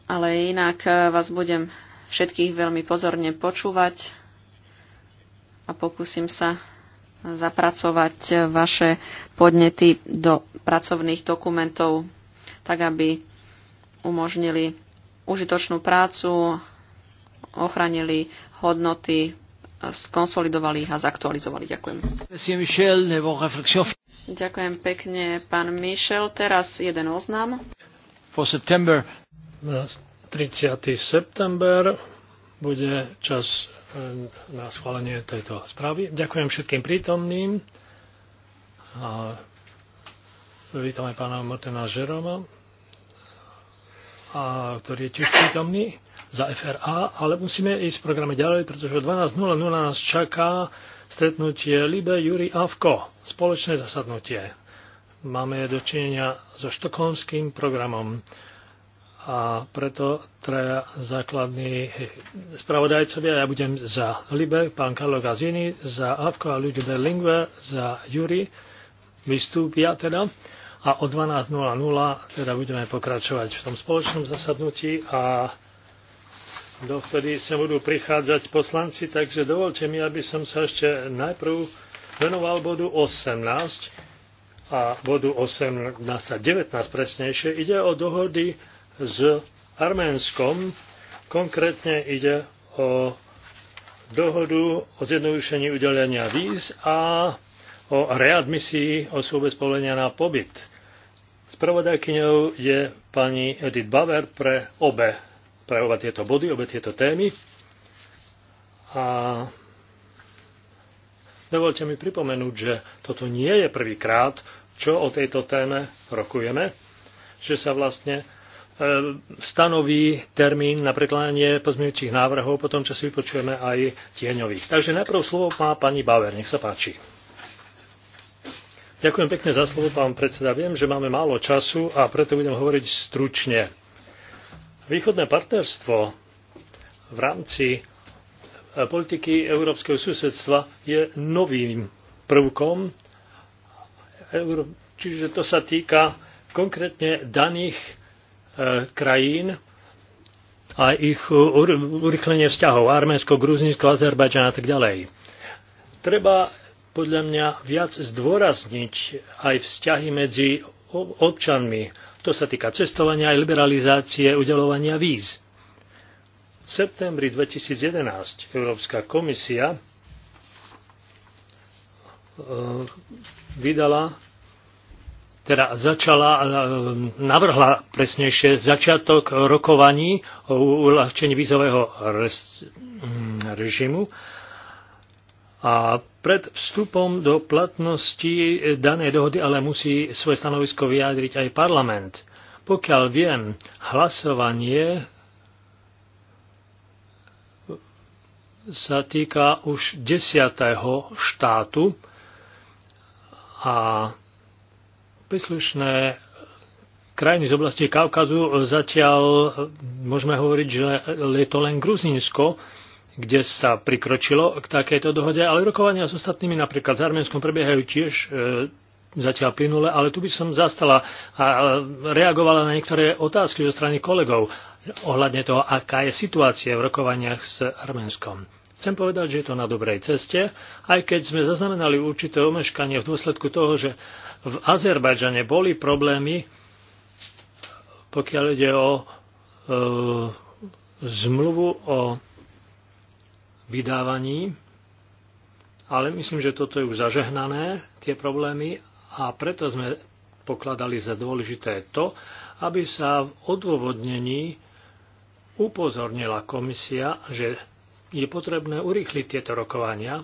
Ale inak e, vás budem všetkých veľmi pozorne počúvať a pokúsim sa zapracovať e, vaše podnety do pracovných dokumentov, tak aby umožnili užitočnú prácu, ochránili hodnoty, e, skonsolidovali ich a zaktualizovali. Ďakujem. Ďakujem pekne, pán Mišel. Teraz jeden oznam. Po September 30. No, september bude čas eh, na schválenie tejto správy. Ďakujem všetkým prítomným. A vítam aj pána Martina Žeroma, a, ktorý je tiež prítomný za FRA, ale musíme ísť v programe ďalej, pretože o 12.00 nás čaká stretnutie Libe Juri Avko, spoločné zasadnutie. Máme dočinenia so štokholmským programom a preto traja základní spravodajcovia. Ja budem za Libe, pán Karlo Gazini, za Avko a ľudí Berlingue, za Juri vystúpia teda a o 12.00 teda budeme pokračovať v tom spoločnom zasadnutí a dovtedy sem budú prichádzať poslanci, takže dovolte mi, aby som sa ešte najprv venoval bodu 18 a bodu 18 a 19 presnejšie. Ide o dohody s Arménskom, konkrétne ide o dohodu o zjednodušení udelenia víz a o readmisii o z na pobyt. Spravodajkyňou je pani Edith Baver pre obe spravovať tieto body, obe tieto témy. A dovolte mi pripomenúť, že toto nie je prvýkrát, čo o tejto téme rokujeme, že sa vlastne e, stanoví termín na prekladanie pozmeňujúcich návrhov, potom čo si vypočujeme aj tieňových. Takže najprv slovo má pani Bauer, nech sa páči. Ďakujem pekne za slovo, pán predseda. Viem, že máme málo času a preto budem hovoriť stručne. Východné partnerstvo v rámci eh, politiky európskeho susedstva je novým prvkom, čiže to sa týka konkrétne daných eh, krajín a ich urychlenie vzťahov Arménsko, Gruzinsko, Azerbajďan a tak ďalej. Treba podľa mňa viac zdôrazniť aj vzťahy medzi občanmi to sa týka cestovania aj liberalizácie udelovania víz. V septembri 2011 Európska komisia e, vydala, teda začala, e, navrhla presnejšie začiatok rokovaní o uľahčení vízového mm, režimu a pred vstupom do platnosti eh, danej dohody ale musí svoje stanovisko vyjadriť aj parlament. Pokiaľ viem, hlasovanie sa týka už desiatého štátu a príslušné krajiny z oblasti Kaukazu eh, zatiaľ eh, môžeme hovoriť, že je to len Gruzínsko, kde sa prikročilo k takejto dohode, ale rokovania s ostatnými, napríklad s Arménskom, prebiehajú tiež e, zatiaľ plynule, ale tu by som zastala a reagovala na niektoré otázky zo strany kolegov ohľadne toho, aká je situácia v rokovaniach s Arménskom. Chcem povedať, že je to na dobrej ceste, aj keď sme zaznamenali určité omeškanie v dôsledku toho, že v Azerbajdžane boli problémy, pokiaľ ide o e, zmluvu o vydávaní, ale myslím, že toto je už zažehnané, tie problémy, a preto sme pokladali za dôležité to, aby sa v odôvodnení upozornila komisia, že je potrebné urýchliť tieto rokovania,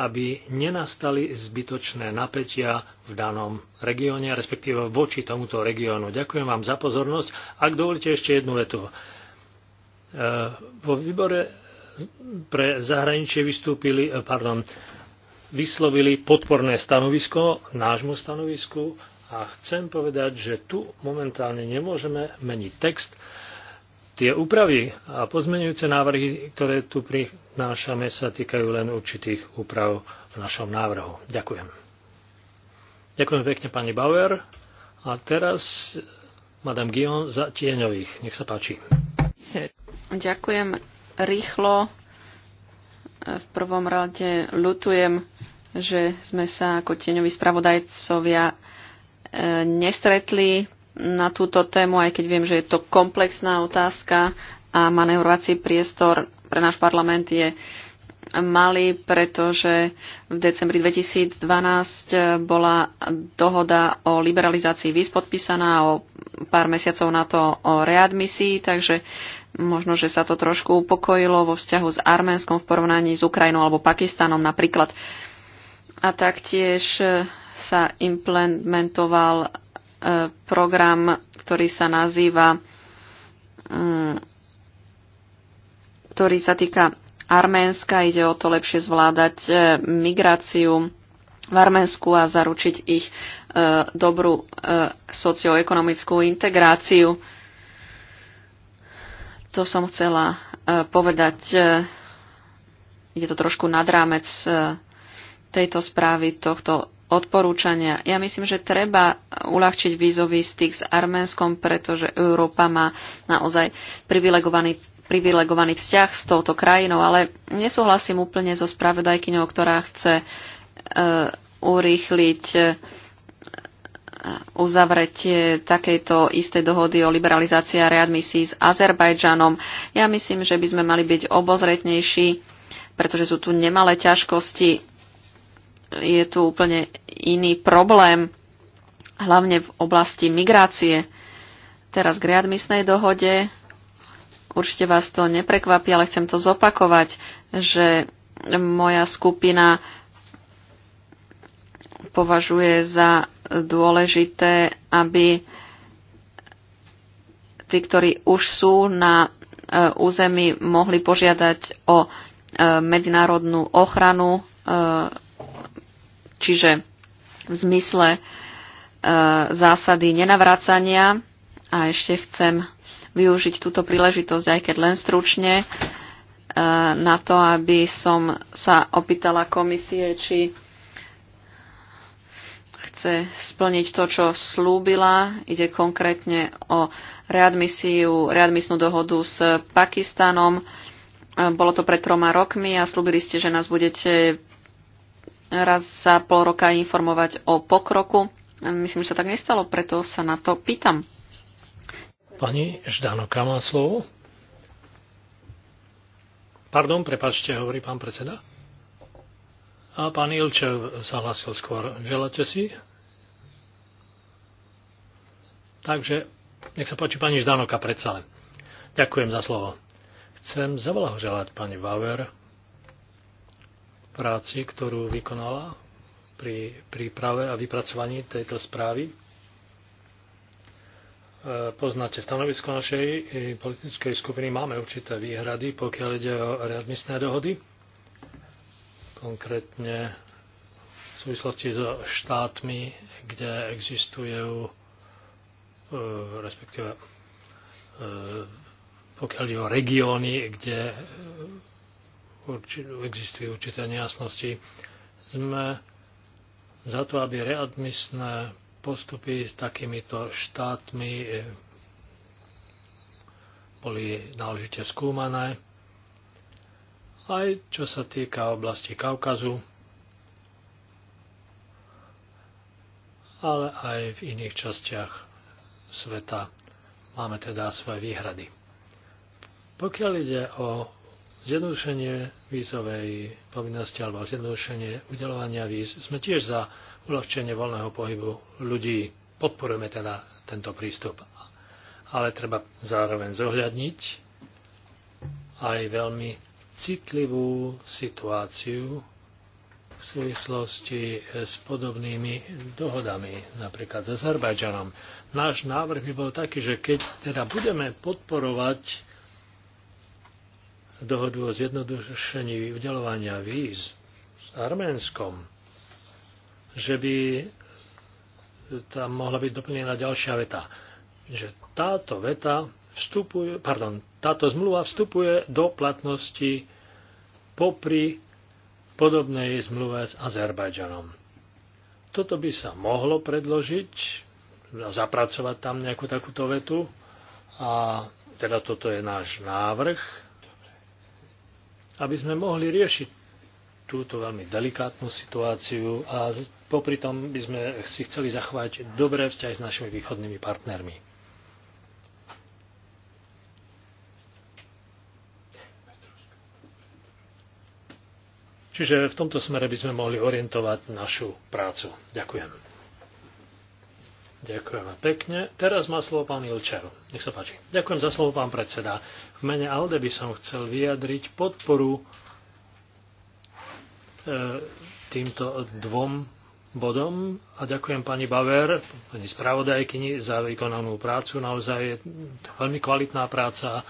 aby nenastali zbytočné napätia v danom regióne, respektíve voči tomuto regiónu. Ďakujem vám za pozornosť. Ak dovolíte ešte jednu vetu. E, vo výbore pre zahraničie vystúpili, eh, pardon, vyslovili podporné stanovisko nášmu stanovisku a chcem povedať, že tu momentálne nemôžeme meniť text. Tie úpravy a pozmenujúce návrhy, ktoré tu prinášame, sa týkajú len určitých úprav v našom návrhu. Ďakujem. Ďakujem pekne pani Bauer. A teraz Madame Guillaume za tieňových. Nech sa páči. Ďakujem rýchlo. V prvom rade ľutujem, že sme sa ako tieňoví spravodajcovia e, nestretli na túto tému, aj keď viem, že je to komplexná otázka a manevrovací priestor pre náš parlament je malý, pretože v decembri 2012 bola dohoda o liberalizácii výspodpísaná podpísaná o pár mesiacov na to o readmisii, takže Možno, že sa to trošku upokojilo vo vzťahu s Arménskom v porovnaní s Ukrajinou alebo Pakistanom napríklad. A taktiež e, sa implementoval e, program, ktorý sa nazýva mm, ktorý sa týka Arménska. Ide o to lepšie zvládať e, migráciu v Arménsku a zaručiť ich dobrú socioekonomickú integráciu. To som chcela e, povedať. E, je to trošku nad rámec e, tejto správy, tohto odporúčania. Ja myslím, že treba uľahčiť vízový styk s Arménskom, pretože Európa má naozaj privilegovaný privilegovaný vzťah s touto krajinou, ale nesúhlasím úplne so spravodajkyňou, ktorá chce e, urýchliť e, uzavretie takejto istej dohody o liberalizácii a readmisí s Azerbajdžanom. Ja myslím, že by sme mali byť obozretnejší, pretože sú tu nemalé ťažkosti. Je tu úplne iný problém, hlavne v oblasti migrácie. Teraz k readmisnej dohode. Určite vás to neprekvapí, ale chcem to zopakovať, že moja skupina považuje za dôležité, aby tí, ktorí už sú na e, území, mohli požiadať o e, medzinárodnú ochranu, e, čiže v zmysle zásady nenavracania. A ešte chcem využiť túto príležitosť, aj keď len stručne, na to, aby som sa opýtala komisie, či chce splniť to, čo slúbila. Ide konkrétne o readmisiu, readmisnú dohodu s Pakistanom. Bolo to pred troma rokmi a slúbili ste, že nás budete raz za pol roka informovať o pokroku. Myslím, že sa tak nestalo, preto sa na to pýtam. Pani Ždanoka má slovo. Pardon, prepačte, hovorí pán predseda. A pán Ilčev sa hlasil skôr. Želáte si Takže nech sa páči pani Ždanoka predsa len. Ďakujem za slovo. Chcem zavolahoželať pani Bauer práci, ktorú vykonala pri príprave a vypracovaní tejto správy. E, poznáte stanovisko našej e, politickej skupiny. Máme určité výhrady, pokiaľ ide o readmisné dohody. Konkrétne v súvislosti so štátmi, kde existujú E, respektíve e, pokiaľ je o regióny, kde e, existujú určité nejasnosti, sme za to, aby readmisné postupy s takýmito štátmi boli náležite skúmané. Aj čo sa týka oblasti Kaukazu, ale aj v iných častiach sveta. Máme teda svoje výhrady. Pokiaľ ide o zjednodušenie vízovej povinnosti alebo zjednodušenie udelovania víz, sme tiež za uľahčenie voľného pohybu ľudí. Podporujeme teda tento prístup. Ale treba zároveň zohľadniť aj veľmi citlivú situáciu v súvislosti e, s podobnými dohodami, napríklad s Azerbajdžanom. Náš návrh by bol taký, že keď teda budeme podporovať dohodu o zjednodušení udelovania víz s Arménskom, že by tam mohla byť doplnená ďalšia veta, že táto veta vstupuje, pardon, táto zmluva vstupuje do platnosti popri podobnej zmluve s Azerbajdžanom. Toto by sa mohlo predložiť, zapracovať tam nejakú takúto vetu a teda toto je náš návrh, aby sme mohli riešiť túto veľmi delikátnu situáciu a popri tom by sme si chceli zachovať dobré vzťahy s našimi východnými partnermi. Čiže v tomto smere by sme mohli orientovať našu prácu. Ďakujem. Ďakujeme pekne. Teraz má slovo pán Ilčer. Nech sa páči. Ďakujem za slovo, pán predseda. V mene ALDE by som chcel vyjadriť podporu e, týmto dvom bodom a ďakujem pani Baver, pani spravodajkyni za vykonanú prácu. Naozaj je veľmi kvalitná práca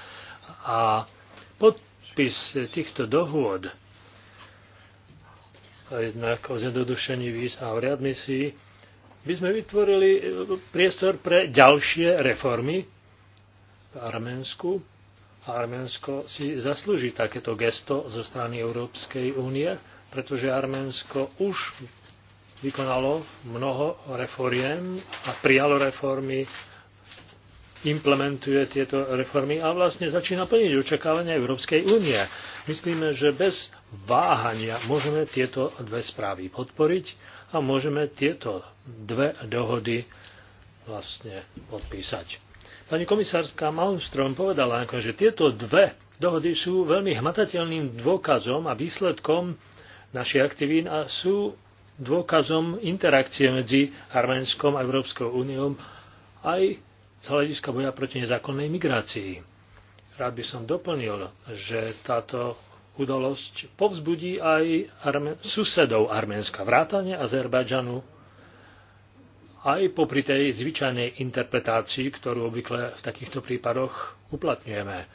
a podpis týchto dohôd jednak o zjednodušení víz a o readmisii, by sme vytvorili e, priestor pre ďalšie reformy v Arménsku. A Arménsko si zaslúži takéto gesto zo strany Európskej únie, pretože Arménsko už vykonalo mnoho reforiem a prijalo reformy implementuje tieto reformy a vlastne začína plniť očakávania Európskej únie. Myslíme, že bez váhania môžeme tieto dve správy podporiť a môžeme tieto dve dohody vlastne podpísať. Pani komisárska Malmström povedala, že tieto dve dohody sú veľmi hmatateľným dôkazom a výsledkom našich aktivín a sú dôkazom interakcie medzi Arménskom a Európskou úniou aj z hľadiska boja proti nezákonnej migrácii. Rád by som doplnil, že táto udalosť povzbudí aj arme- susedov Arménska, vrátane Azerbajdžanu, aj popri tej zvyčajnej interpretácii, ktorú obvykle v takýchto prípadoch uplatňujeme.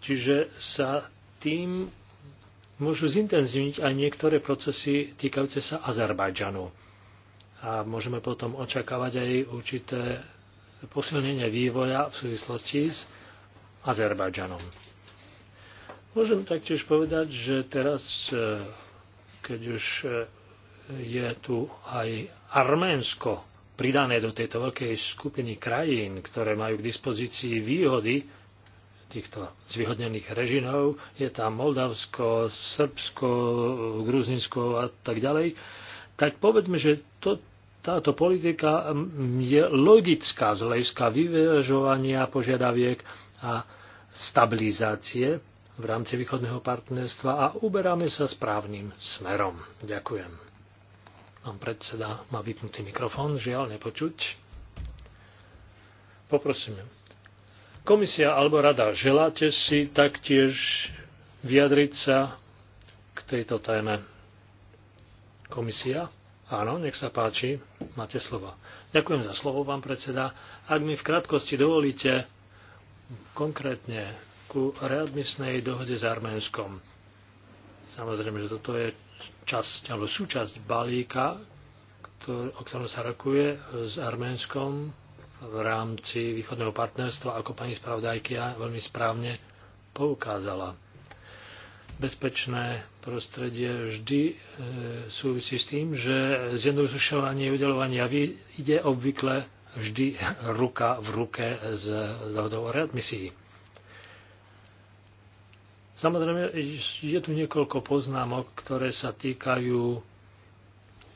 Čiže sa tým môžu zintenzívniť aj niektoré procesy týkajúce sa Azerbajdžanu. A môžeme potom očakávať aj určité posilnenie vývoja v súvislosti s Azerbajdžanom. Môžem taktiež povedať, že teraz, e, keď už e, je tu aj Arménsko pridané do tejto veľkej skupiny krajín, ktoré majú k dispozícii výhody týchto zvyhodnených režimov. Je tam Moldavsko, Srbsko, Gruzinsko a tak ďalej. Tak povedzme, že to, táto politika je logická z hľadiska vyvážovania požiadaviek a stabilizácie v rámci východného partnerstva a uberáme sa správnym smerom. Ďakujem. Pán predseda má vypnutý mikrofón, žiaľ nepočuť. Poprosím. Komisia alebo rada, želáte si taktiež vyjadriť sa k tejto téme? Komisia? Áno, nech sa páči, máte slovo. Ďakujem za slovo, pán predseda. Ak mi v krátkosti dovolíte, konkrétne ku readmisnej dohode s Arménskom. Samozrejme, že toto je časť, alebo súčasť balíka, ktorý, o ktorom sa rokuje s Arménskom v rámci východného partnerstva, ako pani spravodajkia veľmi správne poukázala bezpečné prostredie vždy e, súvisí s tým, že zjednodušovanie udelovania ide obvykle vždy ruka v ruke s dohodou o readmisii. Samozrejme, je tu niekoľko poznámok, ktoré sa týkajú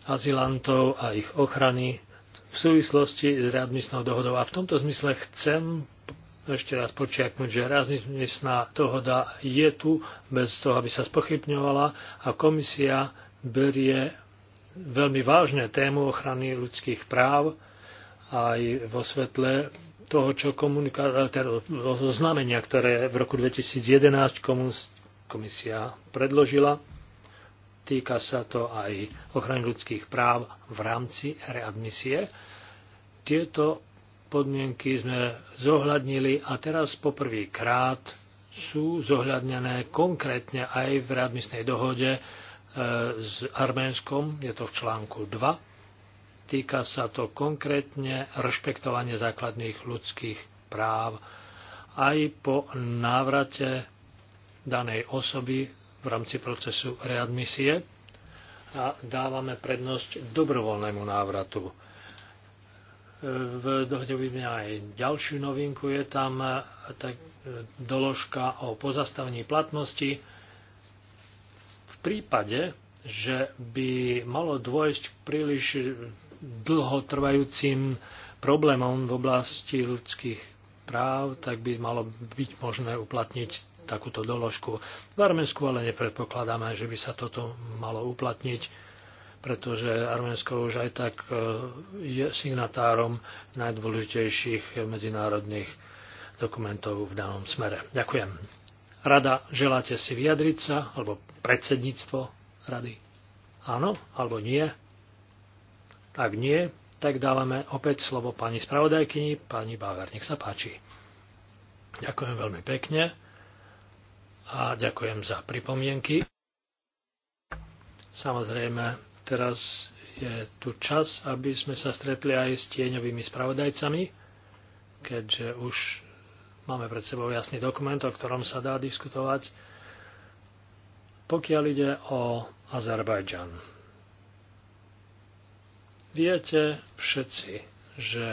azilantov a ich ochrany v súvislosti s readmisnou dohodou. A v tomto zmysle chcem No, ešte raz počiaknúť, že raznesná dohoda je tu bez toho, aby sa spochybňovala a komisia berie veľmi vážne tému ochrany ľudských práv aj vo svetle toho, čo komunika, eh, teda, znamenia, ktoré v roku 2011 komisia predložila. Týka sa to aj ochrany ľudských práv v rámci readmisie. Tieto podmienky sme zohľadnili a teraz poprvýkrát sú zohľadnené konkrétne aj v readmisnej dohode e, s Arménskom, je to v článku 2. Týka sa to konkrétne rešpektovanie základných ľudských práv aj po návrate danej osoby v rámci procesu readmisie a dávame prednosť dobrovoľnému návratu v dohode vidíme aj ďalšiu novinku, je tam e, tak, e, doložka o pozastavení platnosti. V prípade, že by malo dôjsť k príliš dlhotrvajúcim problémom v oblasti ľudských práv, tak by malo byť možné uplatniť takúto doložku. V Arménsku ale nepredpokladáme, že by sa toto malo uplatniť pretože Arménsko už aj tak e, je signatárom najdôležitejších medzinárodných dokumentov v danom smere. Ďakujem. Rada, želáte si vyjadriť sa, alebo predsedníctvo rady? Áno, alebo nie? Ak nie, tak dávame opäť slovo pani spravodajkyni, pani Báver. Nech sa páči. Ďakujem veľmi pekne a ďakujem za pripomienky. Samozrejme, Teraz je tu čas, aby sme sa stretli aj s tieňovými spravodajcami, keďže už máme pred sebou jasný dokument, o ktorom sa dá diskutovať, pokiaľ ide o Azerbajdžan. Viete všetci, že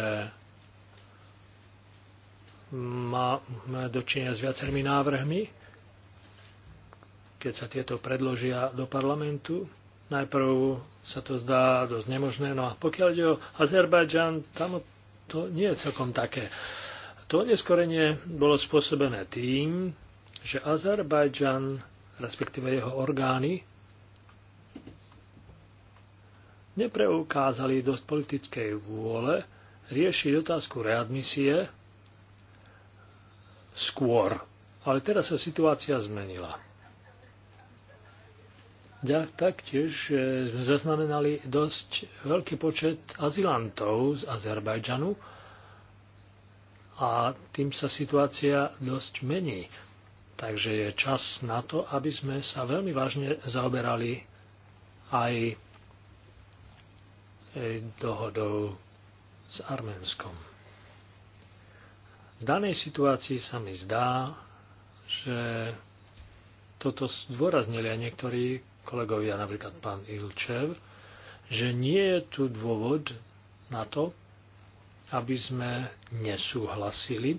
máme dočinenia s viacerými návrhmi, keď sa tieto predložia do parlamentu, Najprv sa to zdá dosť nemožné, no a pokiaľ ide o Azerbajdžan, tam to nie je celkom také. To neskorenie bolo spôsobené tým, že Azerbajdžan, respektíve jeho orgány, nepreukázali dosť politickej vôle riešiť otázku readmisie skôr. Ale teraz sa situácia zmenila. Ja, taktiež sme zaznamenali dosť veľký počet azilantov z Azerbajdžanu a tým sa situácia dosť mení. Takže je čas na to, aby sme sa veľmi vážne zaoberali aj e, dohodou s Arménskom. V danej situácii sa mi zdá, že toto zdôraznili aj niektorí kolegovia, napríklad pán Ilčev, že nie je tu dôvod na to, aby sme nesúhlasili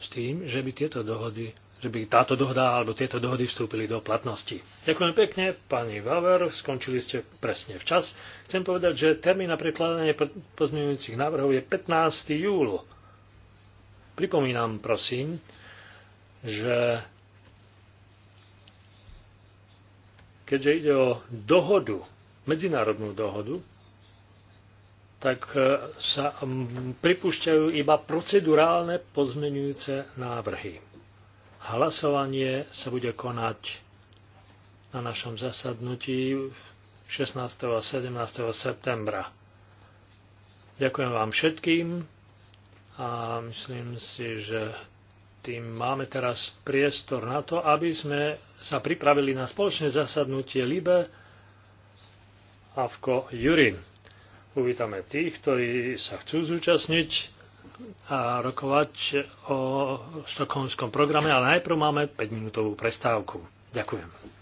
s tým, že by tieto dohody že by táto dohoda alebo tieto dohody vstúpili do platnosti. Ďakujem pekne, pani Vaver, skončili ste presne včas. Chcem povedať, že termín na prekladanie pozmeňujúcich návrhov je 15. júl. Pripomínam, prosím, že Keďže ide o dohodu, medzinárodnú dohodu, tak e, sa pripúšťajú iba procedurálne pozmenujúce návrhy. Hlasovanie sa bude konať na našom zasadnutí 16. a 17. septembra. Ďakujem vám všetkým a myslím si, že tým máme teraz priestor na to, aby sme sa pripravili na spoločné zasadnutie LIBE Avko Jurin. Uvítame tých, ktorí sa chcú zúčastniť a rokovať o štokholmskom programe, ale najprv máme 5-minútovú prestávku. Ďakujem.